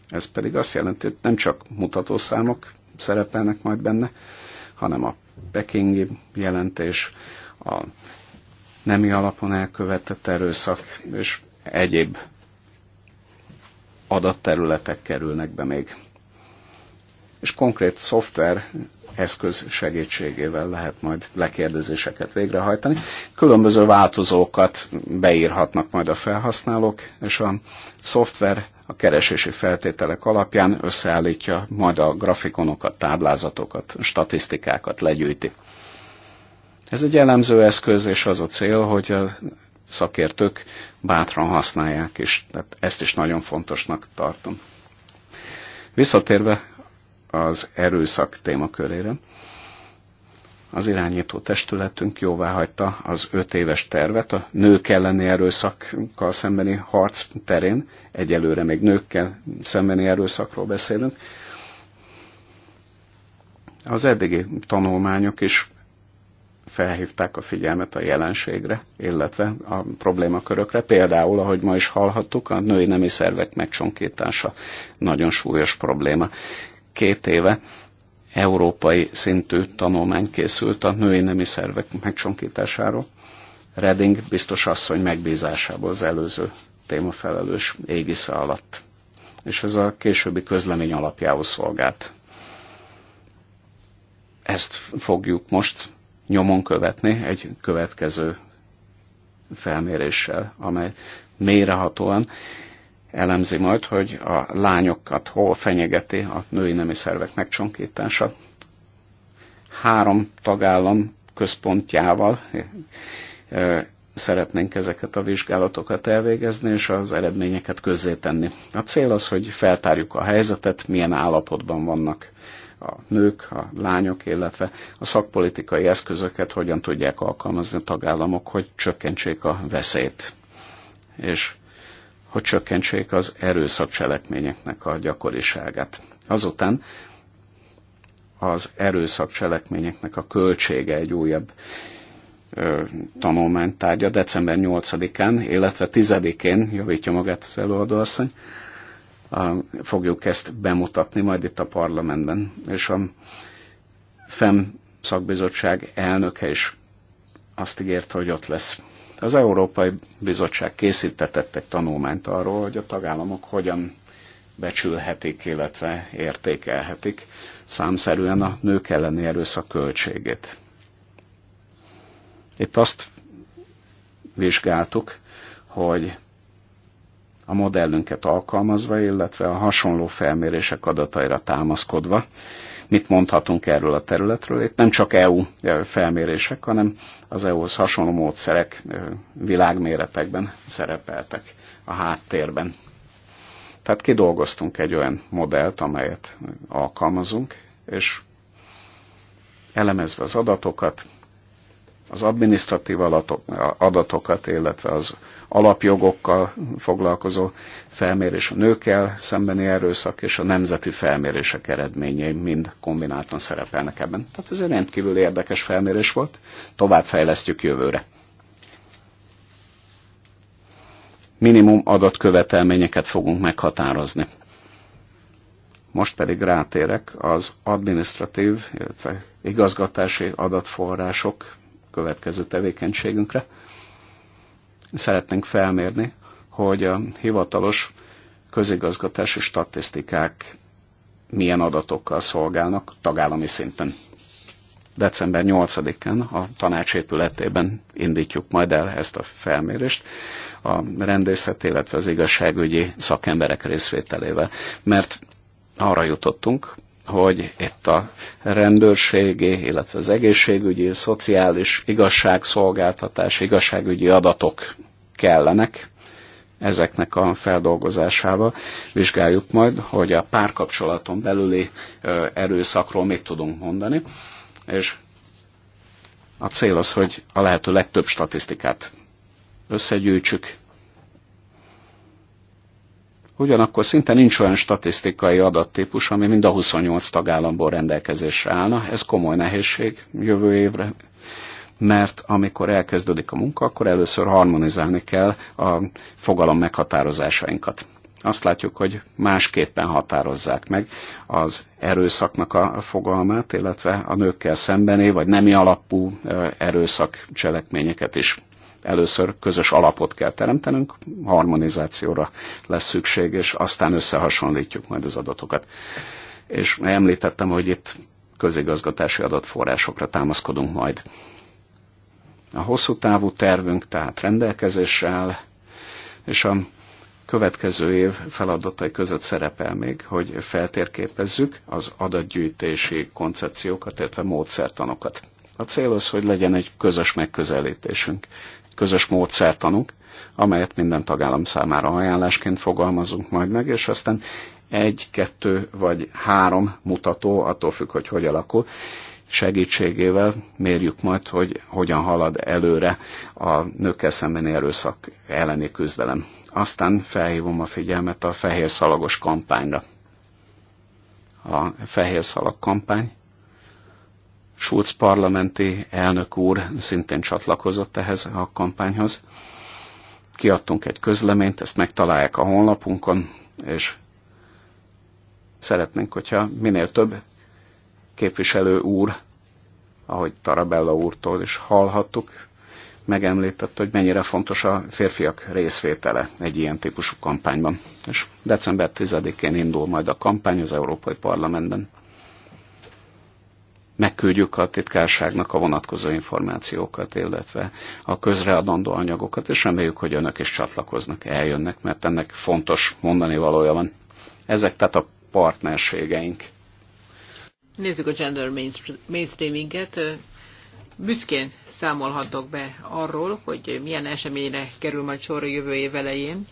Ez pedig azt jelenti, hogy nem csak mutatószámok szerepelnek majd benne, hanem a pekingi jelentés, a nemi alapon elkövetett erőszak és egyéb adatterületek kerülnek be még. És konkrét szoftver eszköz segítségével lehet majd lekérdezéseket végrehajtani. Különböző változókat beírhatnak majd a felhasználók, és a szoftver a keresési feltételek alapján összeállítja, majd a grafikonokat, táblázatokat, statisztikákat legyűjti. Ez egy jellemző eszköz, és az a cél, hogy a szakértők bátran használják és Tehát ezt is nagyon fontosnak tartom. Visszatérve az erőszak témakörére, az irányító testületünk jóvá hagyta az öt éves tervet a nők elleni erőszakkal szembeni harc terén. Egyelőre még nőkkel szembeni erőszakról beszélünk. Az eddigi tanulmányok is felhívták a figyelmet a jelenségre, illetve a problémakörökre. Például, ahogy ma is hallhattuk, a női nemi szervek megcsonkítása nagyon súlyos probléma. Két éve európai szintű tanulmány készült a női nemi szervek megcsonkításáról. Reding biztos asszony megbízásából az előző témafelelős égisze alatt. És ez a későbbi közlemény alapjául szolgált. Ezt fogjuk most nyomon követni egy következő felméréssel, amely mélyrehatóan elemzi majd, hogy a lányokat hol fenyegeti a női nemi szervek megcsonkítása. Három tagállam központjával eh, szeretnénk ezeket a vizsgálatokat elvégezni, és az eredményeket közzétenni. A cél az, hogy feltárjuk a helyzetet, milyen állapotban vannak a nők, a lányok, illetve a szakpolitikai eszközöket hogyan tudják alkalmazni a tagállamok, hogy csökkentsék a veszélyt. És hogy csökkentsék az cselekményeknek a gyakoriságát. Azután az cselekményeknek a költsége egy újabb ö, tanulmánytárgya december 8-án, illetve 10-én javítja magát az előadóasszony. Fogjuk ezt bemutatni majd itt a parlamentben. És a FEM szakbizottság elnöke is azt ígérte, hogy ott lesz. Az Európai Bizottság készítetett egy tanulmányt arról, hogy a tagállamok hogyan becsülhetik, illetve értékelhetik számszerűen a nők elleni erőszak költségét. Itt azt vizsgáltuk, hogy a modellünket alkalmazva, illetve a hasonló felmérések adataira támaszkodva mit mondhatunk erről a területről. Itt nem csak EU e, felmérések, hanem az EU-hoz hasonló módszerek e, világméretekben szerepeltek a háttérben. Tehát kidolgoztunk egy olyan modellt, amelyet alkalmazunk, és elemezve az adatokat, az adminisztratív adatokat, illetve az alapjogokkal foglalkozó felmérés, a nőkkel szembeni erőszak és a nemzeti felmérések eredményei mind kombináltan szerepelnek ebben. Tehát ez egy rendkívül érdekes felmérés volt, tovább fejlesztjük jövőre. Minimum adatkövetelményeket fogunk meghatározni. Most pedig rátérek az administratív, illetve igazgatási adatforrások következő tevékenységünkre. Szeretnénk felmérni, hogy a hivatalos közigazgatási statisztikák milyen adatokkal szolgálnak tagállami szinten. December 8-án a tanácsépületében indítjuk majd el ezt a felmérést a rendészet, illetve az igazságügyi szakemberek részvételével, mert arra jutottunk, hogy itt a rendőrségi, illetve az egészségügyi, szociális igazságszolgáltatás, igazságügyi adatok kellenek ezeknek a feldolgozásába. Vizsgáljuk majd, hogy a párkapcsolaton belüli erőszakról mit tudunk mondani, és a cél az, hogy a lehető legtöbb statisztikát összegyűjtsük, Ugyanakkor szinte nincs olyan statisztikai adattípus, ami mind a 28 tagállamból rendelkezésre állna. Ez komoly nehézség jövő évre, mert amikor elkezdődik a munka, akkor először harmonizálni kell a fogalom meghatározásainkat. Azt látjuk, hogy másképpen határozzák meg az erőszaknak a fogalmát, illetve a nőkkel szembeni, vagy nemi alapú erőszak cselekményeket is Először közös alapot kell teremtenünk, harmonizációra lesz szükség, és aztán összehasonlítjuk majd az adatokat. És említettem, hogy itt közigazgatási adatforrásokra támaszkodunk majd. A hosszú távú tervünk tehát rendelkezéssel, és a következő év feladatai között szerepel még, hogy feltérképezzük az adatgyűjtési koncepciókat, illetve módszertanokat. A cél az, hogy legyen egy közös megközelítésünk, közös módszertanunk, amelyet minden tagállam számára ajánlásként fogalmazunk majd meg, és aztán egy, kettő vagy három mutató, attól függ, hogy hogy alakul, segítségével mérjük majd, hogy hogyan halad előre a nőkkel szembeni erőszak elleni küzdelem. Aztán felhívom a figyelmet a fehér szalagos kampányra. A fehér szalag kampány Schulz parlamenti elnök úr szintén csatlakozott ehhez a kampányhoz. Kiadtunk egy közleményt, ezt megtalálják a honlapunkon, és szeretnénk, hogyha minél több képviselő úr, ahogy Tarabella úrtól is hallhattuk, megemlített, hogy mennyire fontos a férfiak részvétele egy ilyen típusú kampányban. És december 10-én indul majd a kampány az Európai Parlamentben megküldjük a titkárságnak a vonatkozó információkat, illetve a közreadandó anyagokat, és reméljük, hogy önök is csatlakoznak, eljönnek, mert ennek fontos mondani valója van. Ezek tehát a partnerségeink. Nézzük a gender mainstreaminget. Büszkén számolhatok be arról, hogy milyen eseményre kerül majd sor a jövő év elején.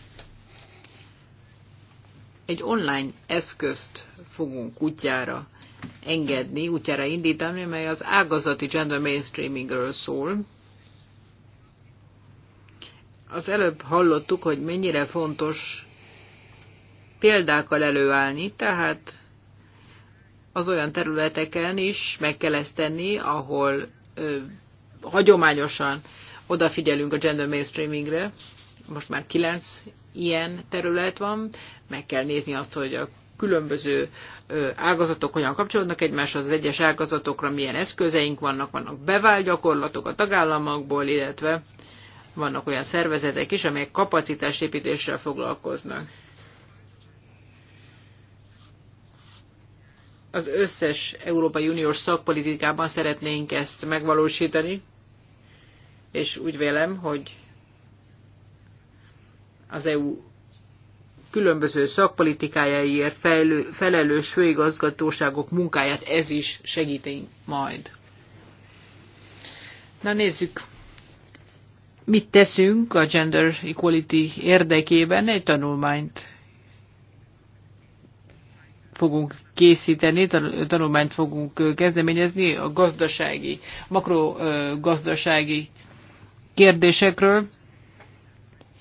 Egy online eszközt fogunk útjára engedni, útjára indítani, mely az ágazati gender mainstreamingről szól. Az előbb hallottuk, hogy mennyire fontos példákkal előállni, tehát az olyan területeken is meg kell ezt tenni, ahol ö, hagyományosan odafigyelünk a gender mainstreamingre. Most már kilenc ilyen terület van, meg kell nézni azt, hogy a különböző ágazatok hogyan kapcsolódnak egymáshoz, az egyes ágazatokra milyen eszközeink vannak, vannak bevált gyakorlatok a tagállamokból, illetve vannak olyan szervezetek is, amelyek kapacitásépítéssel foglalkoznak. Az összes Európai Uniós szakpolitikában szeretnénk ezt megvalósítani, és úgy vélem, hogy az EU különböző szakpolitikájáért fejlő, felelős főigazgatóságok munkáját ez is segíti majd. Na nézzük, mit teszünk a gender equality érdekében. Egy tanulmányt fogunk készíteni, tanulmányt fogunk kezdeményezni a gazdasági, makrogazdasági kérdésekről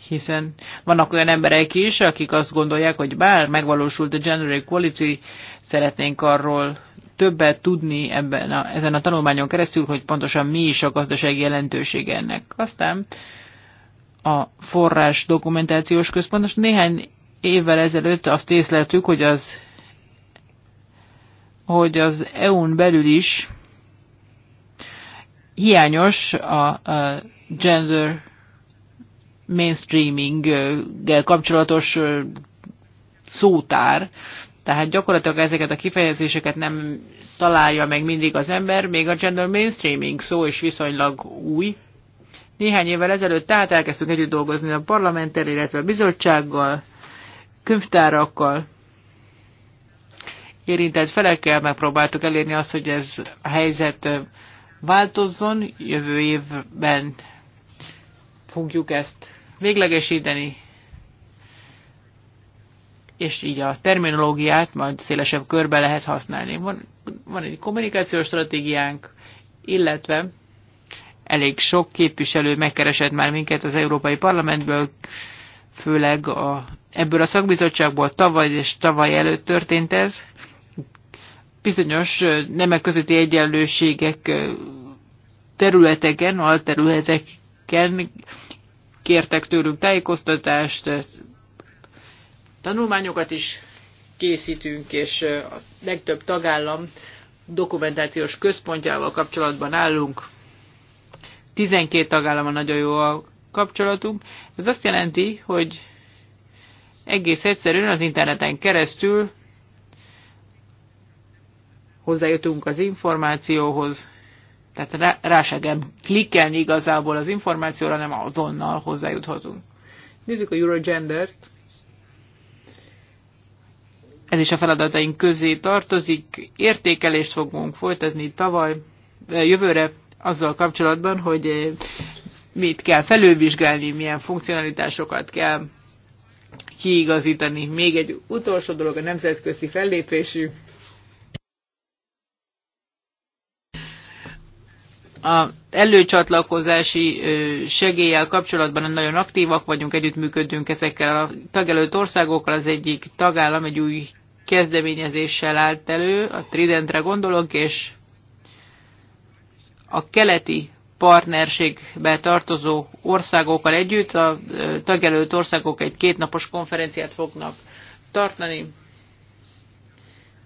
hiszen vannak olyan emberek is, akik azt gondolják, hogy bár megvalósult a gender equality, szeretnénk arról többet tudni ebben a, ezen a tanulmányon keresztül, hogy pontosan mi is a gazdasági jelentőség ennek. Aztán a forrás dokumentációs központos néhány évvel ezelőtt azt észleltük, hogy az hogy az EU-n belül is hiányos a, a gender mainstreaming kapcsolatos szótár, tehát gyakorlatilag ezeket a kifejezéseket nem találja meg mindig az ember, még a gender mainstreaming szó is viszonylag új. Néhány évvel ezelőtt tehát elkezdtünk együtt dolgozni a parlamenttel, illetve a bizottsággal, könyvtárakkal, érintett felekkel megpróbáltuk elérni azt, hogy ez a helyzet változzon. Jövő évben fogjuk ezt véglegesíteni, és így a terminológiát majd szélesebb körbe lehet használni. Van, van egy kommunikációs stratégiánk, illetve elég sok képviselő megkeresett már minket az Európai Parlamentből, főleg a, ebből a szakbizottságból tavaly és tavaly előtt történt ez. Bizonyos nemek közötti egyenlőségek területeken, alterületeken kértek tőlünk tájékoztatást, tanulmányokat is készítünk, és a legtöbb tagállam dokumentációs központjával kapcsolatban állunk. 12 a nagyon jó a kapcsolatunk. Ez azt jelenti, hogy egész egyszerűen az interneten keresztül hozzájutunk az információhoz, tehát rá, se kell klikkelni igazából az információra, nem azonnal hozzájuthatunk. Nézzük a Eurogendert. Ez is a feladataink közé tartozik. Értékelést fogunk folytatni tavaly, jövőre azzal kapcsolatban, hogy mit kell felülvizsgálni, milyen funkcionalitásokat kell kiigazítani. Még egy utolsó dolog a nemzetközi fellépésünk a előcsatlakozási segéllyel kapcsolatban nagyon aktívak vagyunk, együttműködünk ezekkel a tagelőtt országokkal. Az egyik tagállam egy új kezdeményezéssel állt elő, a Tridentre gondolok, és a keleti partnerségbe tartozó országokkal együtt a tagelőtt országok egy kétnapos konferenciát fognak tartani.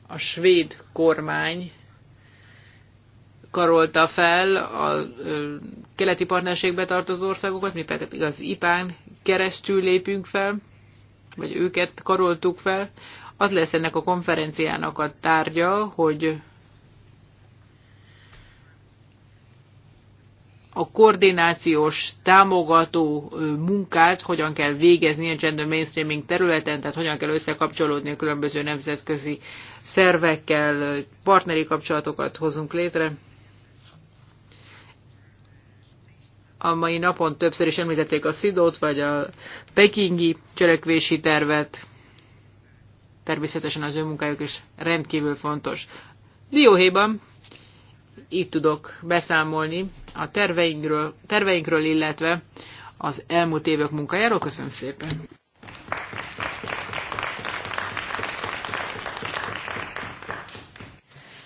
A svéd kormány karolta fel a keleti partnerségbe tartozó országokat, mi pedig az IPÁN keresztül lépünk fel, vagy őket karoltuk fel. Az lesz ennek a konferenciának a tárgya, hogy a koordinációs, támogató munkát hogyan kell végezni a gender mainstreaming területen, tehát hogyan kell összekapcsolódni a különböző nemzetközi szervekkel, partneri kapcsolatokat hozunk létre. A mai napon többször is említették a Szidót, vagy a pekingi cselekvési tervet. Természetesen az ő munkájuk is rendkívül fontos. Dióhéjban itt tudok beszámolni a terveinkről, terveinkről, illetve az elmúlt évek munkájáról. Köszönöm szépen!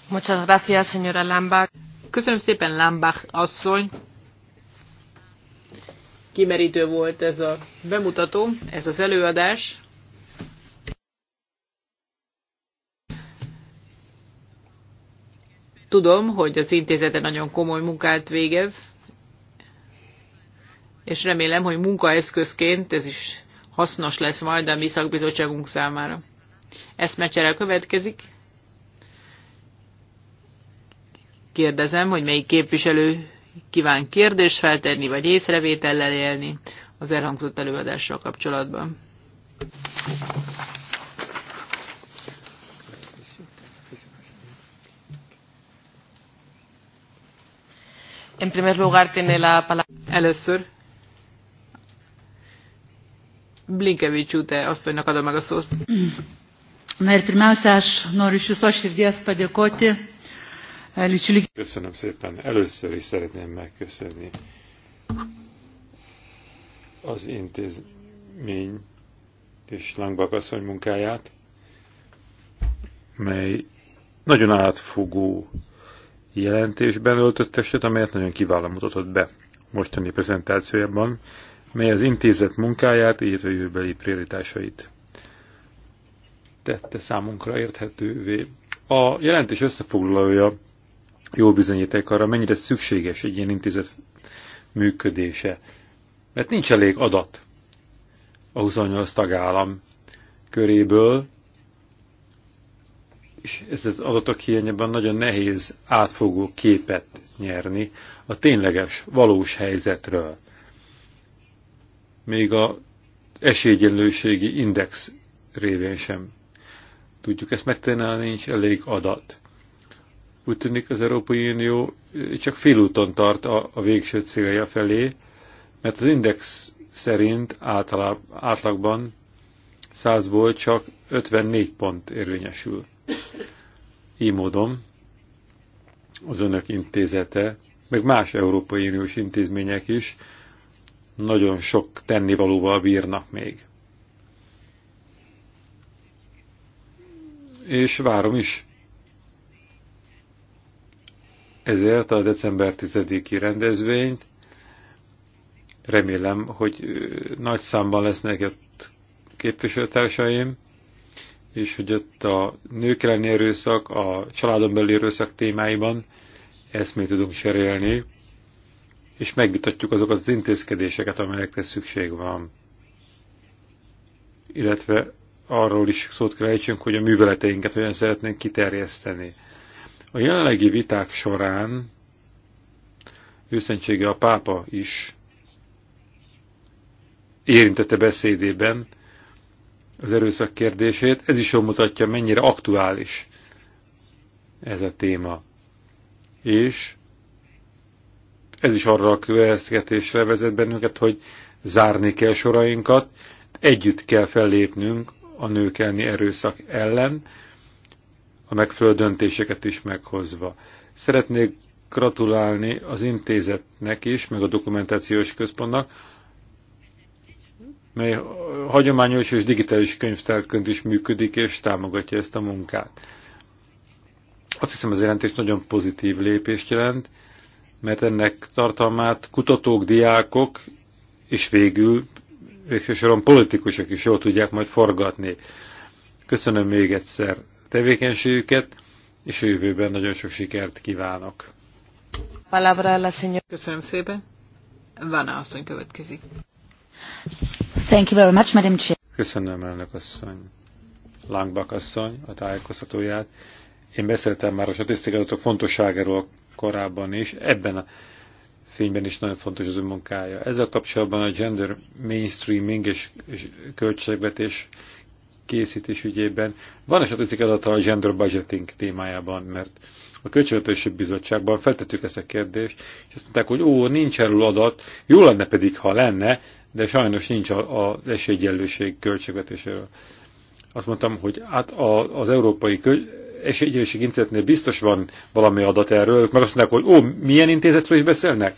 Muchas gracias, señora Lambach. Köszönöm szépen, Lambach asszony kimerítő volt ez a bemutató, ez az előadás. Tudom, hogy az intézete nagyon komoly munkát végez, és remélem, hogy munkaeszközként ez is hasznos lesz majd a mi szakbizottságunk számára. Eszmecsere következik. Kérdezem, hogy melyik képviselő kíván kérdést feltenni, vagy észrevétellel élni az elhangzott előadással kapcsolatban. En primer lugar tiene la palabra. Először Blinkevics úte hogy adom meg a szót. Na ir pirmiausia, aš noriu iš visos Köszönöm szépen. Először is szeretném megköszönni az intézmény és Langbak asszony munkáját, mely nagyon átfogó jelentésben öltött testet, amelyet nagyon kiváló mutatott be mostani prezentációjában, mely az intézet munkáját, illetve jövőbeli prioritásait tette számunkra érthetővé. A jelentés összefoglalója jó bizonyíték arra, mennyire szükséges egy ilyen intézet működése. Mert nincs elég adat a 28 tagállam köréből, és ez az adatok hiányában nagyon nehéz átfogó képet nyerni a tényleges, valós helyzetről. Még a esélyegyenlőségi index révén sem tudjuk ezt megtenni, nincs elég adat. Úgy tűnik az Európai Unió csak félúton tart a, a végső célja felé, mert az index szerint általább, átlagban 100-ból csak 54 pont érvényesül. Így módon az önök intézete, meg más Európai Uniós intézmények is nagyon sok tennivalóval bírnak még. És várom is ezért a december 10-i rendezvényt remélem, hogy nagy számban lesznek ott képviselőtársaim, és hogy ott a nők elleni erőszak, a családon belüli erőszak témáiban eszmét tudunk cserélni, és megvitatjuk azokat az intézkedéseket, amelyekre szükség van. Illetve arról is szót kell ejtsünk, hogy a műveleteinket hogyan szeretnénk kiterjeszteni. A jelenlegi viták során őszentsége a pápa is érintette beszédében az erőszak kérdését. Ez is jól mutatja, mennyire aktuális ez a téma. És ez is arra a következtetésre vezet bennünket, hogy zárni kell sorainkat, együtt kell fellépnünk a nők elleni erőszak ellen, a megfelelő döntéseket is meghozva. Szeretnék gratulálni az intézetnek is, meg a dokumentációs központnak, mely hagyományos és digitális könyvtárként is működik és támogatja ezt a munkát. Azt hiszem az jelentés nagyon pozitív lépést jelent, mert ennek tartalmát kutatók, diákok és végül soron politikusok is jól tudják majd forgatni. Köszönöm még egyszer tevékenységüket, és a jövőben nagyon sok sikert kívánok. Köszönöm szépen. Vanna asszony következik. Thank you very much, Madam Chair. Köszönöm, elnök asszony. Langbak asszony a tájékoztatóját. Én beszéltem már a statisztikai adatok fontosságáról korábban is. Ebben a fényben is nagyon fontos az ő munkája. Ezzel kapcsolatban a gender mainstreaming és költségvetés készítés ügyében. Van esetleg adata a gender budgeting témájában, mert a Költségvetési Bizottságban feltettük ezt a kérdést, és azt mondták, hogy ó, nincs erről adat, jó lenne pedig, ha lenne, de sajnos nincs az esélyegyenlőség költségvetéséről. Azt mondtam, hogy hát az európai esélyegyenlőség intézetnél biztos van valami adat erről, ők meg azt mondták, hogy ó, milyen intézetről is beszélnek?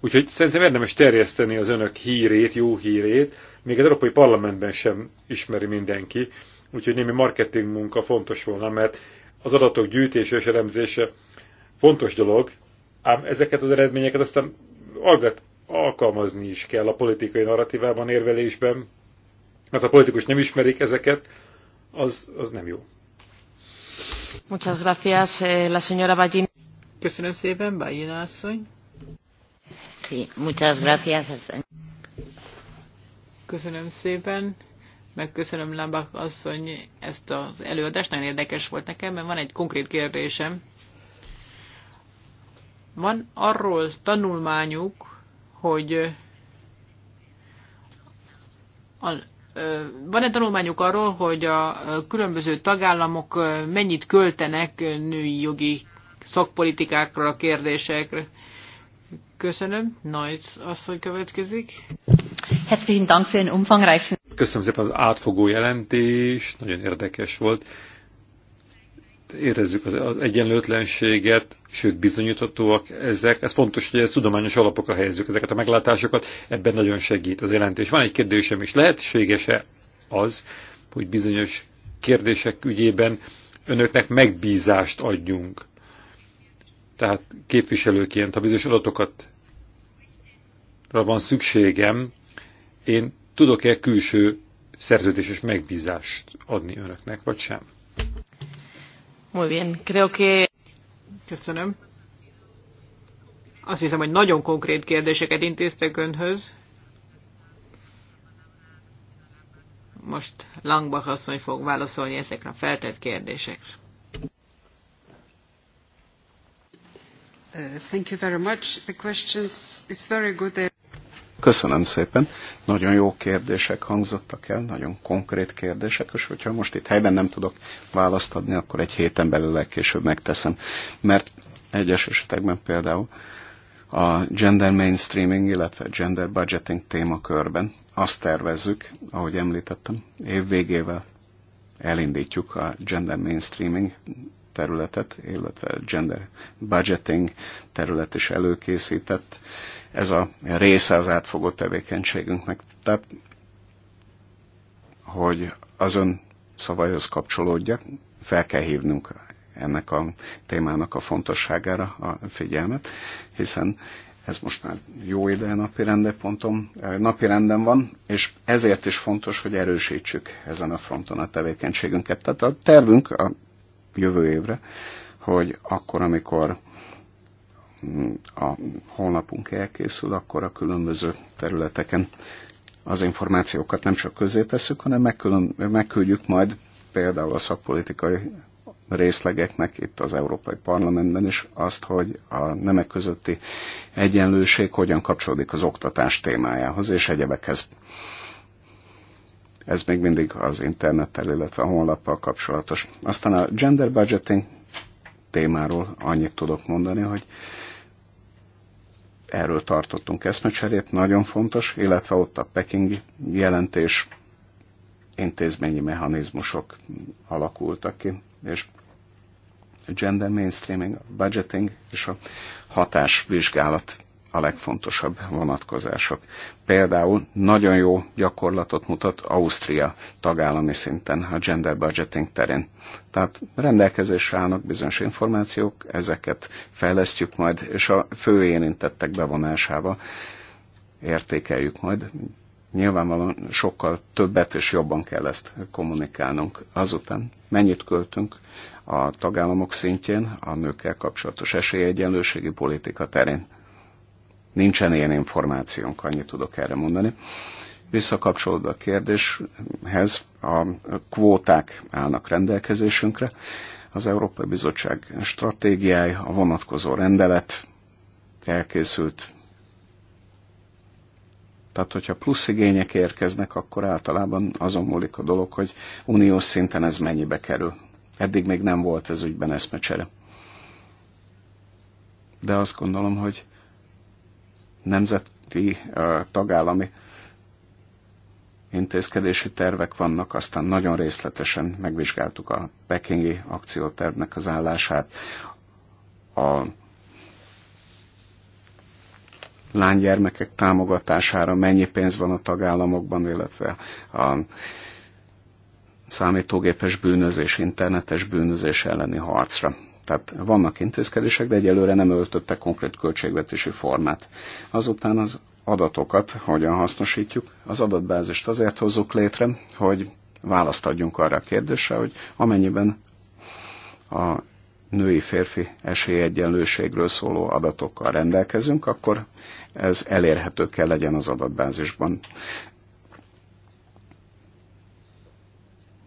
Úgyhogy szerintem érdemes terjeszteni az önök hírét, jó hírét, még az Európai Parlamentben sem ismeri mindenki, úgyhogy némi marketing munka fontos volna, mert az adatok gyűjtése és elemzése fontos dolog, ám ezeket az eredményeket aztán alkalmazni is kell a politikai narratívában, érvelésben, mert a politikus nem ismerik ezeket, az, az nem jó. Muchas gracias, eh, la señora Ballina. Köszönöm szépen, Ballina asszony. Sí, muchas gracias. Köszönöm szépen. Megköszönöm Lábak asszony ezt az előadást. Nagyon érdekes volt nekem, mert van egy konkrét kérdésem. Van arról tanulmányuk, hogy a, van-e tanulmányuk arról, hogy a különböző tagállamok mennyit költenek női jogi szakpolitikákra, kérdésekre? Köszönöm. Nagy asszony következik. Herzlichen Dank für Ihren umfangreichen. Köszönöm szépen az átfogó jelentés, nagyon érdekes volt. Érezzük az egyenlőtlenséget, sőt bizonyíthatóak ezek. Ez fontos, hogy ezt tudományos alapokra helyezzük ezeket a meglátásokat, ebben nagyon segít az jelentés. Van egy kérdésem is, lehetséges-e az, hogy bizonyos kérdések ügyében önöknek megbízást adjunk? Tehát képviselőként, ha bizonyos adatokat van szükségem, én tudok-e külső szerződéses megbízást adni önöknek, vagy sem? Muy bien, creo que... Köszönöm. Azt hiszem, hogy nagyon konkrét kérdéseket intéztek önhöz. Most Langbach asszony fog válaszolni ezekre a feltett kérdésekre. Uh, thank you very much. The questions, it's very good. Köszönöm szépen. Nagyon jó kérdések hangzottak el, nagyon konkrét kérdések, és hogyha most itt helyben nem tudok választ adni, akkor egy héten belül legkésőbb megteszem. Mert egyes esetekben például a gender mainstreaming, illetve gender budgeting témakörben azt tervezzük, ahogy említettem, év végével elindítjuk a gender mainstreaming területet, illetve gender budgeting terület is előkészített. Ez a része az átfogó tevékenységünknek. Tehát, hogy az ön szavaihoz kapcsolódjak, fel kell hívnunk ennek a témának a fontosságára a figyelmet, hiszen ez most már jó ideje napi rendepontom, eh, napi renden van, és ezért is fontos, hogy erősítsük ezen a fronton a tevékenységünket. Tehát a tervünk a jövő évre, hogy akkor, amikor mm, a honlapunk elkészül, akkor a különböző területeken az információkat nem csak közé tesszük, hanem megkülön, megküldjük majd például a szakpolitikai részlegeknek itt az Európai Parlamentben is azt, hogy a nemek közötti egyenlőség hogyan kapcsolódik az oktatás témájához és egyebekhez. Ez még mindig az internettel, illetve a honlappal kapcsolatos. Aztán a gender budgeting témáról annyit tudok mondani, hogy erről tartottunk eszmecserét, nagyon fontos, illetve ott a Peking jelentés intézményi mechanizmusok alakultak ki, és a gender mainstreaming, a budgeting és a hatásvizsgálat a legfontosabb vonatkozások. Például nagyon jó gyakorlatot mutat Ausztria tagállami szinten a gender budgeting terén. Tehát rendelkezésre állnak bizonyos információk, ezeket fejlesztjük majd, és a fő érintettek bevonásával értékeljük majd. Nyilvánvalóan sokkal többet és jobban kell ezt kommunikálnunk. Azután mennyit költünk a tagállamok szintjén a nőkkel kapcsolatos esélyegyenlőségi politika terén Nincsen ilyen információnk, annyit tudok erre mondani. Visszakapcsolódva a kérdéshez, a kvóták állnak rendelkezésünkre. Az Európai Bizottság stratégiája, a vonatkozó rendelet elkészült. Tehát, hogyha plusz igények érkeznek, akkor általában azon múlik a dolog, hogy uniós szinten ez mennyibe kerül. Eddig még nem volt ez ügyben eszmecsere. De azt gondolom, hogy nemzeti tagállami intézkedési tervek vannak, aztán nagyon részletesen megvizsgáltuk a pekingi akciótervnek az állását, a lánygyermekek támogatására mennyi pénz van a tagállamokban, illetve a számítógépes bűnözés, internetes bűnözés elleni harcra. Tehát vannak intézkedések, de egyelőre nem öltöttek konkrét költségvetési formát. Azután az adatokat hogyan hasznosítjuk. Az adatbázist azért hozzuk létre, hogy választ adjunk arra a kérdésre, hogy amennyiben a női-férfi esélyegyenlőségről szóló adatokkal rendelkezünk, akkor ez elérhető kell legyen az adatbázisban.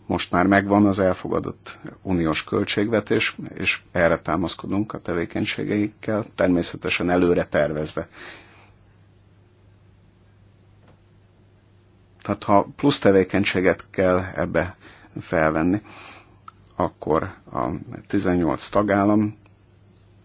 most már megvan az elfogadott uniós költségvetés, és erre támaszkodunk a tevékenységeikkel, természetesen előre tervezve. Tehát ha plusz tevékenységet kell ebbe felvenni, akkor a 18 tagállam,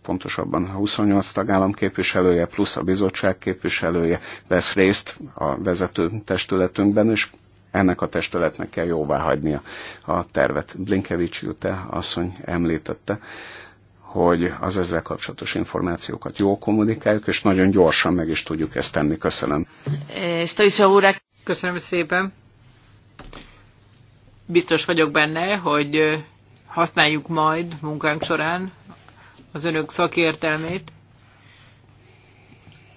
pontosabban a 28 tagállam képviselője plusz a bizottság képviselője vesz részt a vezető testületünkben, és ennek a testületnek kell jóvá hagynia a tervet. Blinkevics Jute asszony említette, hogy az ezzel kapcsolatos információkat jól kommunikáljuk, és nagyon gyorsan meg is tudjuk ezt tenni. Köszönöm. Eh, Köszönöm szépen. Biztos vagyok benne, hogy eh, használjuk majd munkánk során az önök szakértelmét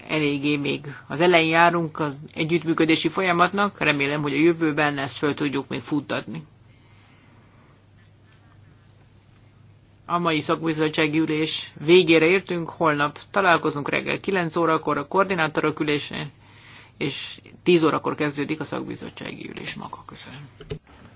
eléggé még az elején járunk az együttműködési folyamatnak, remélem, hogy a jövőben ezt föl tudjuk még futtatni. A mai szakbizottsági ülés végére értünk, holnap találkozunk reggel 9 órakor a koordinátorok ülésén, és 10 órakor kezdődik a szakbizottsági ülés maga. Köszönöm.